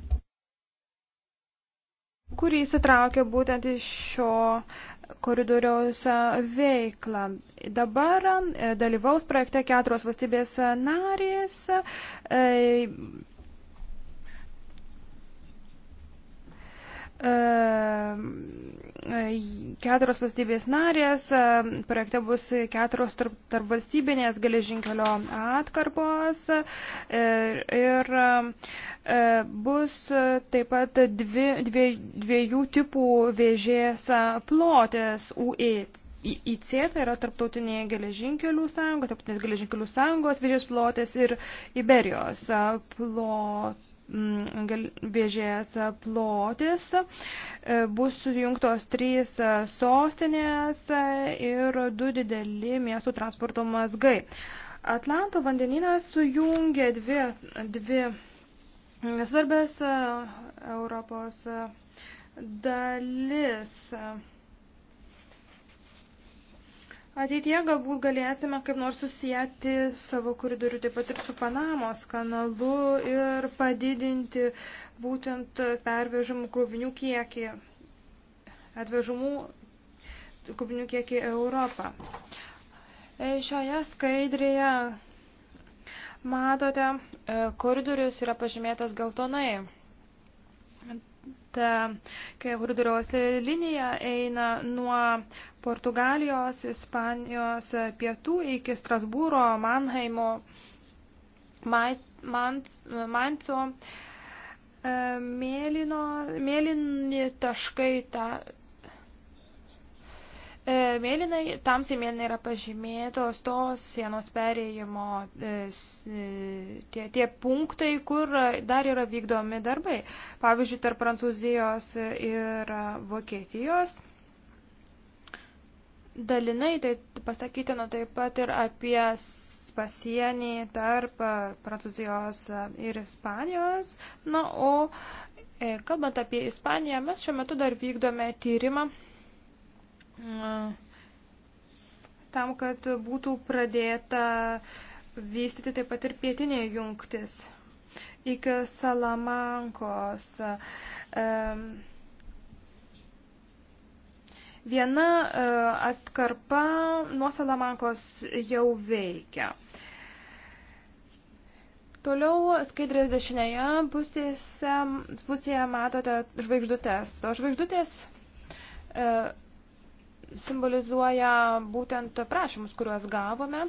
kuri įsitraukė būtent iš šio koridoriaus e, veiklą. Dabar dalyvaus projekte keturios valstybės narės keturios valstybės narės, e, projekte bus keturios tarp, tarp valstybinės geležinkelio atkarpos e, ir, ir e, bus taip pat dvi, dvie, dviejų tipų vėžės plotės UET. IC, tai yra tarptautinė geležinkelių sąjunga, tarptautinės geležinkelių sąjungos vėžės plotės ir Iberijos plot, Mm, vėžės plotis, e, bus sujungtos trys sostinės ir du dideli miestų transporto mazgai. Atlanto vandeninas sujungia dvi, dvi svarbės e, Europos dalis. Ateitie galbūt galėsime kaip nors susijęti savo koridorių taip pat ir su Panamos kanalu ir padidinti būtent pervežamų krovinių kiekį, atvežamų krovinių kiekį Europą. E, šioje skaidrėje matote, e, koridorius yra pažymėtas geltonai koridoriaus e, linija eina nuo Portugalijos, Ispanijos e, pietų iki Strasbūro, Manheimo, Manco, e, mėlyno, mėlyni taškai ta, E, mėlynai, tamsiai mėlynai yra pažymėtos tos sienos perėjimo e, e, tie, tie punktai, kur dar yra vykdomi darbai. Pavyzdžiui, tarp Prancūzijos ir Vokietijos. Dalinai tai pasakytina taip pat ir apie pasienį tarp Prancūzijos ir Ispanijos. Na, o kalbant apie Ispaniją, mes šiuo metu dar vykdome tyrimą tam, kad būtų pradėta vystyti taip pat ir pietinė jungtis iki Salamankos. Viena atkarpa nuo Salamankos jau veikia. Toliau skaidrės dešinėje pusėse, pusėje matote žvaigždutės. To e, žvaigždutės simbolizuoja būtent prašymus, kuriuos gavome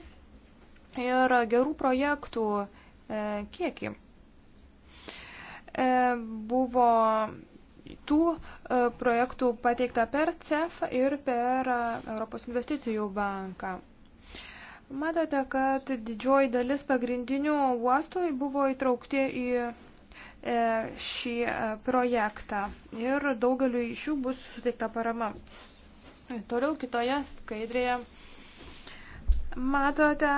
ir gerų projektų e, kiekį. E, buvo tų e, projektų pateikta per CEF ir per Europos investicijų banką. Matote, kad didžioji dalis pagrindinių uostų buvo įtraukti į šį projektą ir daugeliu iš jų bus suteikta parama. Toliau kitoje skaidrėje matote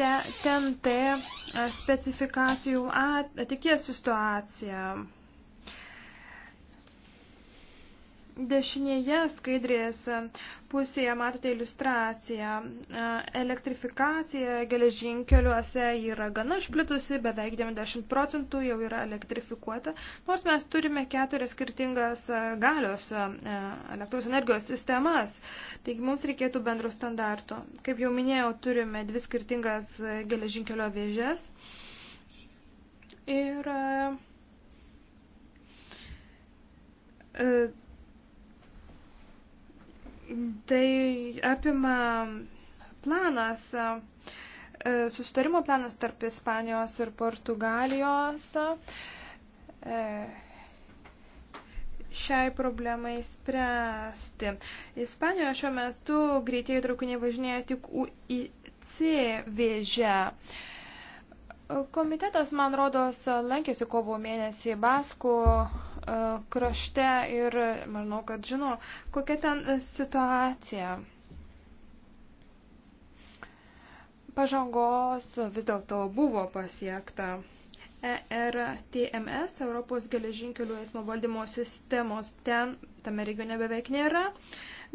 te, ten T specifikacijų at, ateities situaciją. Dešinėje skaidrės pusėje matote iliustraciją. Elektrifikacija geležinkeliuose yra gana išplitusi, beveik 90 procentų jau yra elektrifikuota, nors mes turime keturias skirtingas galios elektros energijos sistemas. Taigi mums reikėtų bendro standarto. Kaip jau minėjau, turime dvi skirtingas geležinkelio vėžes. Ir e, Tai apima planas, e, sustarimo planas tarp Ispanijos ir Portugalijos e, šiai problemai spręsti. Ispanijoje šiuo metu greitieji traukiniai važinėja tik UIC vėžę. Komitetas, man rodos, lankėsi kovo mėnesį Baskų E, krašte ir manau, kad žino, kokia ten situacija. Pažangos vis dėlto buvo pasiekta. ERTMS, Europos geležinkelių eismo valdymo sistemos, ten tame regione beveik nėra,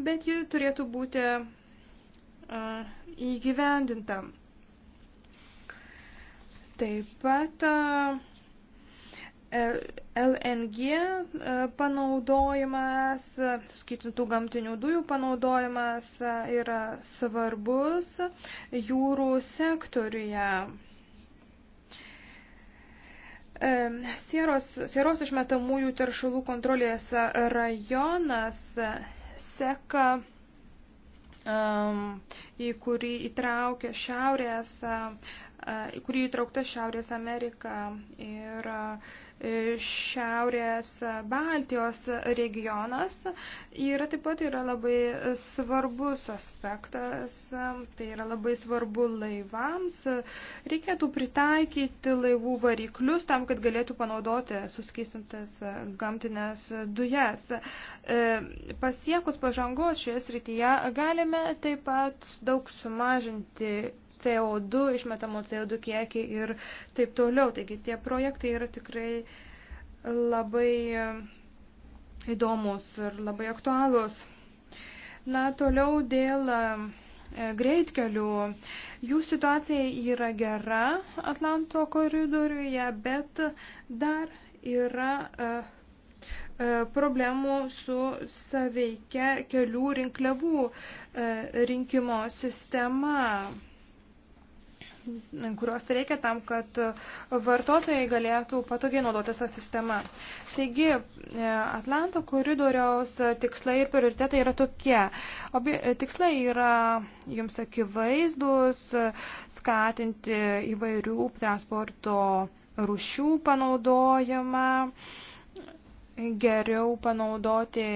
bet ji turėtų būti uh, įgyvendinta. Taip pat uh, LNG e, panaudojimas, skaitintų gamtinių dujų panaudojimas e, yra svarbus jūrų sektoriuje. E, sieros, sieros išmetamųjų teršalų kontrolės rajonas seka, į kurį įtraukia šiaurės, į kurį įtraukta Šiaurės Amerika ir uh, Šiaurės Baltijos regionas yra taip pat yra labai svarbus aspektas, tai yra labai svarbu laivams. Reikėtų pritaikyti laivų variklius tam, kad galėtų panaudoti suskistintas gamtinės dujas. E, pasiekus pažangos šioje srityje galime taip pat daug sumažinti CO2, išmetamo CO2 kiekį ir taip toliau. Taigi tie projektai yra tikrai labai e, įdomus ir labai aktualūs. Na, toliau dėl e, greitkelių. Jų situacija yra gera Atlanto koridoriuje, bet dar yra e, problemų su saveikia kelių rinkliavų rinkimo sistema kurios reikia tam, kad vartotojai galėtų patogiai naudotis tą sistemą. Taigi, e, Atlanto koridoriaus tikslai ir prioritetai yra tokie. Obie, tikslai yra jums akivaizdus skatinti įvairių transporto rušių panaudojimą geriau panaudoti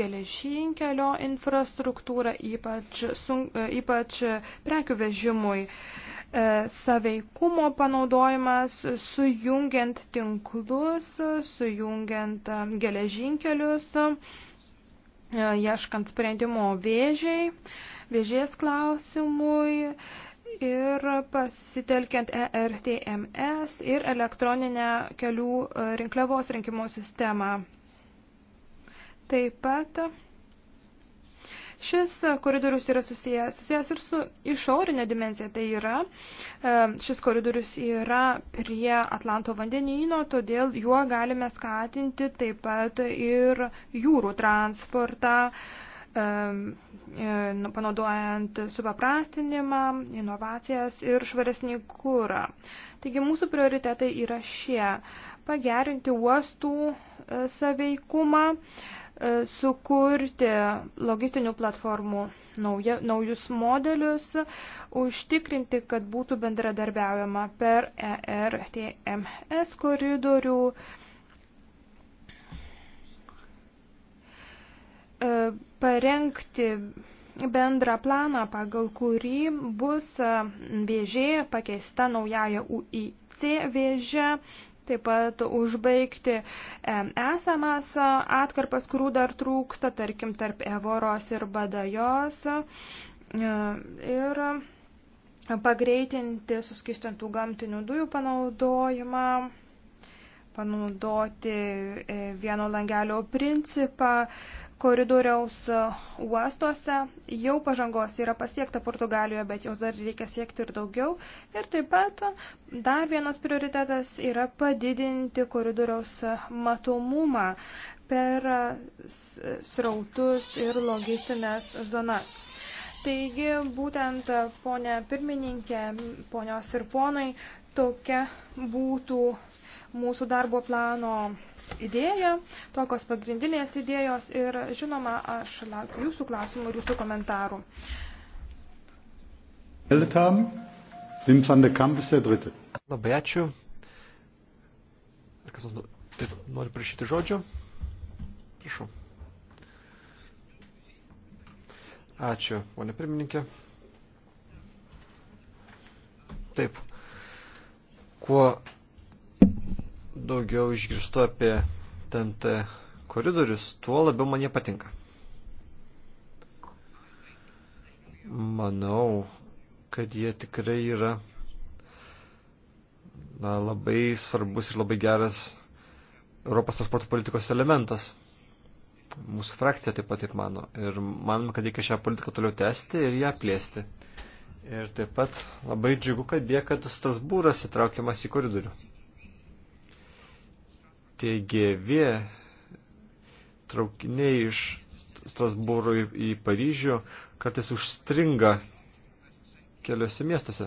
geležinkelio infrastruktūrą, ypač, sun, e, ypač prekių vežimui. Uh, E, saveikumo panaudojimas, sujungiant tinklus, sujungiant e, geležinkelius, e, ieškant sprendimo vėžiai, vėžės klausimui ir pasitelkiant ERTMS ir elektroninę kelių rinkliavos rinkimo sistemą. Taip pat Šis koridorius yra susijęs, susijęs ir su išorinė dimensija. Tai yra, e, šis koridorius yra prie Atlanto vandenyno, todėl juo galime skatinti taip pat ir jūrų transportą e, e, nu, panaudojant supaprastinimą, inovacijas ir švaresnį kūrą. Taigi mūsų prioritetai yra šie - pagerinti uostų saveikumą, E, sukurti logistinių platformų nauja, naujus modelius, užtikrinti, kad būtų bendradarbiaujama per ERTMS koridorių. E, parengti bendrą planą, pagal kurį bus vėžė pakeista naujaja UIC vėžė, taip pat užbaigti esamas atkarpas, kurių dar trūksta, tarkim, tarp Evoros ir Badajos. E, ir pagreitinti suskistintų gamtinių dujų panaudojimą, panaudoti e, vieno langelio principą, koridoriaus e, uostuose jau pažangos yra pasiekta Portugalijoje, bet jos dar reikia siekti ir daugiau. Ir taip pat dar vienas prioritetas yra padidinti koridoriaus matomumą per e, srautus ir logistinės zonas. Taigi, būtent, e, ponė pirmininkė, ponios ir ponai, tokia būtų mūsų darbo plano idėja, tokios pagrindinės idėjos ir žinoma, aš laukiu jūsų klausimų ir jūsų komentarų. Labai ačiū. Ar kas taip, nori prašyti žodžio? Prašau. Ačiū, ponė pirmininkė. Taip. Kuo daugiau išgirstu apie TNT koridorius, tuo labiau man jie patinka. Manau, kad jie tikrai yra na, labai svarbus ir labai geras Europos transporto politikos elementas. Mūsų frakcija taip pat taip mano. Ir manome, kad reikia šią politiką toliau tęsti ir ją plėsti. Ir taip pat labai džiugu, kad bėga, kad Strasbūras įtraukiamas į koridorių. TGV traukiniai iš Strasbūro į Paryžių kartais užstringa keliose miestuose.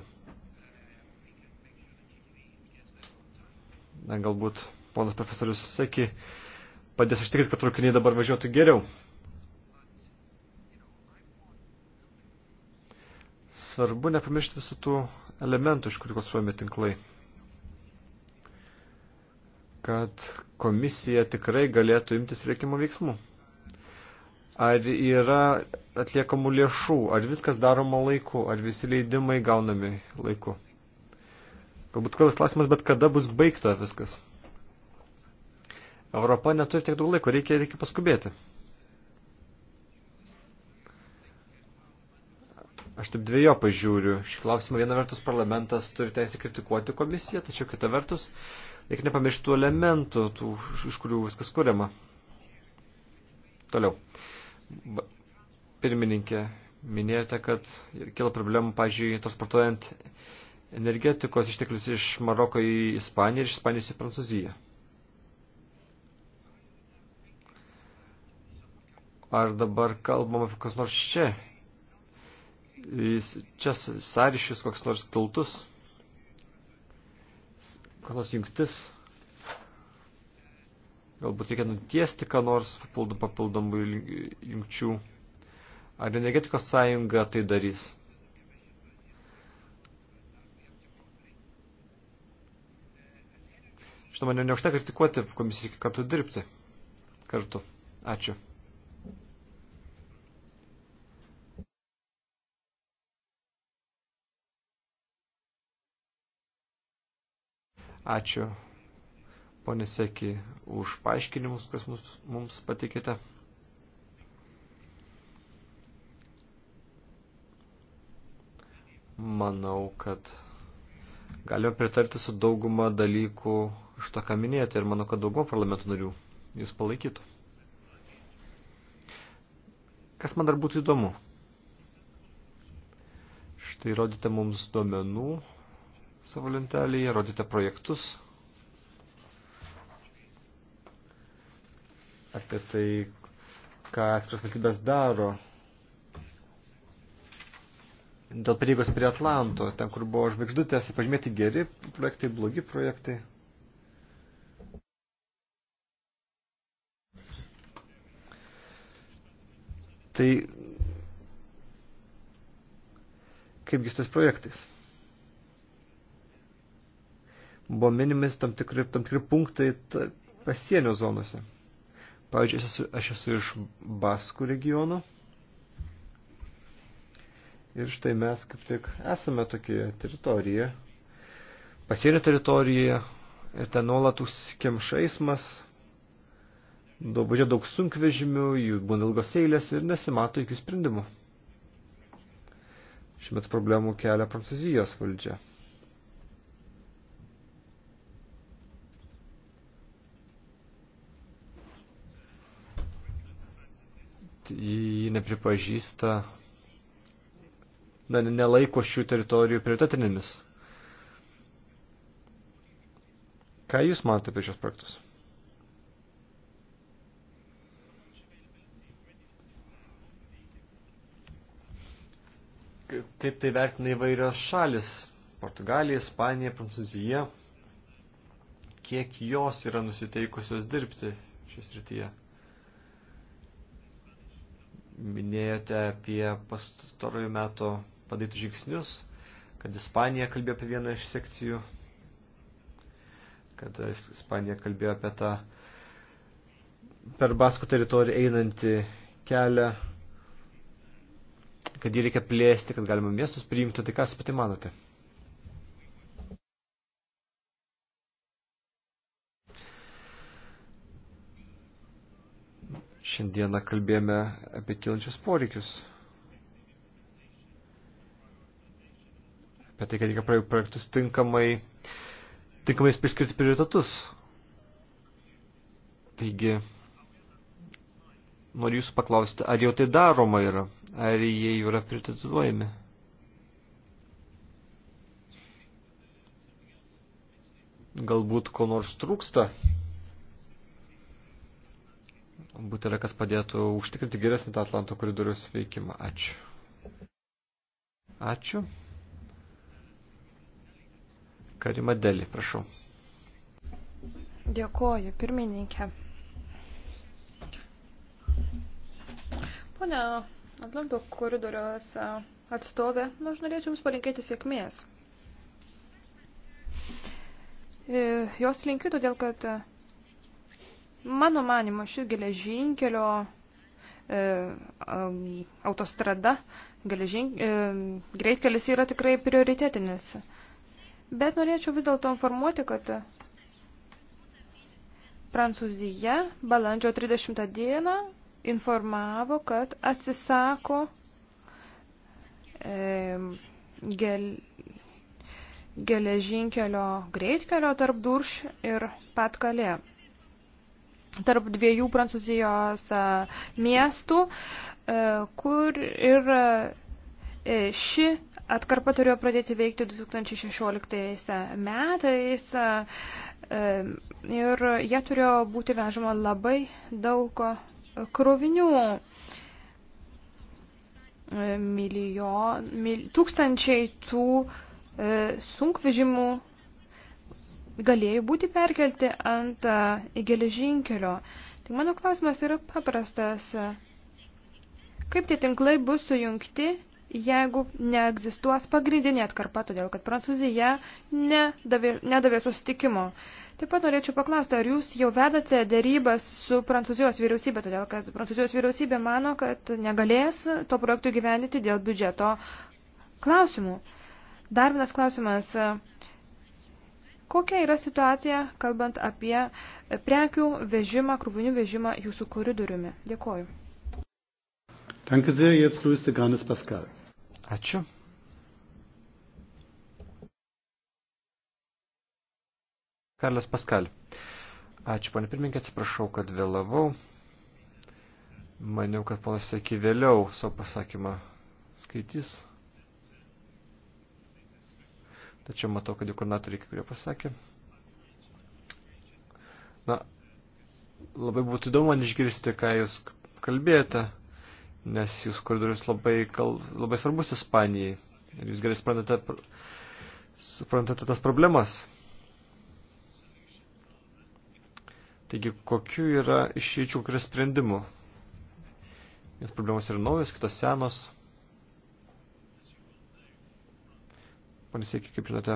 Na, galbūt ponas profesorius Seki padės užtikrinti, kad traukiniai dabar važiuotų geriau. Svarbu nepamiršti visų tų elementų, iš kurių konstruojami tinklai kad komisija tikrai galėtų imtis reikimų veiksmų. Ar yra atliekamų lėšų, ar viskas daroma laiku, ar visi leidimai gaunami laiku. Galbūt kilas klausimas, bet kada bus baigta viskas. Europa neturi tiek daug laiko, reikia, reikia paskubėti. Aš taip dviejo pažiūriu. Šį klausimą viena vertus parlamentas turi teisę kritikuoti komisiją, tačiau kita vertus Reikia nepamiršti tų elementų, tų, iš kurių viskas kuriama. Toliau. Pirmininkė, minėjote, kad kila problemų, pažiūrėjau, transportuojant energetikos išteklius iš Maroko į Ispaniją ir iš Ispanijos į Prancūziją. Ar dabar kalbam apie kas nors čia? Čia sąryšius, koks nors tiltus? kokios jungtis. Galbūt reikia nutiesti, ką nors papildom, papildomų jungčių. Ar energetikos sąjunga tai darys? Žinoma, neužtenka kritikuoti komisiją, reikia kartu dirbti. Kartu. Ačiū. Ačiū, ponė Seki, už paaiškinimus, kas mums, mums patikite. Manau, kad galime pritarti su dauguma dalykų iš to, ką minėjote, ir manau, kad dauguma parlamento narių jūs palaikytų. Kas man dar būtų įdomu? Štai rodite mums duomenų savo lentelėje, rodite projektus apie tai, ką atskiras valstybės daro dėl prieigos prie Atlanto, ten, kur buvo žvaigždutės, pažymėti geri projektai, blogi projektai. Tai kaipgi su tais projektais? buvo minimis tam tikri, tam tikri punktai pasienio zonose. Pavyzdžiui, aš esu, aš esu iš Baskų regiono. Ir štai mes kaip tik esame tokioje teritorijoje, pasienio teritorijoje, ir ten nuolat užsikemša eismas, daug, važia daug sunkvežimių, jų būna ilgos eilės ir nesimato jokių sprendimų. Šimet problemų kelia Prancūzijos valdžia. jį nepripažįsta, na, nelaiko šių teritorijų prioritetinėmis. Ką Jūs matote apie šios projektus? Kaip tai vertina įvairios šalis - Portugalija, Ispanija, Prancūzija - kiek jos yra nusiteikusios dirbti šis rytyje? minėjote apie pastarojų metų padarytus žingsnius, kad Ispanija kalbėjo apie vieną iš sekcijų, kad Ispanija kalbėjo apie tą per Basko teritoriją einantį kelią, kad jį reikia plėsti, kad galima miestus priimti, tai ką jūs pati manote? Šiandieną kalbėjome apie kilančius poreikius. Apie tai, kad reikia projektus tinkamai, tinkamai priskirti prioritetus. Taigi, noriu jūsų paklausti, ar jau tai daroma yra, ar jie jau yra prioritetizuojami. Galbūt ko nors trūksta būti yra, kas padėtų užtikrinti geresnį tą Atlanto koridoriaus veikimą. Ačiū. Ačiū. Karima Deli, prašau. Dėkoju, pirmininkė. Pone Atlanto koridoriaus atstovė, nu, aš norėčiau Jums palinkėti sėkmės. E, jos linkiu, todėl kad Mano manimo, ši geležinkelio e, autostrada, geležin, e, greitkelis yra tikrai prioritetinis. Bet norėčiau vis dėlto informuoti, kad Prancūzija balandžio 30 dieną informavo, kad atsisako e, gel, geležinkelio greitkelio tarp Durš ir Patkalė tarp dviejų Prancūzijos e, miestų, e, kur ir e, ši atkarpa turėjo pradėti veikti 2016 metais ir jie turėjo būti vežama labai daug krovinių milijo, mil, tūkstančiai tų e, sunkvežimų galėjo būti perkelti ant geležinkelio. Tai mano klausimas yra paprastas. Kaip tie tinklai bus sujungti, jeigu neegzistuos pagrindinė atkarpa, todėl kad Prancūzija nedavė, nedavė susitikimo? Taip pat norėčiau paklausti, ar jūs jau vedate dėrybas su Prancūzijos vyriausybė, todėl kad Prancūzijos vyriausybė mano, kad negalės to projektų gyvendyti dėl biudžeto klausimų. Dar vienas klausimas. klausimas Kokia yra situacija, kalbant apie prekių vežimą, krūvinių vežimą jūsų koridoriumi? Dėkoju. Danke sehr, jetzt Luis de Granes Pascal. Ačiū. Karlas Paskal. Ačiū, panė pirmininkė, atsiprašau, kad vėlavau. Maniau, kad panas sakė vėliau savo pasakymą skaitys. Tačiau matau, kad jau koordinatoriai kai kurie pasakė. Na, labai būtų įdomu man išgirsti, ką jūs kalbėjote, nes jūs koridorius labai, kal... labai svarbus Ispanijai ir jūs gerai suprantate, suprantate tas problemas. Taigi, kokiu yra išeičių, kokiu yra sprendimų? Nes problemas yra naujos, kitos senos. Panisiekiai, kaip žinote,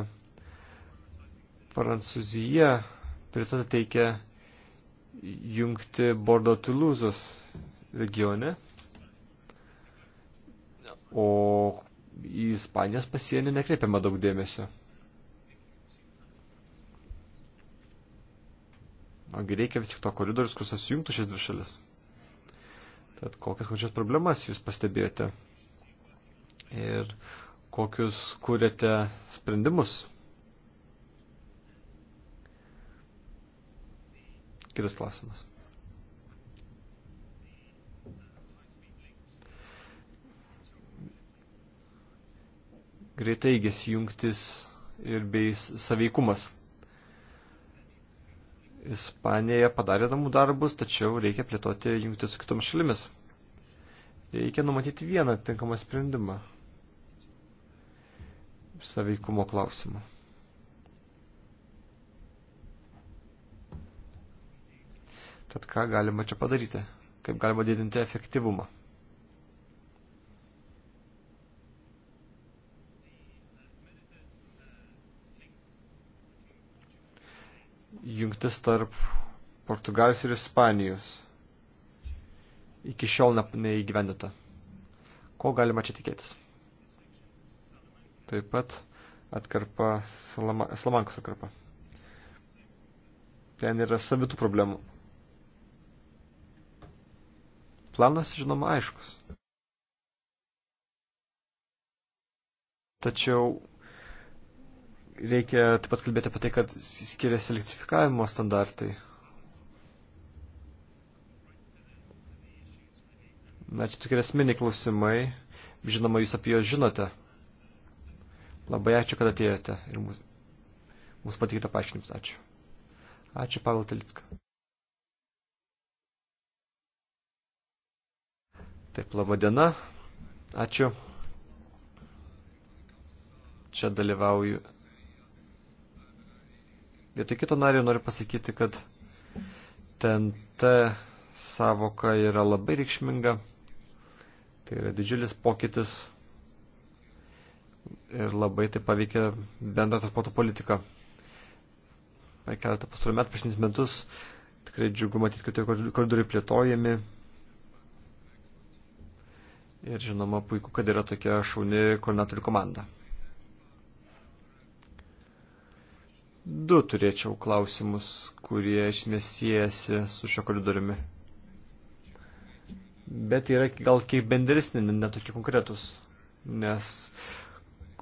Prancūzija prioritetą teikia jungti Bordo Tulūzos regione, o į Ispanijos pasienį nekreipiama daug dėmesio. Ogi reikia vis tik to koridorius, kuris susijungtų šias dvi šalis. Tad kokias konkrečias problemas jūs pastebėjote? Ir uh, kokius kūrėte sprendimus. Kitas klausimas. Greitaigės jungtis ir bei saveikumas. Ispanija padarė namų darbus, tačiau reikia plėtoti jungtis su kitomis šalimis. Reikia numatyti vieną tinkamą sprendimą saveikumo klausimų. Tad ką galima čia padaryti? Kaip galima didinti efektyvumą? Jungtis tarp Portugalijos ir Ispanijos iki šiol neįgyvendinta. Ko galima čia tikėtis? Taip pat atkarpa, Slamankos atkarpa. Ten yra savitų problemų. Planas, žinoma, aiškus. Tačiau reikia taip pat kalbėti apie tai, kad skiriasi elektrifikavimo standartai. Na, čia tokie esminiai klausimai. Žinoma, jūs apie juos žinote. Labai ačiū, kad atėjote ir mūsų, mūsų patikite paaiškinimus. Ačiū. Ačiū, Pavel Telicka. Taip, laba diena. Ačiū. Čia dalyvauju. Vietoj kito nario noriu pasakyti, kad TNT savoka yra labai reikšminga. Tai yra didžiulis pokytis ir labai tai paveikė bendrą transporto politiką. Per keletą pastarų metų, prieš metus, tikrai džiugu matyti, kaip tie koridoriai plėtojami. Ir žinoma, puiku, kad yra tokia šauni koordinatorių komanda. Du turėčiau klausimus, kurie esmės siejasi su šio koridoriumi. Bet yra gal kiek bendresni, netokie konkretus. Nes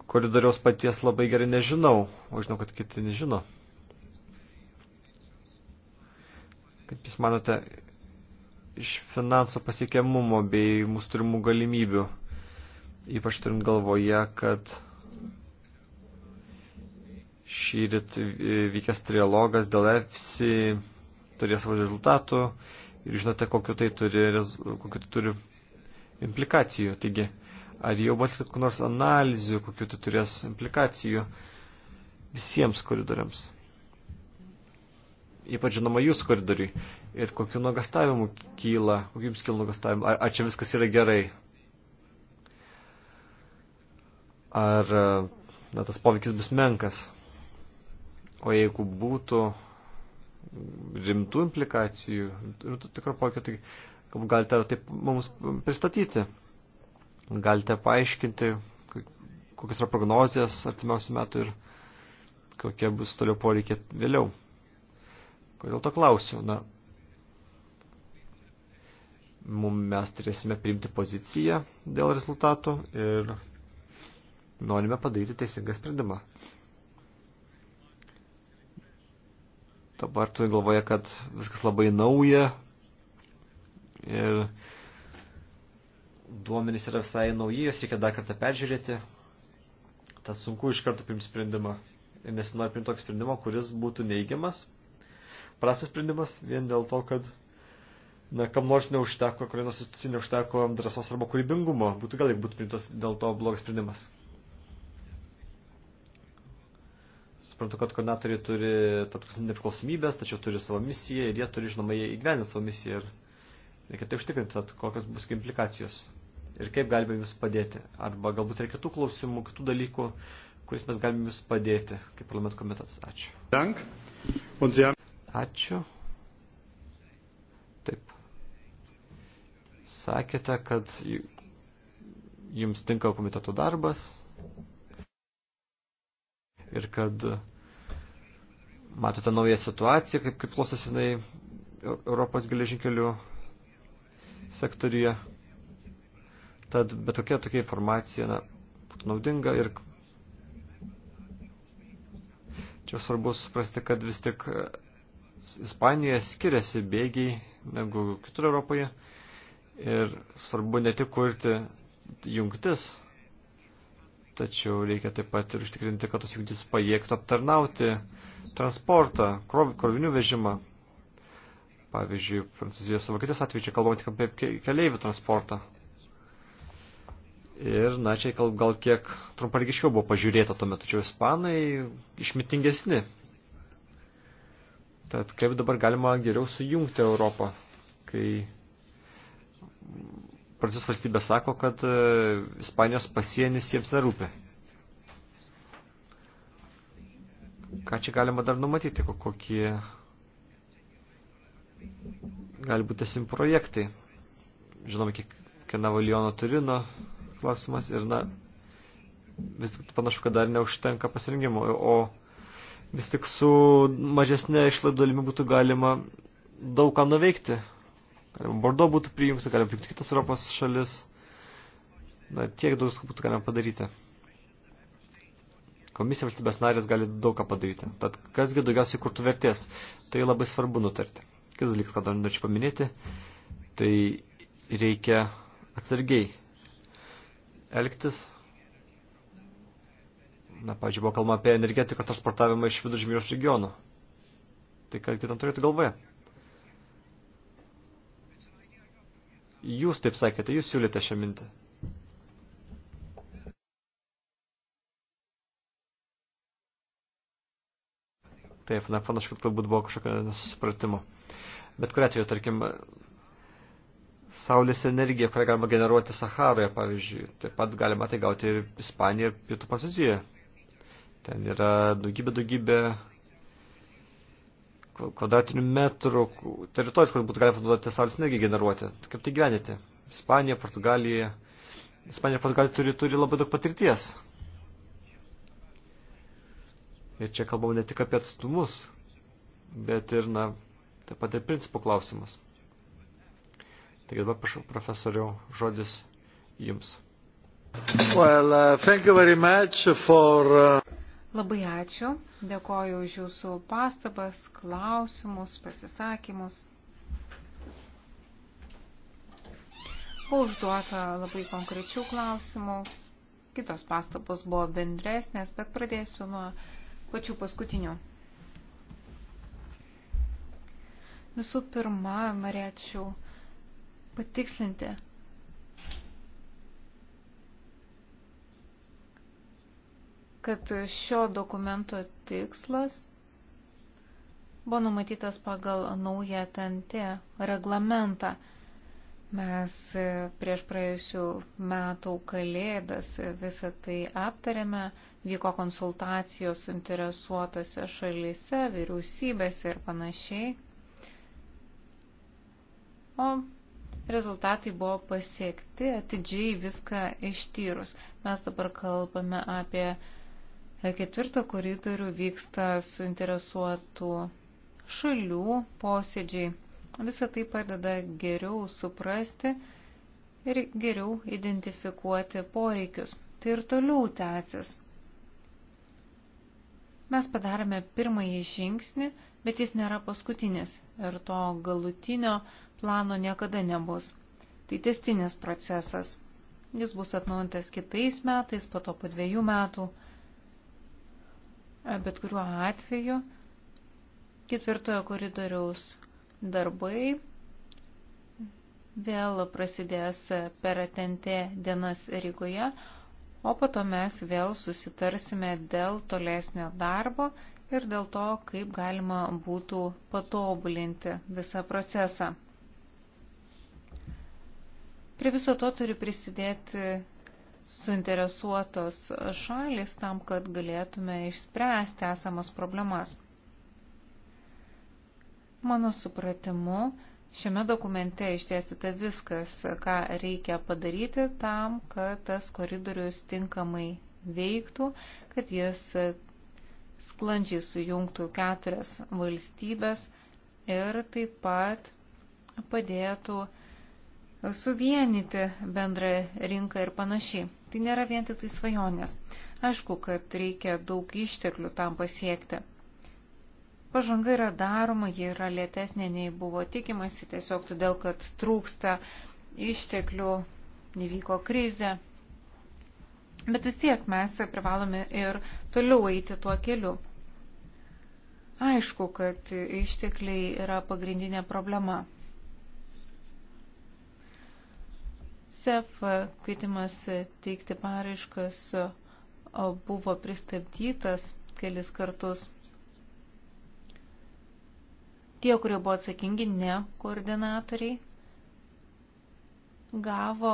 koridoriaus paties labai gerai nežinau, o žinau, kad kiti nežino. Kaip jūs manote, iš finansų pasiekiamumo bei mūsų turimų galimybių, ypač turint galvoje, kad šį ryt vykęs trialogas dėl EFSI turės savo rezultatų ir žinote, kokiu tai turi, kokiu tai turi implikacijų. Taigi, Ar jau buvo kokių nors analizių, kokiu tai turės implikacijų visiems koridoriams? Ypač žinoma jūsų koridoriui. Ir kokiu nuogastavimu kyla, kokiu jums kyla nuogastavimu, ar, ar čia viskas yra gerai? Ar na, tas poveikis bus menkas? O jeigu būtų rimtų implikacijų, rimtų tikro poveikio, tai galite taip mums pristatyti galite paaiškinti, kokios yra prognozijas artimiausių metų ir kokie bus toliau poreikiai vėliau. Kodėl to klausiu? Na, mes turėsime priimti poziciją dėl rezultatų ir norime padaryti teisingą sprendimą. Dabar tu galvoje, kad viskas labai nauja ir duomenys yra visai nauji, jos reikia dar kartą peržiūrėti. Tas sunku iš karto priimti sprendimą. Ir nesinori priimti tokį sprendimą, kuris būtų neigiamas. Prastas sprendimas vien dėl to, kad na, kam nors neužteko, kuriai nors institucijai neužteko drąsos arba kūrybingumo. Būtų gal, jeigu būtų priimtas dėl to blogas sprendimas. Suprantu, kad koordinatoriai turi tarptautinės nepriklausomybės, tačiau turi savo misiją ir jie turi, žinoma, įgyvendinti savo misiją ir reikia tai užtikrinti, kokios bus implikacijos ir kaip galime jums padėti. Arba galbūt yra kitų klausimų, kitų dalykų, kuris mes galime jums padėti kaip parlamento komitetas. Ačiū. Dank. Ačiū. Taip. Sakėte, kad jums tinka komiteto darbas ir kad matote naują situaciją, kaip, kaip klostosi jinai Europos geležinkelių sektoriuje. Tad bet tokia tokia informacija na, būtų naudinga ir čia svarbu suprasti, kad vis tik e, Ispanijoje skiriasi bėgiai negu kitur Europoje ir svarbu ne tik kurti jungtis, tačiau reikia taip pat ir užtikrinti, kad tos jungtis pajėgtų aptarnauti transportą, krovinių vežimą. Pavyzdžiui, Prancūzijos savo kitas atveju čia kalbant apie keleivių transportą. Ir, na, čia gal kiek trumpalgiškiau buvo pažiūrėta tuo metu, tačiau ispanai išmitingesni. Tad kaip dabar galima geriau sujungti Europą, kai prancūzijos valstybė sako, kad e, Ispanijos pasienis jiems nerūpi. Ką čia galima dar numatyti, kokie gali būti esim projektai. Žinoma, kiek Kenavaliono Turino klausimas ir na, vis tik panašu, kad dar neužtenka pasirinkimo, o vis tik su mažesnė išlaidų dalimi būtų galima daug ką nuveikti. Galima Bordo būtų prijungti, galima prijungti kitas Europos šalis. Na, tiek daug visko būtų galima padaryti. Komisija valstybės narės gali daug ką padaryti. Tad kasgi daugiausiai kurtų vertės, tai labai svarbu nutarti. Kitas dalykas, ką dar norėčiau paminėti, tai reikia atsargiai elgtis. Na, pavyzdžiui, buvo kalba apie energetikos transportavimą iš viduržmyros regionų. Tai kas kitam turėtų galvoje? Jūs taip sakėte, jūs siūlėte šią mintį. Taip, na, panašu, kad galbūt buvo kažkokio nesusipratimo. Bet kuriuo atveju, tarkim, saulės energiją, kurią galima generuoti Saharoje, pavyzdžiui. Taip pat galima tai gauti ir Ispanijoje, ir Pietų Prancūzijoje. Ten yra daugybė, daugybė kvadratinių metrų teritorijų, kur būtų galima panaudoti saulės energiją generuoti. Kaip tai gyvenėte? Ispanija, Portugalija. Ispanija ir Portugalija turi, turi labai daug patirties. Ir čia kalbam ne tik apie atstumus, bet ir, na, taip pat ir principų klausimas. Taigi dabar prašau, profesoriau, žodis jums. Well, uh, thank you very much for. Uh... Labai ačiū. Dėkoju už jūsų pastabas, klausimus, pasisakymus. Buvo užduota labai konkrečių klausimų. Kitos pastabos buvo bendresnės, bet pradėsiu nuo pačių paskutinių. Visų pirma, norėčiau patikslinti. kad šio dokumento tikslas buvo numatytas pagal naują TNT reglamentą. Mes prieš praėjusių metų kalėdas visą tai aptarėme, vyko konsultacijos suinteresuotose šalyse, vyriausybėse ir panašiai. O rezultatai buvo pasiekti atidžiai viską ištyrus. Mes dabar kalbame apie ketvirtą koridorių vyksta suinteresuotų šalių posėdžiai. Visą tai padeda geriau suprasti ir geriau identifikuoti poreikius. Tai ir toliau tęsis. Mes padarėme pirmąjį žingsnį, bet jis nėra paskutinis ir to galutinio plano niekada nebus. Tai testinis procesas. Jis bus atnaujintas kitais metais, po to po dviejų metų. Bet kuriuo atveju ketvirtojo koridoriaus darbai vėl prasidės per atentė dienas Rygoje, o po to mes vėl susitarsime dėl tolesnio darbo ir dėl to, kaip galima būtų patobulinti visą procesą. Prie viso to turi prisidėti suinteresuotos šalis tam, kad galėtume išspręsti esamas problemas. Mano supratimu, šiame dokumente išdėstyta viskas, ką reikia padaryti tam, kad tas koridorius tinkamai veiktų, kad jis sklandžiai sujungtų keturias valstybės ir taip pat padėtų suvienyti bendrą rinką ir panašiai. Tai nėra vien tik tai svajonės. Aišku, kad reikia daug išteklių tam pasiekti. Pažanga yra daroma, ji yra lėtesnė nei buvo tikimasi, tiesiog todėl, kad trūksta išteklių, įvyko krizė. Bet vis tiek mes privalome ir toliau eiti tuo keliu. Aišku, kad ištekliai yra pagrindinė problema. CEF kvietimas teikti paraiškas buvo pristabdytas kelis kartus. Tie, kurie buvo atsakingi, ne koordinatoriai, gavo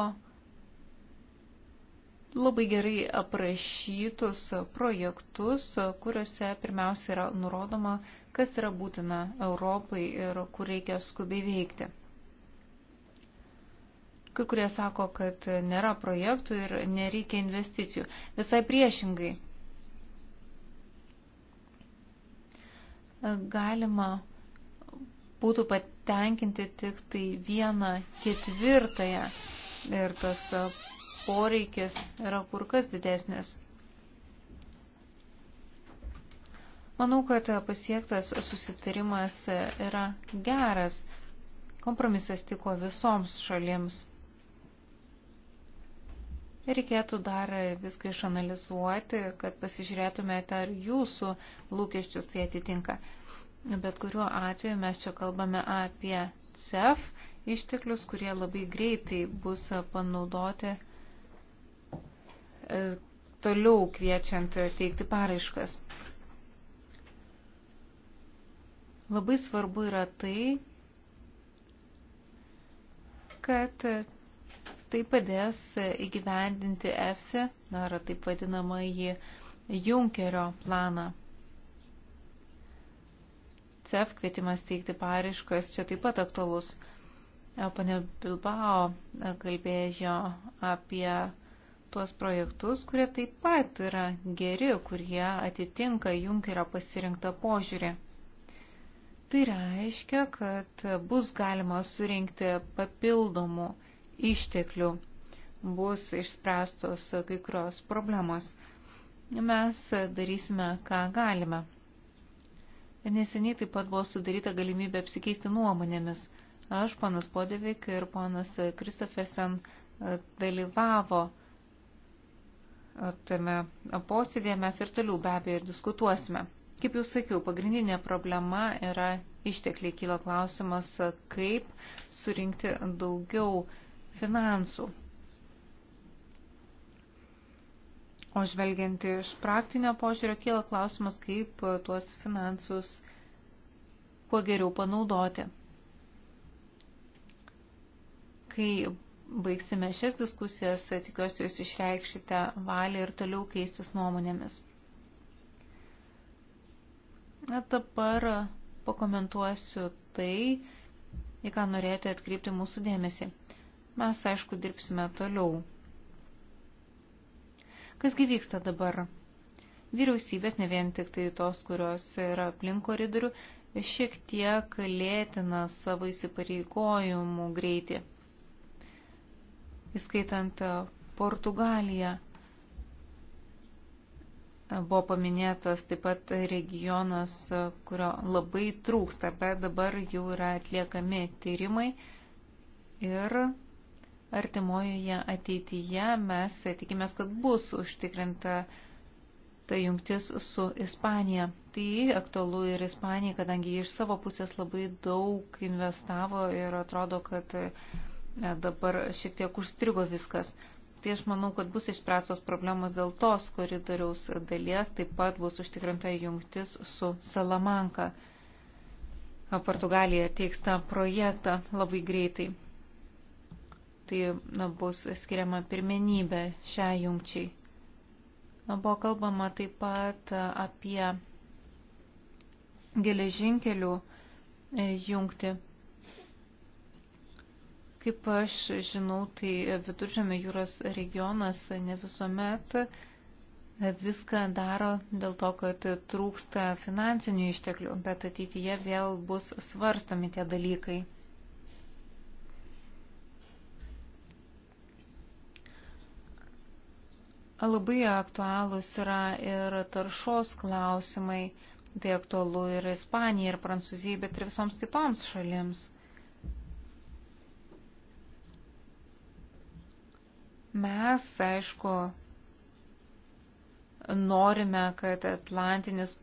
labai gerai aprašytus projektus, kuriuose pirmiausia yra nurodoma, kas yra būtina Europai ir kur reikia skubiai veikti. Kai kurie sako, kad nėra projektų ir nereikia investicijų. Visai priešingai. Galima būtų patenkinti tik tai vieną ketvirtąją ir tas poreikis yra kur kas didesnis. Manau, kad pasiektas susitarimas yra geras. Kompromisas tiko visoms šalims. Reikėtų dar viską išanalizuoti, kad pasižiūrėtumėte, ar jūsų lūkesčius tai atitinka. Bet kuriuo atveju mes čia kalbame apie CEF išteklius, kurie labai greitai bus panaudoti e, toliau kviečiant teikti paraiškas. Labai svarbu yra tai, kad Tai padės įgyvendinti EFSI, ar taip vadinamąjį Junkerio planą. CEF kvietimas teikti pariškas čia taip pat aktualus. Pane Bilbao kalbėjo apie tuos projektus, kurie taip pat yra geri, kurie atitinka Junkerio pasirinktą požiūrį. Tai reiškia, kad bus galima surinkti papildomų išteklių bus išspręstos kai kurios problemos. Mes darysime, ką galime. Neseniai taip pat buvo sudaryta galimybė apsikeisti nuomonėmis. Aš, ponas Podevik ir ponas Kristofesen e, dalyvavo e, tame posėdėje, mes ir toliau be abejo diskutuosime. Kaip jau sakiau, pagrindinė problema yra ištekliai. Kyla klausimas, e, kaip surinkti daugiau finansų. O žvelgiant iš praktinio požiūrio, kyla klausimas, kaip tuos finansus kuo geriau panaudoti. Kai baigsime šias diskusijas, tikiuosi jūs išreikšite valią ir toliau keistis nuomonėmis. Na, dabar pakomentuosiu tai, į ką norėjote atkreipti mūsų dėmesį. Mes, aišku, dirbsime toliau. Kasgi vyksta dabar? Vyriausybės, ne vien tik tai tos, kurios yra aplink koridorių, šiek tiek lėtina savo įsipareigojimų greitį. Įskaitant e, Portugaliją. E, buvo paminėtas taip pat regionas, e, kurio labai trūksta, bet dabar jau yra atliekami tyrimai ir artimojoje ateityje mes tikimės, kad bus užtikrinta ta jungtis su Ispanija. Tai aktualu ir Ispanijai, kadangi iš savo pusės labai daug investavo ir atrodo, kad e, dabar šiek tiek užstrigo viskas. Tai aš manau, kad bus išspręstos problemos dėl tos koridoriaus dalies, taip pat bus užtikrinta jungtis su Salamanka. Portugalija teiks tą projektą labai greitai tai na, bus skiriama pirmenybė šią jungčiai. Na, buvo kalbama taip pat apie geležinkelių e, jungti. Kaip aš žinau, tai viduržėmio jūros regionas ne visuomet viską daro dėl to, kad trūksta finansinių išteklių, bet ateityje vėl bus svarstomi tie dalykai. Labai aktualūs yra ir taršos klausimai. Tai aktualu ir Ispanijai, ir Prancūzijai, bet ir visoms kitoms šalims. Mes, aišku, norime, kad Atlantinis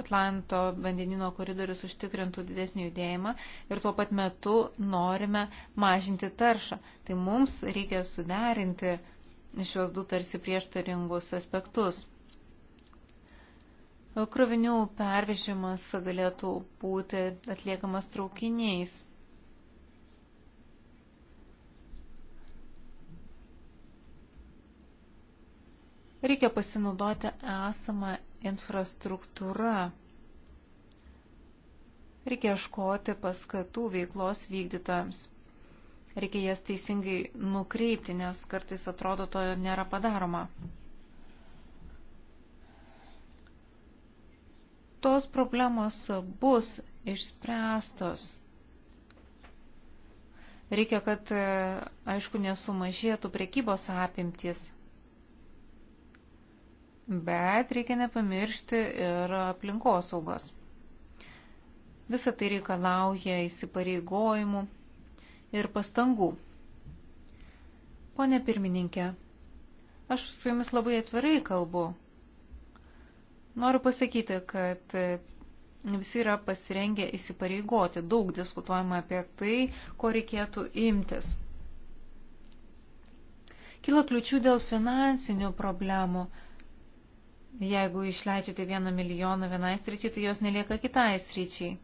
Atlanto vandenino koridorius užtikrintų didesnį judėjimą ir tuo pat metu norime mažinti taršą. Tai mums reikia suderinti uh, šios du tarsi prieštaringus aspektus. Krovinių pervežimas galėtų būti atliekamas traukiniais. Reikia pasinaudoti esamą infrastruktūrą. Reikia iškoti paskatų veiklos vykdytojams. Reikia jas teisingai nukreipti, nes kartais atrodo to nėra padaroma. Tos problemos bus išspręstos. Reikia, kad, e, aišku, nesumažėtų priekybos apimtis. Bet reikia nepamiršti ir aplinkosaugos. Visą tai reikalauja įsipareigojimų, ir pastangų. Pone pirmininkė, aš su jumis labai atvirai kalbu. Noriu pasakyti, kad visi yra pasirengę įsipareigoti, daug diskutuojama apie tai, ko reikėtų imtis. Kila kliučių dėl finansinių problemų. Jeigu išleidžiate vieną milijoną vienai sričiai, tai jos nelieka kitai sričiai.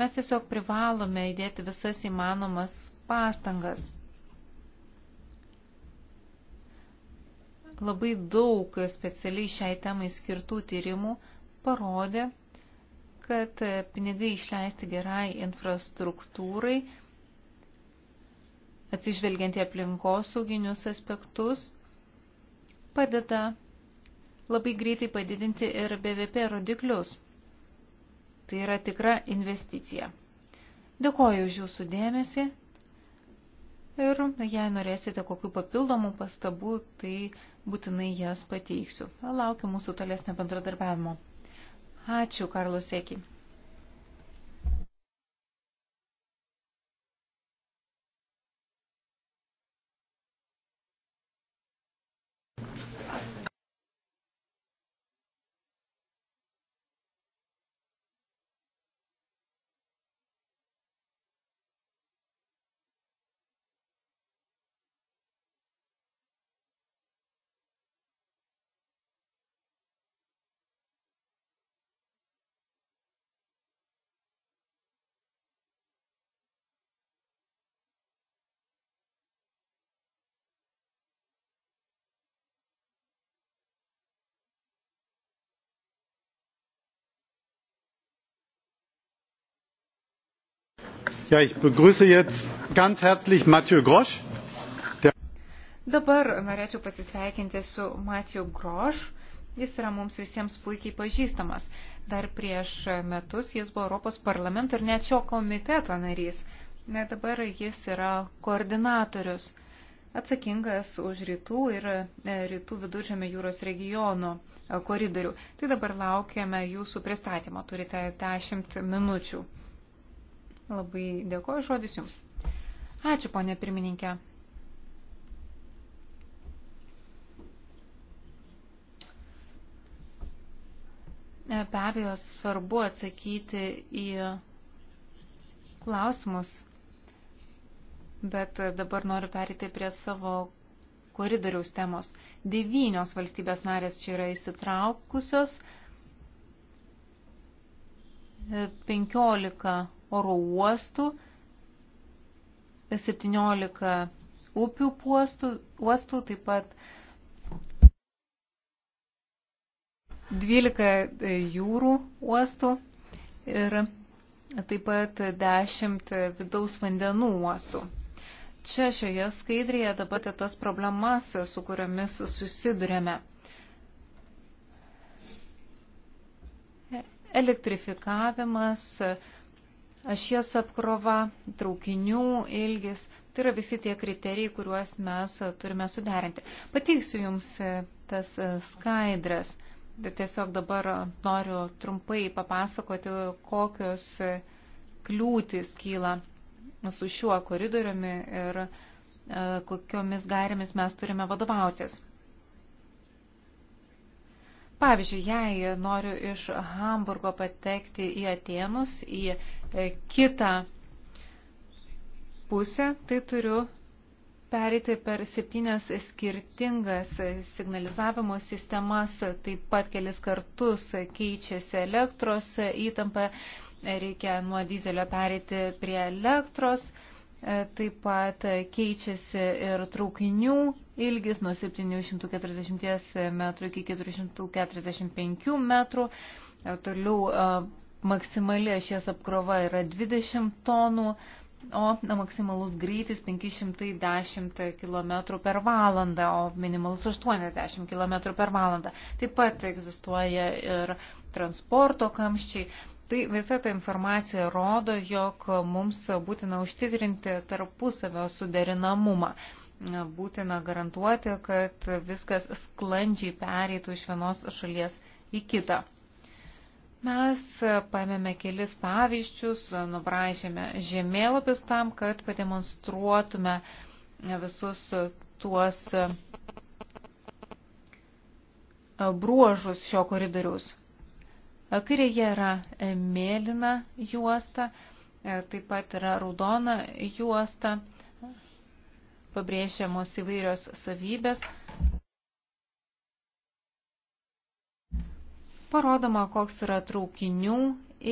Mes tiesiog privalome įdėti visas įmanomas pastangas. Labai daug specialiai šiai temai skirtų tyrimų parodė, kad pinigai išleisti gerai infrastruktūrai, atsižvelgiant į aplinkosauginius aspektus, padeda labai greitai padidinti ir BVP rodiklius. Tai yra tikra investicija. Dėkoju už jūsų dėmesį ir jei norėsite kokių papildomų pastabų, tai būtinai jas pateiksiu. Laukiu mūsų tolesnio bendradarbiavimo. Ačiū, Karlo Sėkiai. Ja, ich begrüße jetzt ganz herzlich Mathieu Grosch. Der... Dabar norėčiau pasisveikinti su Mathieu Grosch. Jis yra mums visiems puikiai pažįstamas. Dar prieš metus jis buvo Europos parlamento ir net šio komiteto narys. Net dabar jis yra koordinatorius, atsakingas už rytų ir e, rytų viduržėme jūros regiono e, koridorių. Tai dabar laukiame jūsų pristatymo. Turite 10 minučių. Labai dėkoju žodis Jums. Ačiū, ponė pirmininkė. E, be abejo, svarbu atsakyti į klausimus, bet dabar noriu perėti prie savo koridoriaus temos. Devynios valstybės narės čia yra įsitraukusios, e, penkiolika oro uostų, 17 upių uostų, uostų taip pat 12 e, jūrų uostų ir taip pat 10 vidaus vandenų uostų. Čia šioje skaidrėje dabar tai tas problemas, e, su kuriomis susidurėme. E, elektrifikavimas, ašies apkrova, traukinių ilgis. Tai yra visi tie kriterijai, kuriuos mes turime suderinti. Pateiksiu Jums tas skaidrės. Tai tiesiog dabar noriu trumpai papasakoti, kokios kliūtis kyla su šiuo koridoriumi ir kokiomis gairėmis mes turime vadovautis. Pavyzdžiui, jei noriu iš Hamburgo patekti į Atenus, į e, kitą pusę, tai turiu pereiti per septynias skirtingas signalizavimo sistemas, taip pat kelis kartus keičiasi elektros įtampa, reikia nuo dizelio pereiti prie elektros. E, taip pat keičiasi ir traukinių ilgis nuo 740 metrų iki 445 metrų. E, toliau e, maksimali ašies apkrova yra 20 tonų, o maksimalus greitis 510 km per valandą, o minimalus 80 km per valandą. Taip pat egzistuoja ir transporto kamščiai. Tai visa ta informacija rodo, jog mums būtina užtikrinti tarpusavio suderinamumą. Būtina garantuoti, kad viskas sklandžiai pereitų iš vienos šalies į kitą. Mes paėmėme kelis pavyzdžius, nubražėme žemėlapius tam, kad pademonstruotume visus tuos bruožus šio koridorius. Kairėje yra e, mėlyna juosta, e, taip pat yra raudona juosta, pabrėžiamos įvairios savybės. Parodoma, koks yra traukinių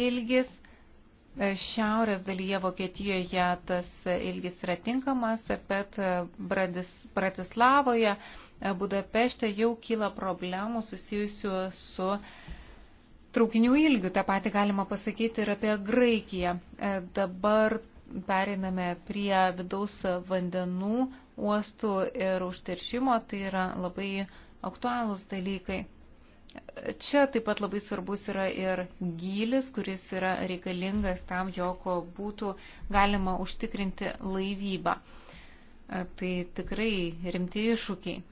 ilgis. E, šiaurės dalyje Vokietijoje tas ilgis yra tinkamas, bet Bradis, Bratislavoje, Budapešte jau kyla problemų susijusių su uh, traukinių ilgių. Ta pati galima pasakyti ir apie Graikiją. E, dabar pereiname prie vidaus vandenų uostų ir užteršimo, tai yra labai aktualūs dalykai. Čia taip pat labai svarbus yra ir gylis, kuris yra reikalingas tam, jog būtų galima užtikrinti laivybą. E, tai tikrai rimti iššūkiai.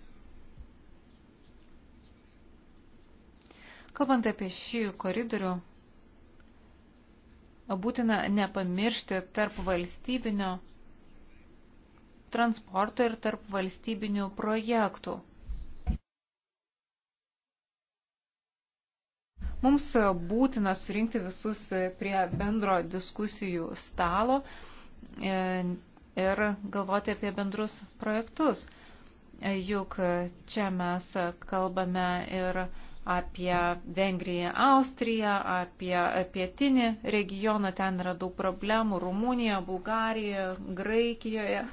Kalbant apie šį koridorių, būtina nepamiršti tarp valstybinio transporto ir tarp valstybinių projektų. Mums būtina surinkti visus prie bendro diskusijų stalo e, ir galvoti apie bendrus projektus. Juk čia mes kalbame ir apie apie Vengriją, Austriją, apie pietinį regioną, ten yra daug problemų, Rumunija, Bulgarija, Graikijoje.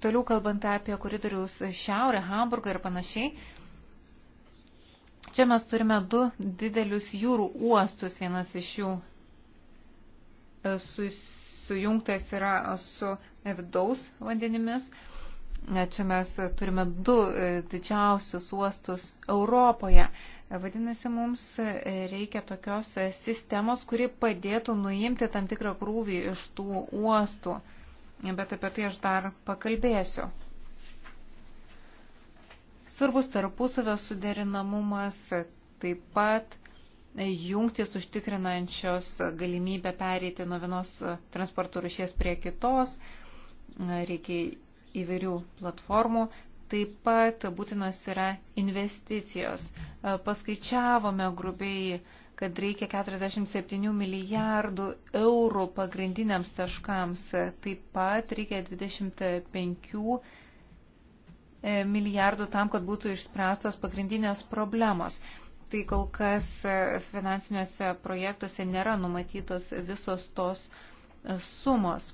Toliau kalbant apie koridorius šiaurę, Hamburgą ir panašiai, čia mes turime du didelius jūrų uostus, vienas iš jų e, su, sujungtas yra su vidaus vandenimis, Čia mes turime du e, didžiausius uostus Europoje. Vadinasi, mums e, reikia tokios e, sistemos, kuri padėtų nuimti tam tikrą krūvį iš tų uostų. Bet apie tai aš dar pakalbėsiu. Svarbus tarpusavio suderinamumas, taip pat jungtis užtikrinančios galimybę pereiti nuo vienos transporto rušies prie kitos. Reikia įvairių platformų. Taip pat būtinos yra investicijos. E, paskaičiavome grubiai, kad reikia 47 milijardų eurų pagrindiniams taškams. Taip pat reikia 25 e, milijardų tam, kad būtų išspręstos pagrindinės problemos. Tai kol kas e, finansiniuose projektuose nėra numatytos visos tos sumos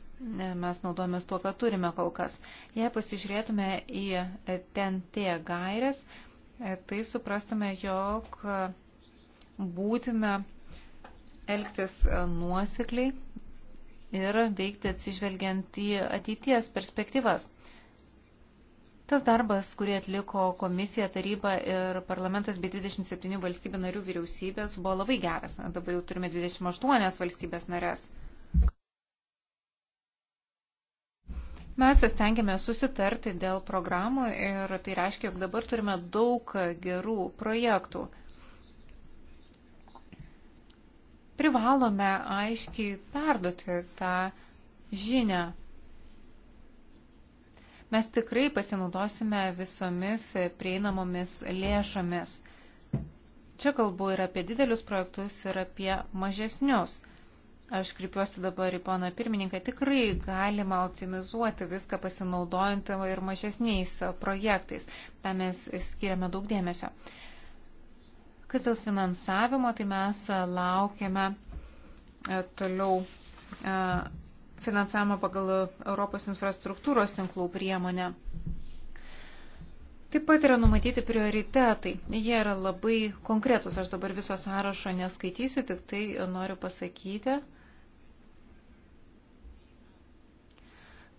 mes naudojamės tuo, ką turime kol kas. Jei pasižiūrėtume į TNT gairės, e, tai suprastume, jog būtina elgtis e, nuosekliai ir veikti atsižvelgiant į ateities perspektyvas. Tas darbas, kurį atliko komisija, taryba ir parlamentas bei 27 valstybių narių vyriausybės, buvo labai geras. Dabar jau turime 28 valstybės narės. Mes stengiame susitarti dėl programų ir tai reiškia, jog dabar turime daug gerų projektų. Privalome aiškiai perduoti tą žinę. Mes tikrai pasinaudosime visomis prieinamomis lėšomis. Čia kalbu ir apie didelius projektus, ir apie mažesnius. Aš kreipiuosi dabar į poną pirmininką. Tikrai galima optimizuoti viską pasinaudojant ir mažesniais projektais. Tam mes skiriame daug dėmesio. Kas dėl finansavimo, tai mes laukiame e, toliau e, finansavimo pagal Europos infrastruktūros tinklų priemonę. Taip pat yra numatyti prioritetai. Jie yra labai konkretus. Aš dabar viso sąrašo neskaitysiu, tik tai noriu pasakyti,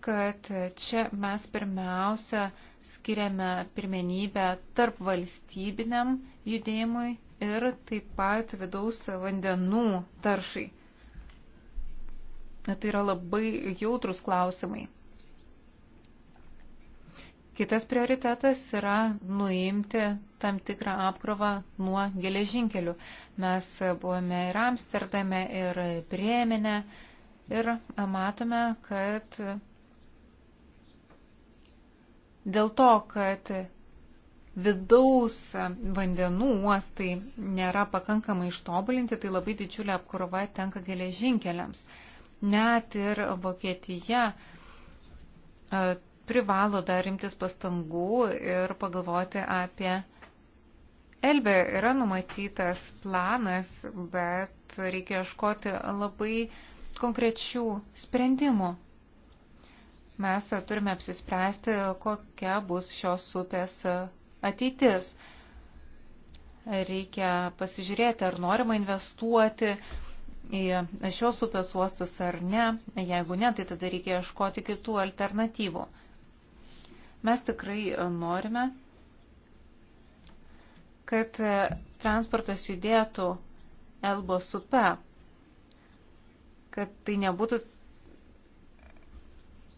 kad čia mes pirmiausia skiriame pirmenybę tarp valstybiniam judėjimui ir taip pat vidaus vandenų taršai. Tai yra labai jautrus klausimai. Kitas prioritetas yra nuimti tam tikrą apkrovą nuo geležinkelių. Mes buvome ir Amsterdame, ir Priemenė ir matome, kad dėl to, kad vidaus vandenų uostai nėra pakankamai ištobulinti, tai labai didžiulė apkrova tenka geležinkeliams. Net ir Vokietija e, privalo dar rimtis pastangų ir pagalvoti apie Elbę. Yra numatytas planas, bet reikia iškoti labai konkrečių sprendimų mes turime apsispręsti, kokia bus šios upės ateitis. Reikia pasižiūrėti, ar norima investuoti į šios upės uostus ar ne. Jeigu ne, tai tada reikia ieškoti kitų alternatyvų. Mes tikrai norime, kad transportas judėtų Elbos upe, kad tai nebūtų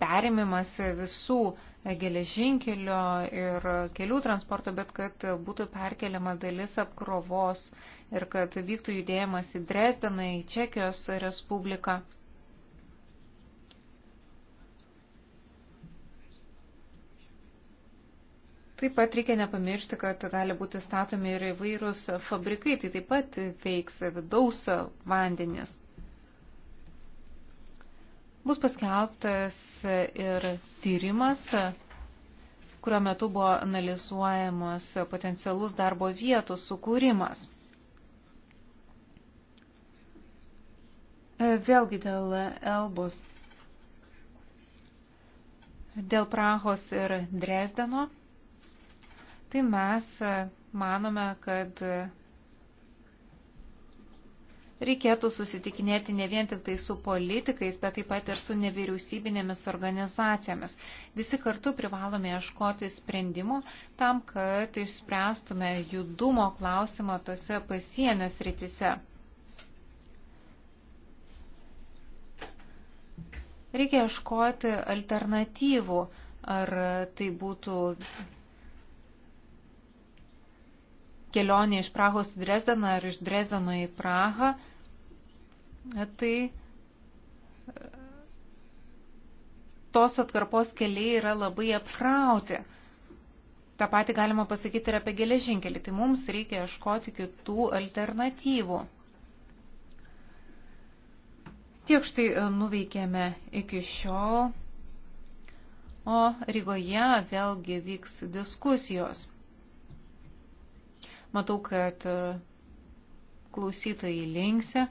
perimimas visų geležinkelio ir kelių transporto, bet kad būtų perkeliama dalis apkrovos ir kad vyktų judėjimas į Dresdeną, į Čekijos Respubliką. Taip pat reikia nepamiršti, kad gali būti statomi ir įvairūs fabrikai, tai taip pat veiks vidaus vandenis. Bus paskelbtas ir tyrimas, kurio metu buvo analizuojamas potencialus darbo vietų sukūrimas. Vėlgi dėl Elbos. Dėl Prahos ir Dresdeno. Tai mes manome, kad reikėtų susitikinėti ne vien tik tai su politikais, bet taip pat ir su nevyriausybinėmis organizacijomis. Visi kartu privalome ieškoti sprendimų tam, kad išspręstume judumo klausimą tose pasienio sritise. Reikia ieškoti alternatyvų, ar tai būtų kelionė iš Prahos į Drezeną ar iš Drezeno į Prahą, tai tos atkarpos keliai yra labai apkrauti. Ta pati galima pasakyti ir apie geležinkelį. Tai mums reikia ieškoti kitų alternatyvų. Tiek štai e, nuveikėme iki šiol. O Rygoje vėlgi vyks diskusijos. Matau, kad e, klausytojai linksi.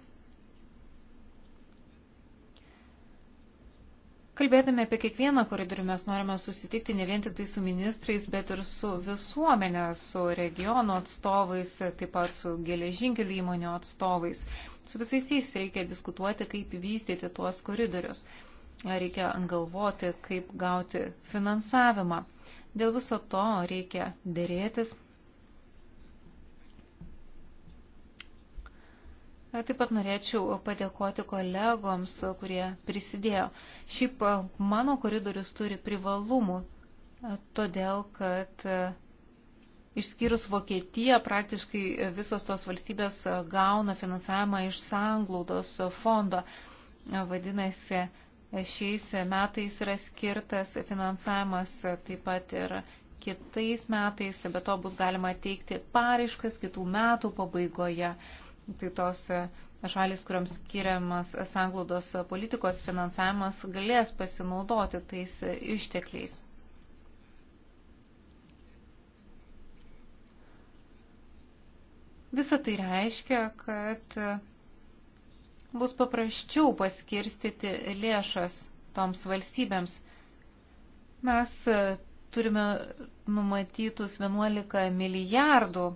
Kalbėdami apie kiekvieną koridorių mes norime susitikti ne vien tik tai su ministrais, bet ir su visuomenė, su regiono atstovais, taip pat su geležinkelių įmonių atstovais. Su visais jais reikia diskutuoti, kaip vystyti tuos koridorius. Reikia galvoti, kaip gauti finansavimą. Dėl viso to reikia dėrėtis, E, taip pat norėčiau padėkoti kolegoms, kurie prisidėjo. Šiaip e, mano koridorius turi privalumų, e, todėl kad išskyrus Vokietiją praktiškai visos tos valstybės gauna finansavimą iš sanglaudos fondo. Vadinasi, šiais metais yra skirtas finansavimas taip pat ir kitais metais, bet to bus galima teikti paraiškas kitų metų pabaigoje tai tos e, šalis, kuriams skiriamas sanglaudos politikos finansavimas, galės pasinaudoti tais e, ištekliais. Visą tai reiškia, kad e, bus paprasčiau paskirstyti lėšas toms valstybėms. Mes turime numatytus 11 milijardų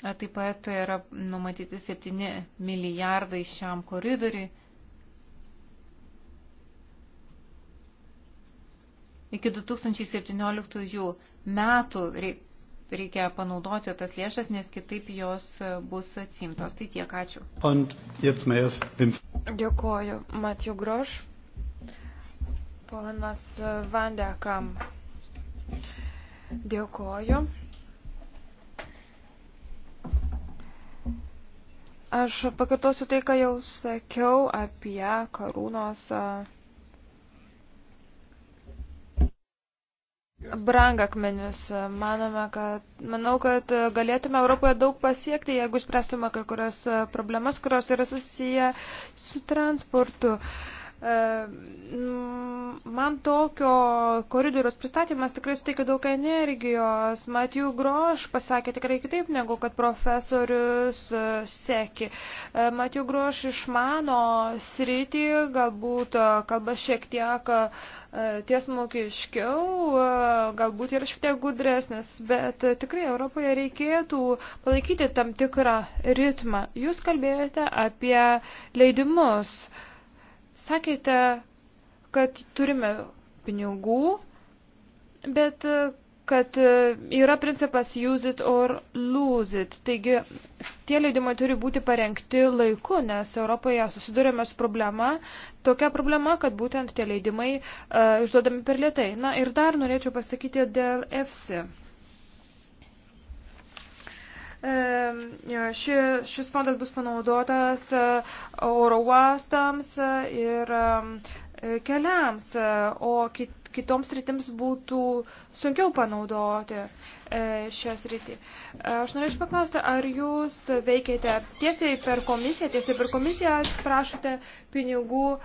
Taip pat yra numatyti 7 milijardai šiam koridoriui. Iki 2017 metų reikia panaudoti tas lėšas, nes kitaip jos bus atsimtos. Tai tiek, ačiū. Dėkoju, Matijų Groš, ponas Vandekam. Dėkoju. Aš pakartosiu tai, ką jau sakiau apie karūnos brangakmenis. Manome, kad, manau, kad galėtume Europoje daug pasiekti, jeigu spręstume kai kurias problemas, kurios yra susiję su transportu. Uh, E, man tokio koridorius pristatymas tikrai suteikia daug energijos. Matijų Groš pasakė tikrai kitaip negu kad profesorius e, Seki. E, Matijų Groš išmano sritį, galbūt kalba šiek tiek tiesmokiškiau, galbūt yra šiek tiek gudresnis, bet tikrai Europoje reikėtų palaikyti tam tikrą ritmą. Jūs kalbėjote apie leidimus. Uh, Sakėte, kad turime pinigų, bet e, kad e, yra principas use it or lose it. Taigi tie leidimai turi būti parengti laiku, nes Europoje susidurėme su problema, tokia problema, kad būtent tie leidimai uh, išduodami per lietai. Na ir dar norėčiau pasakyti dėl EFSI. Ši, šis fondas bus panaudotas e, oro uostams e, ir e, keliams, o kit, kitoms rytims būtų sunkiau panaudoti šią sritį. Aš norėčiau paklausti, ar jūs veikiate tiesiai per komisiją, tiesiai per komisiją prašote pinigų,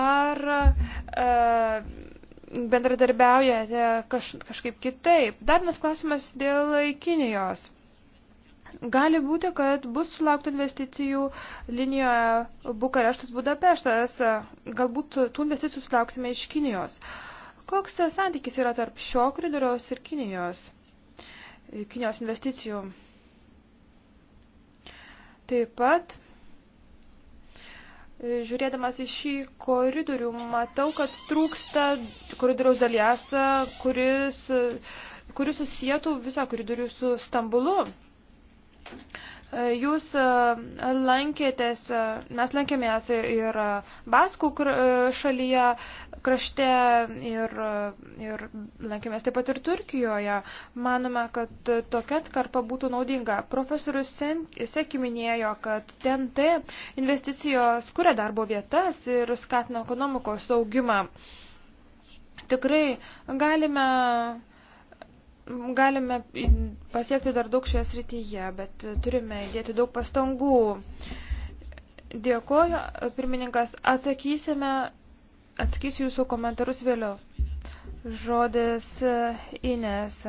ar e, bendradarbiaujate kaž, kažkaip kitaip. Dar vienas klausimas dėl Kinijos. Gali būti, kad bus sulaukta investicijų linijoje Bukareštas Budapeštas, galbūt tų investicijų sulauksime iš Kinijos. Koks santykis yra tarp šio koridoriaus ir Kinijos, Kinijos investicijų? Taip pat, žiūrėdamas į šį koridorių, matau, kad trūksta koridoriaus dalies, kuris, kuris susijėtų visą koridorių su Stambulu. Jūs e, lankėtės, e, mes lankėmės ir e, Baskų šalyje, krašte ir, ir lankėmės taip pat ir Turkijoje. Manome, kad tokia atkarpa būtų naudinga. Profesorius Seki minėjo, kad TNT investicijos kuria darbo vietas ir skatina ekonomikos augimą. Tikrai galime Galime pasiekti dar daug šioje srityje, bet turime įdėti daug pastangų. Dėkoju, pirmininkas, atsakysime, atsakysiu jūsų komentarus vėliau. Žodis eh, Inės.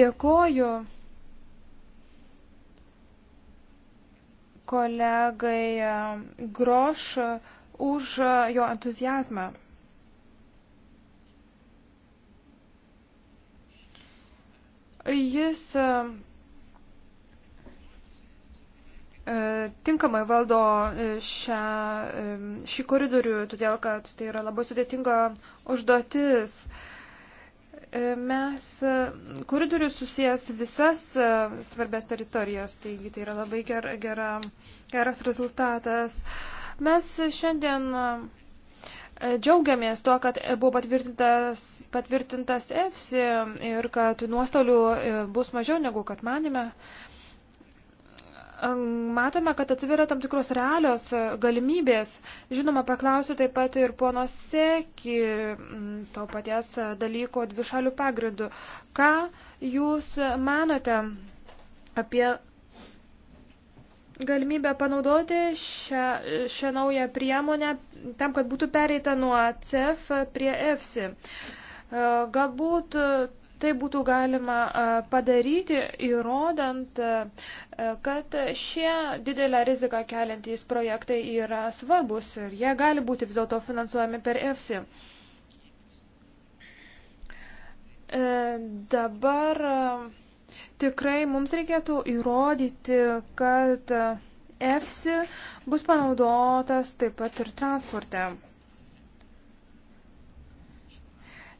Dėkoju kolegai eh, Groš už eh, jo entuzijazmą. Jis e, e, tinkamai valdo e, šią, šį koridorių, todėl kad tai yra labai sudėtinga užduotis. Mes koridorius susijęs visas svarbės teritorijas, taigi tai yra labai ger, gera, geras rezultatas. Mes šiandien Džiaugiamės tuo, kad buvo patvirtintas, patvirtintas EFSI ir kad nuostolių e, bus mažiau negu kad manime. Matome, kad atsiveria tam tikros realios e, galimybės. Žinoma, paklausiu taip pat ir pono Seki to paties dalyko dvišalių pagrindų. Ką jūs manote apie galimybę panaudoti šią, šią naują priemonę tam, kad būtų pereita nuo CEF prie EFSI. Galbūt tai būtų galima e, padaryti įrodant, e, kad šie didelę riziką keliantys projektai yra svarbus ir jie gali būti vis dėlto finansuojami per EFSI. Dabar Tikrai mums reikėtų įrodyti, kad EFSI bus panaudotas taip pat ir transporte.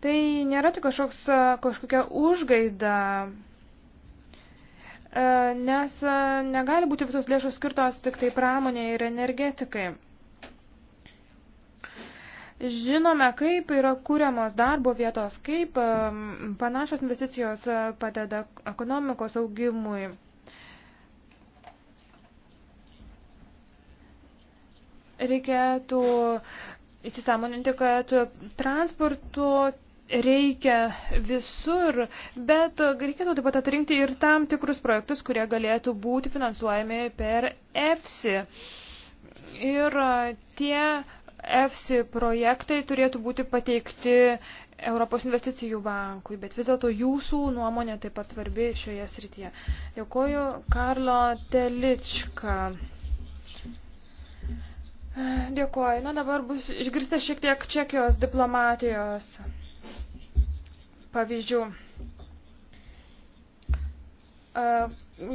Tai nėra tik kažkoks, kažkokia užgaida, e, nes e, negali būti visos lėšos skirtos tik tai pramonė ir energetikai. Žinome, kaip yra kūriamos darbo vietos, kaip panašios investicijos e, padeda ekonomikos augimui. Reikėtų įsisamoninti, kad transportu reikia visur, bet reikėtų taip pat atrinkti ir tam tikrus projektus, kurie galėtų būti finansuojami per EFSI. Ir e, tie EFSI projektai turėtų būti pateikti Europos investicijų bankui, bet vis dėlto jūsų nuomonė taip pat svarbi šioje srityje. Dėkuoju Karlo Teličką. Dėkuoju. Na dabar bus išgirsta šiek tiek Čekijos diplomatijos pavyzdžių.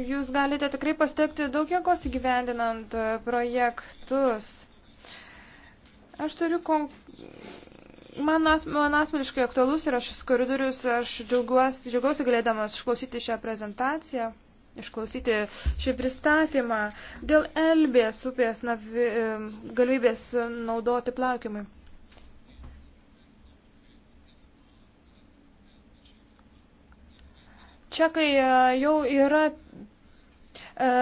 Jūs galite tikrai pastekti daug jėgos įgyvendinant projektus. Aš turiu kon... Man, as, man asmeniškai aktualus yra šis koridorius, aš džiaugiuosi, džiaugiuosi galėdamas išklausyti šią prezentaciją, išklausyti šį pristatymą dėl Elbės upės navi, galimybės naudoti plaukimui. Čekai e, jau yra e,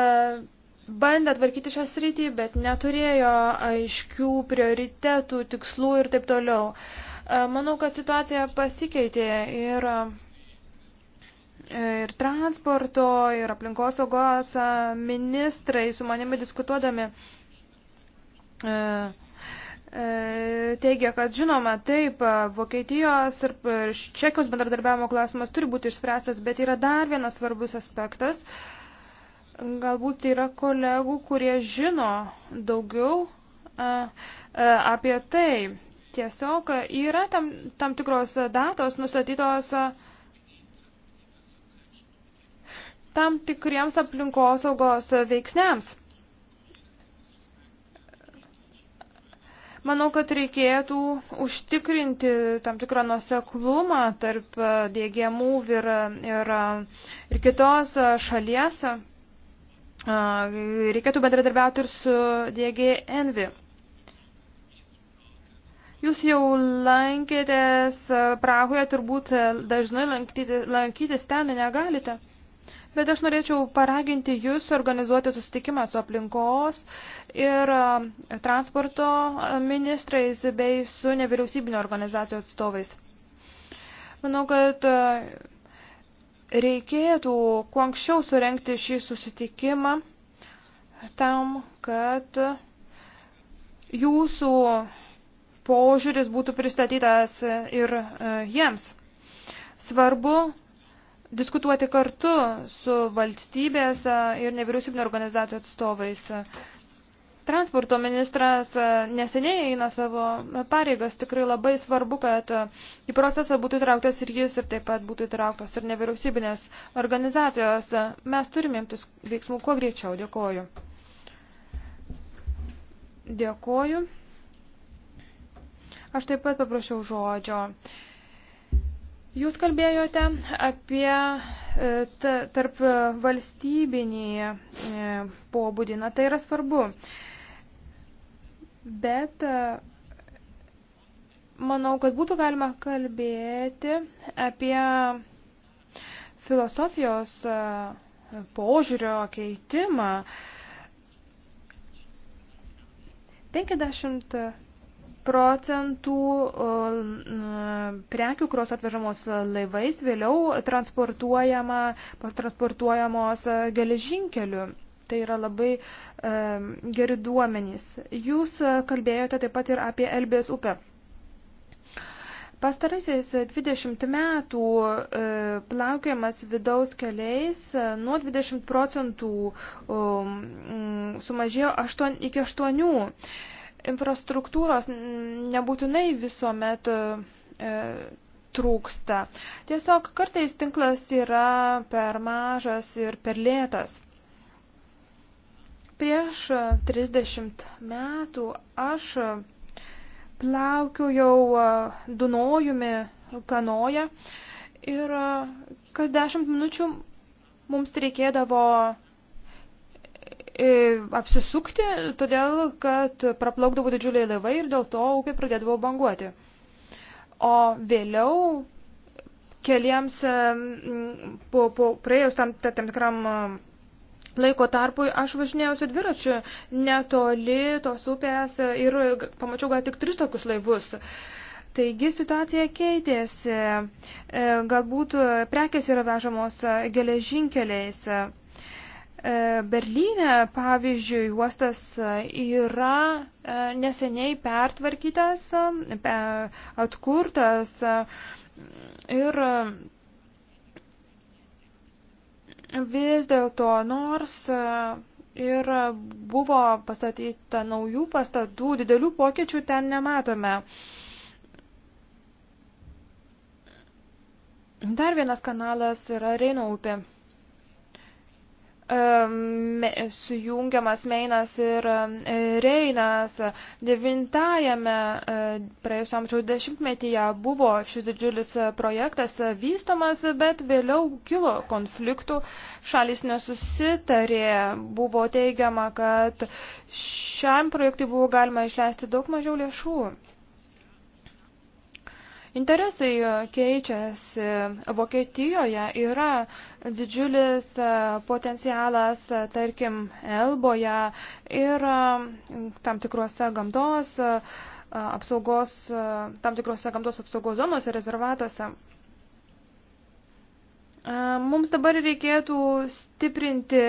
bandė tvarkyti šią sritį, bet neturėjo aiškių prioritetų, tikslų ir taip toliau. E, manau, kad situacija pasikeitė ir, e, ir transporto, ir aplinkosaugos e, ministrai su manimi diskutuodami teigia, kad žinoma, taip, Vokietijos ir Čekijos bendradarbiavimo klausimas turi būti išspręstas, bet yra dar vienas svarbus aspektas, uh, Galbūt yra kolegų, kurie žino daugiau apie tai. Tiesiog yra tam, tam tikros datos nustatytos tam tikriems aplinkosaugos veiksniams. Manau, kad reikėtų užtikrinti tam tikrą nuseklumą tarp dėgiamų ir, ir, ir kitos šalies reikėtų bendradarbiauti ir su DG Envy. Jūs jau lankėtės Prahoje, turbūt dažnai lankytis, lankytis ten negalite. Bet aš norėčiau paraginti jūs organizuoti susitikimą su aplinkos ir transporto ministrais bei su nevyriausybinio organizacijų atstovais. Manau, kad Reikėtų kuo anksčiau surenkti šį susitikimą tam, kad jūsų požiūris būtų pristatytas ir e, jiems. Svarbu diskutuoti kartu su valstybės e, ir nevyriausybinio organizacijų atstovais. Transporto ministras e, neseniai eina savo pareigas, tikrai labai svarbu, kad į procesą būtų įtrauktas ir jis, ir taip pat būtų įtrauktos ir nevyriausybinės organizacijos. Mes turime imtis veiksmų kuo greičiau. Dėkoju. Dėkoju. Aš taip pat paprašiau žodžio. Jūs kalbėjote apie e, tarp valstybinį e, pobūdį, na tai yra svarbu bet e, manau, kad būtų galima kalbėti apie filosofijos e, požiūrio keitimą. 50 procentų prekių, kurios atvežamos laivais, vėliau transportuojama, transportuojamos e, geležinkeliu. Tai yra labai e, geri duomenys. Jūs e, kalbėjote taip pat ir apie Elbės upę. Pastaraisiais 20 metų e, plaukiamas vidaus keliais e, nuo 20 procentų e, sumažėjo 8, iki 8. Infrastruktūros nebūtinai visuomet e, e, trūksta. Tiesiog kartais tinklas yra per mažas ir per lėtas. Prieš 30 e, metų aš e, plaukiau e, Dunojumi kanoje ir kas 10 minučių mums reikėdavo apsisukti, todėl kad praplaukdavo didžiuliai laivai ir dėl to upė pradėdavo banguoti. O vėliau keliems po, po praėjus tam, tam tikram laiko tarpui aš važinėjau su dviračiu netoli tos upės ir pamačiau gal tik tris tokius laivus. Taigi situacija keitėsi. E, galbūt prekės yra vežamos geležinkeliais. E, Berlyne, pavyzdžiui, uostas yra e, neseniai pertvarkytas, atkurtas ir Vis dėlto, nors e, ir buvo pastatyta naujų pastatų, didelių pokyčių ten nematome. Dar vienas kanalas yra Reino upė sujungiamas Meinas ir Reinas. Devintajame e, praėjusio amžiaus dešimtmetyje buvo šis didžiulis projektas vystomas, bet vėliau kilo konfliktų, šalis nesusitarė, buvo teigiama, kad šiam projektui buvo galima išleisti daug mažiau lėšų. Interesai e, keičiasi. Vokietijoje yra didžiulis e, potencialas, e, tarkim, Elboje ir tam tikruose gamtos apsaugos, tam tikrose gamtos apsaugos zonose, rezervatuose. Mums dabar reikėtų stiprinti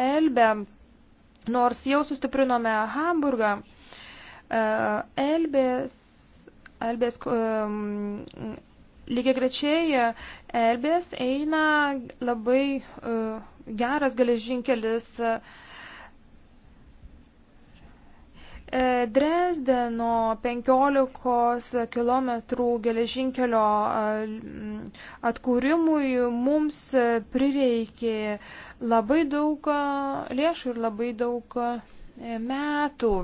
Elbę, nors jau sustiprinome Hamburgą. Elbės Elbės um, lygiai grečiai e, Elbės eina labai e, geras geležinkelis e, Dresdeno 15 km geležinkelio atkūrimui mums prireikė labai daug lėšų ir labai daug metų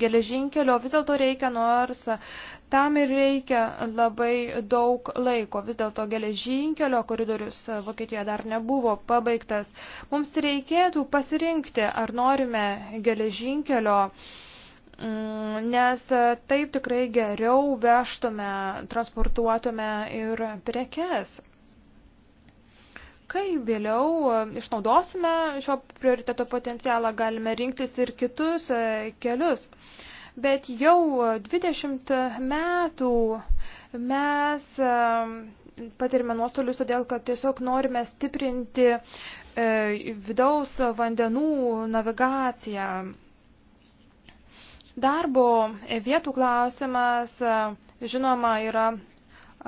geležinkelio vis dėlto reikia, nors tam ir reikia labai daug laiko. Vis dėlto geležinkelio koridorius Vokietijoje dar nebuvo pabaigtas. Mums reikėtų pasirinkti, ar norime geležinkelio, mm, nes taip tikrai geriau vežtume, transportuotume ir prekes kai vėliau e, išnaudosime šio prioriteto potencialą, galime rinktis ir kitus e, kelius. Bet jau 20 metų mes e, patirime nuostolius, todėl kad tiesiog norime stiprinti vidaus vandenų navigaciją. Darbo vietų klausimas, žinoma, yra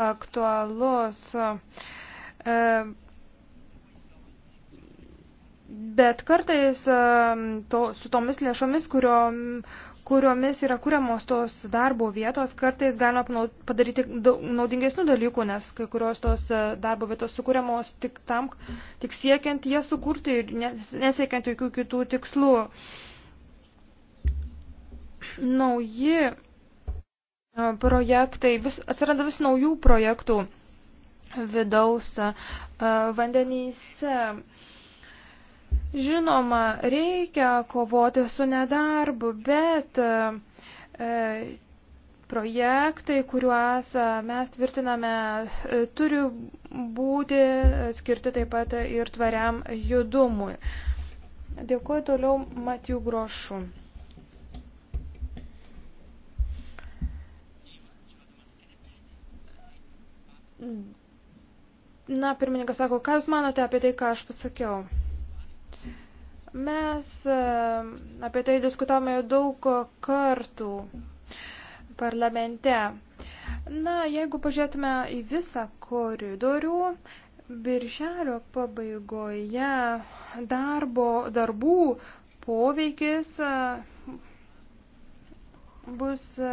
aktualus. Bet kartais to, su tomis lėšomis, kuriom, kuriomis yra kuriamos tos darbo vietos, kartais galima padaryti naudingesnių dalykų, nes kai kurios tos e, darbo vietos sukūriamos tik tam, tik siekiant jas sukurti ir nesiekiant jokių kitų tikslų. Nauji e, projektai, vis, atsiranda vis naujų projektų vidaus e, vandenyse. Žinoma, reikia kovoti su nedarbu, bet e, e projektai, kuriuos mes tvirtiname, e, turi būti skirti taip pat ir tvariam judumui. Dėkuoju toliau Matijų Grošų. Na, pirmininkas sako, ką Jūs manote apie tai, ką aš pasakiau? Mes e, apie tai diskutavome jau daug kartų parlamente. Na, jeigu pažiūrėtume į visą koridorių, birželio pabaigoje darbo, darbų poveikis e, bus e,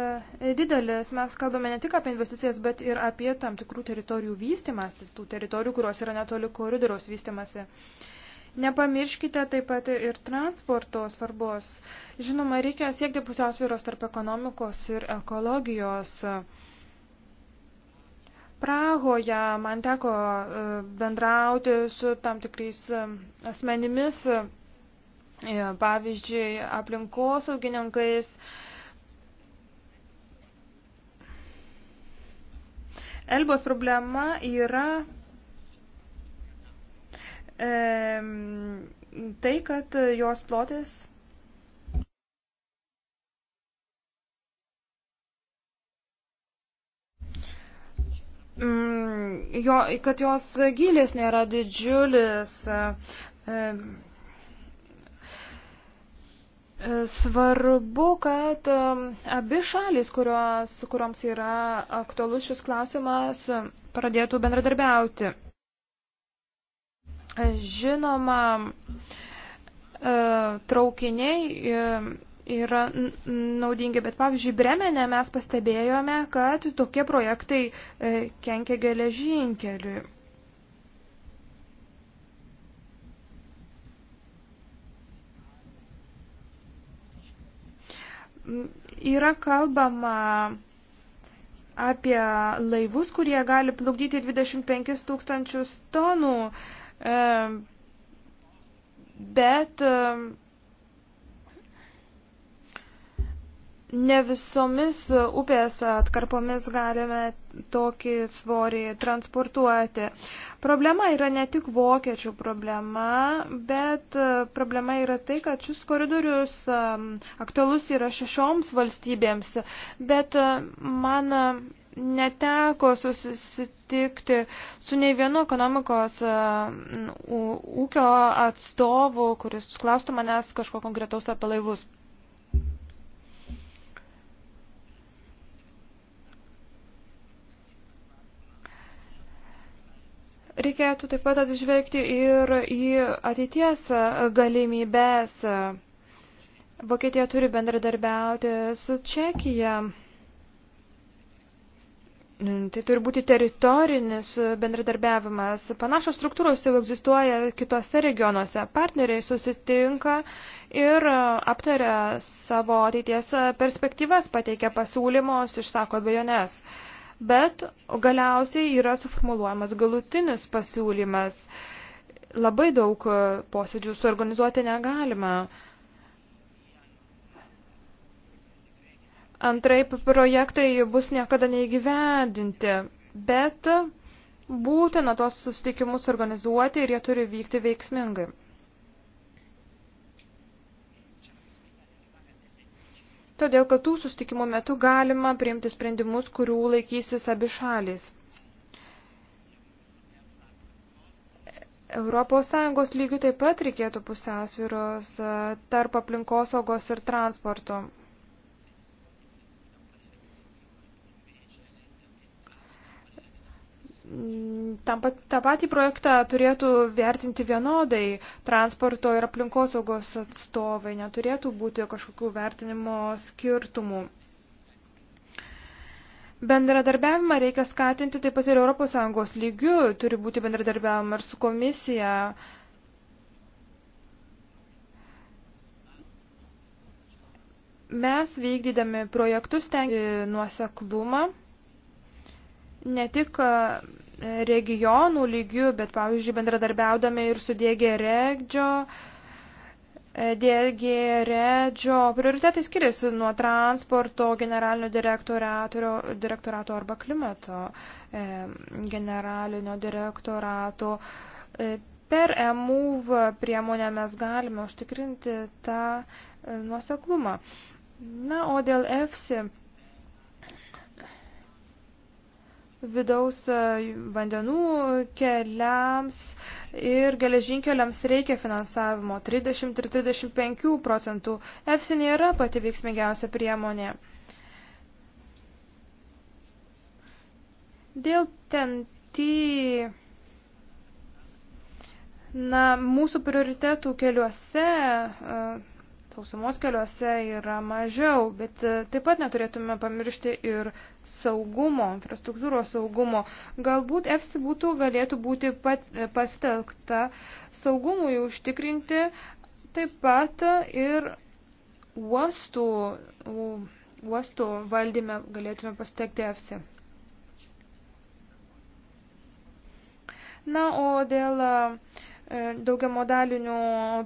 didelis. Mes kalbame ne tik apie investicijas, bet ir apie tam tikrų teritorijų vystimąsi, tų teritorijų, kurios yra netoli koridoriaus vystimąsi. Uh, Nepamirškite taip pat ir transporto svarbos. Žinoma, reikia siekti pusiausvyros tarp ekonomikos ir ekologijos. Prahoje man teko e, bendrauti su tam tikrais e, asmenimis, e, pavyzdžiui, aplinkosaugininkais. Elbos problema yra tai, kad jos plotis mm, jo, kad jos gylis nėra didžiulis. Svarbu, kad abi šalis, kurios, kurioms yra aktualus šis klausimas, pradėtų bendradarbiauti. Žinoma, e, traukiniai e, yra naudingi, bet pavyzdžiui, Bremenė mes pastebėjome, kad tokie projektai e, kenkia geležinkeliui. Yra kalbama apie laivus, kurie gali plukdyti 25 tūkstančius tonų uh, bet ne visomis upės atkarpomis galime tokį svorį transportuoti. Problema yra ne tik vokiečių problema, bet e, problema yra tai, kad šis koridorius aktualus yra šešioms valstybėms, bet e, man neteko susitikti su ne vienu ekonomikos e, ūkio atstovu, kuris klaustų manęs kažko konkretaus apie laivus. Reikėtų taip pat atsižvelgti ir į ateities galimybės. Vokietija turi bendradarbiauti su Čekija. Tai turi būti teritorinis bendradarbiavimas. Panašios struktūros jau egzistuoja kitose regionuose. Partneriai susitinka ir aptaria savo ateities perspektyvas, pateikia pasiūlymus, išsako bejonės. Bet galiausiai yra suformuluojamas galutinis pasiūlymas. Labai daug posėdžių suorganizuoti negalima. Antraip projektai bus niekada neįgyvendinti, bet būtina tuos susitikimus organizuoti ir jie turi vykti veiksmingai. Todėl, kad tų susitikimų metu galima priimti sprendimus, kurių laikysis abi šalis. ES lygių taip pat reikėtų pusiausvyros eh, tarp aplinkosaugos ir transporto. Mm, tam pat, tą patį projektą turėtų vertinti vienodai transporto ir aplinkosaugos atstovai, neturėtų būti kažkokių vertinimo skirtumų. Bendradarbiavimą reikia skatinti taip pat ir ES lygių, turi būti bendradarbiavimą ir su komisija. Mes vykdydami projektus tengi nuoseklumą ne tik e, regionų lygių, bet, pavyzdžiui, bendradarbiaudami ir su DG Regdžio, e, DG Regdžio prioritetai skiriasi nuo transporto generalinio direktorato arba klimato e, generalinio direktorato. Per EMUV priemonę mes galime užtikrinti tą nuoseklumą. Na, o dėl EFSI vidaus e, vandenų keliams ir geležinkeliams reikia finansavimo 30 ir 35 procentų. EFSI nėra pati veiksmingiausia priemonė. Dėl tentį, na, mūsų prioritetų keliuose uh, sausumos keliuose yra mažiau, bet e, taip pat neturėtume pamiršti ir saugumo, infrastruktūros saugumo. Galbūt EFSI būtų, galėtų būti pat, e, pastelgta saugumui užtikrinti taip pat ir uostų, uostų valdyme galėtume pastekti EFSI. Na, o dėl uh, E, daugiamodalinių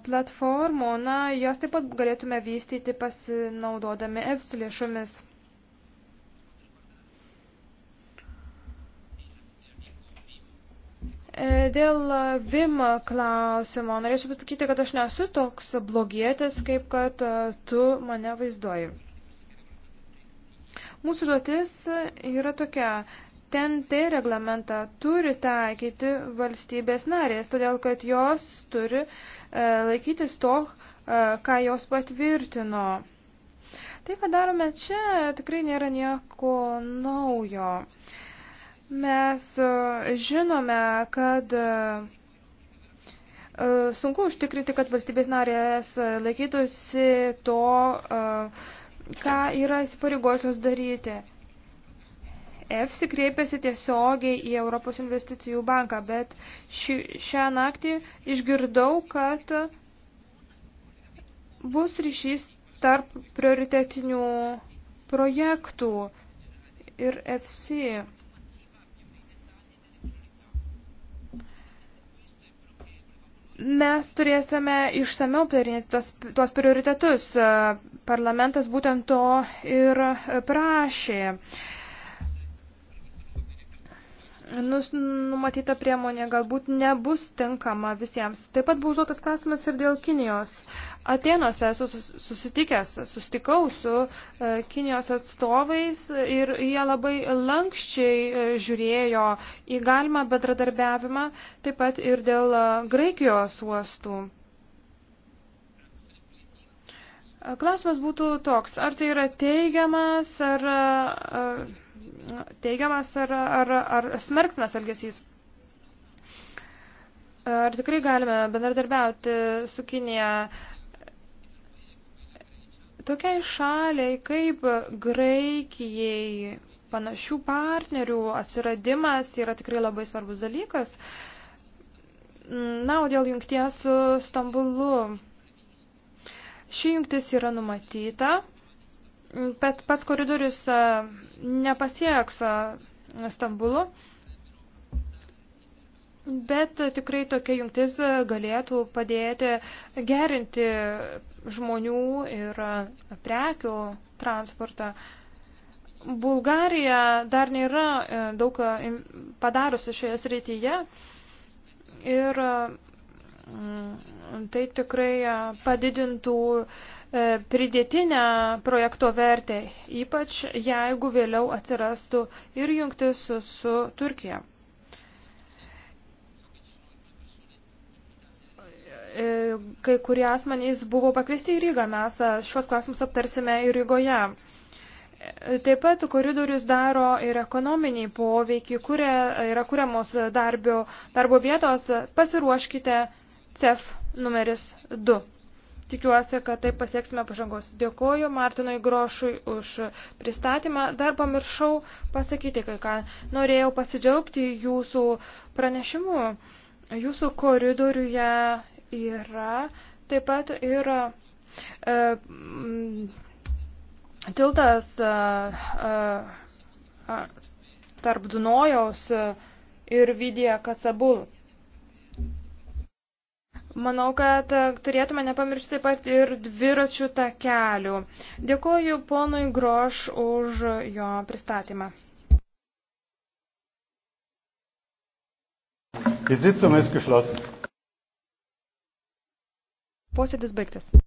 platformų, na, jos taip pat galėtume vystyti pasinaudodami EFS lėšomis. E, dėl VIM klausimo norėčiau pasakyti, kad aš nesu toks blogietis, kaip kad e, tu mane vaizduoji. Mūsų žodis yra tokia ten tai reglamentą turi taikyti valstybės narės, todėl kad jos turi e, laikytis to, e, ką jos patvirtino. Tai, ką darome čia, tikrai nėra nieko naujo. Mes e, žinome, kad e, e, sunku užtikrinti, kad valstybės narės laikytųsi to, ką yra įsipareigojusios daryti. EFSI kreipėsi tiesiogiai į Europos investicijų banką, bet ši, šią naktį išgirdau, kad bus ryšys tarp prioritetinių projektų ir EFSI. Mes turėsime išsameu aptarinėti tuos, tuos prioritetus. Parlamentas būtent to ir prašė nus, numatyta priemonė galbūt nebus tinkama visiems. Taip pat buvo užduotas klausimas ir dėl Kinijos. Atenose esu susitikęs, susitikau su e, Kinijos atstovais ir jie labai lankščiai e, žiūrėjo į galimą bedradarbiavimą, taip pat ir dėl e, Graikijos uostų. E, klausimas būtų toks, ar tai yra teigiamas, ar. E, e teigiamas ar, ar, ar smerktinas elgesys. Ar tikrai galime bendradarbiauti su Kinija tokiai šaliai kaip Graikijai panašių partnerių atsiradimas yra tikrai labai svarbus dalykas. Na, o dėl jungties su Stambulu. Ši jungtis yra numatyta bet pats koridorius e, nepasieks e, Stambulu, bet tikrai tokia jungtis e, galėtų padėti gerinti žmonių ir prekių transportą. Bulgarija dar nėra daug padariusi šioje srityje ir mm, tai tikrai padidintų E, pridėtinę projekto vertę, ypač jeigu vėliau atsirastų ir jungtis su, su Turkija. E, kai kurie asmenys buvo pakviesti į Rygą, mes e, šios klausimus aptarsime ir Rygoje. Taip pat koridorius daro ir ekonominį poveikį, kuria yra kuriamos darbio, darbo vietos, pasiruoškite CEF numeris 2. Tikiuosi, kad taip pasieksime pažangos. Dėkuoju Martinui Grošui už pristatymą. Dar pamiršau pasakyti kai ką. Norėjau pasidžiaugti jūsų pranešimu. Jūsų koridoriuje yra taip pat ir e, m, tiltas e, e, tarp Dunojaus ir Vidija Katsabul. Manau, kad e, turėtume nepamiršti taip pat ir dviračių takelių. Dėkuoju ponui Groš už jo pristatymą. Posėdis baigtas.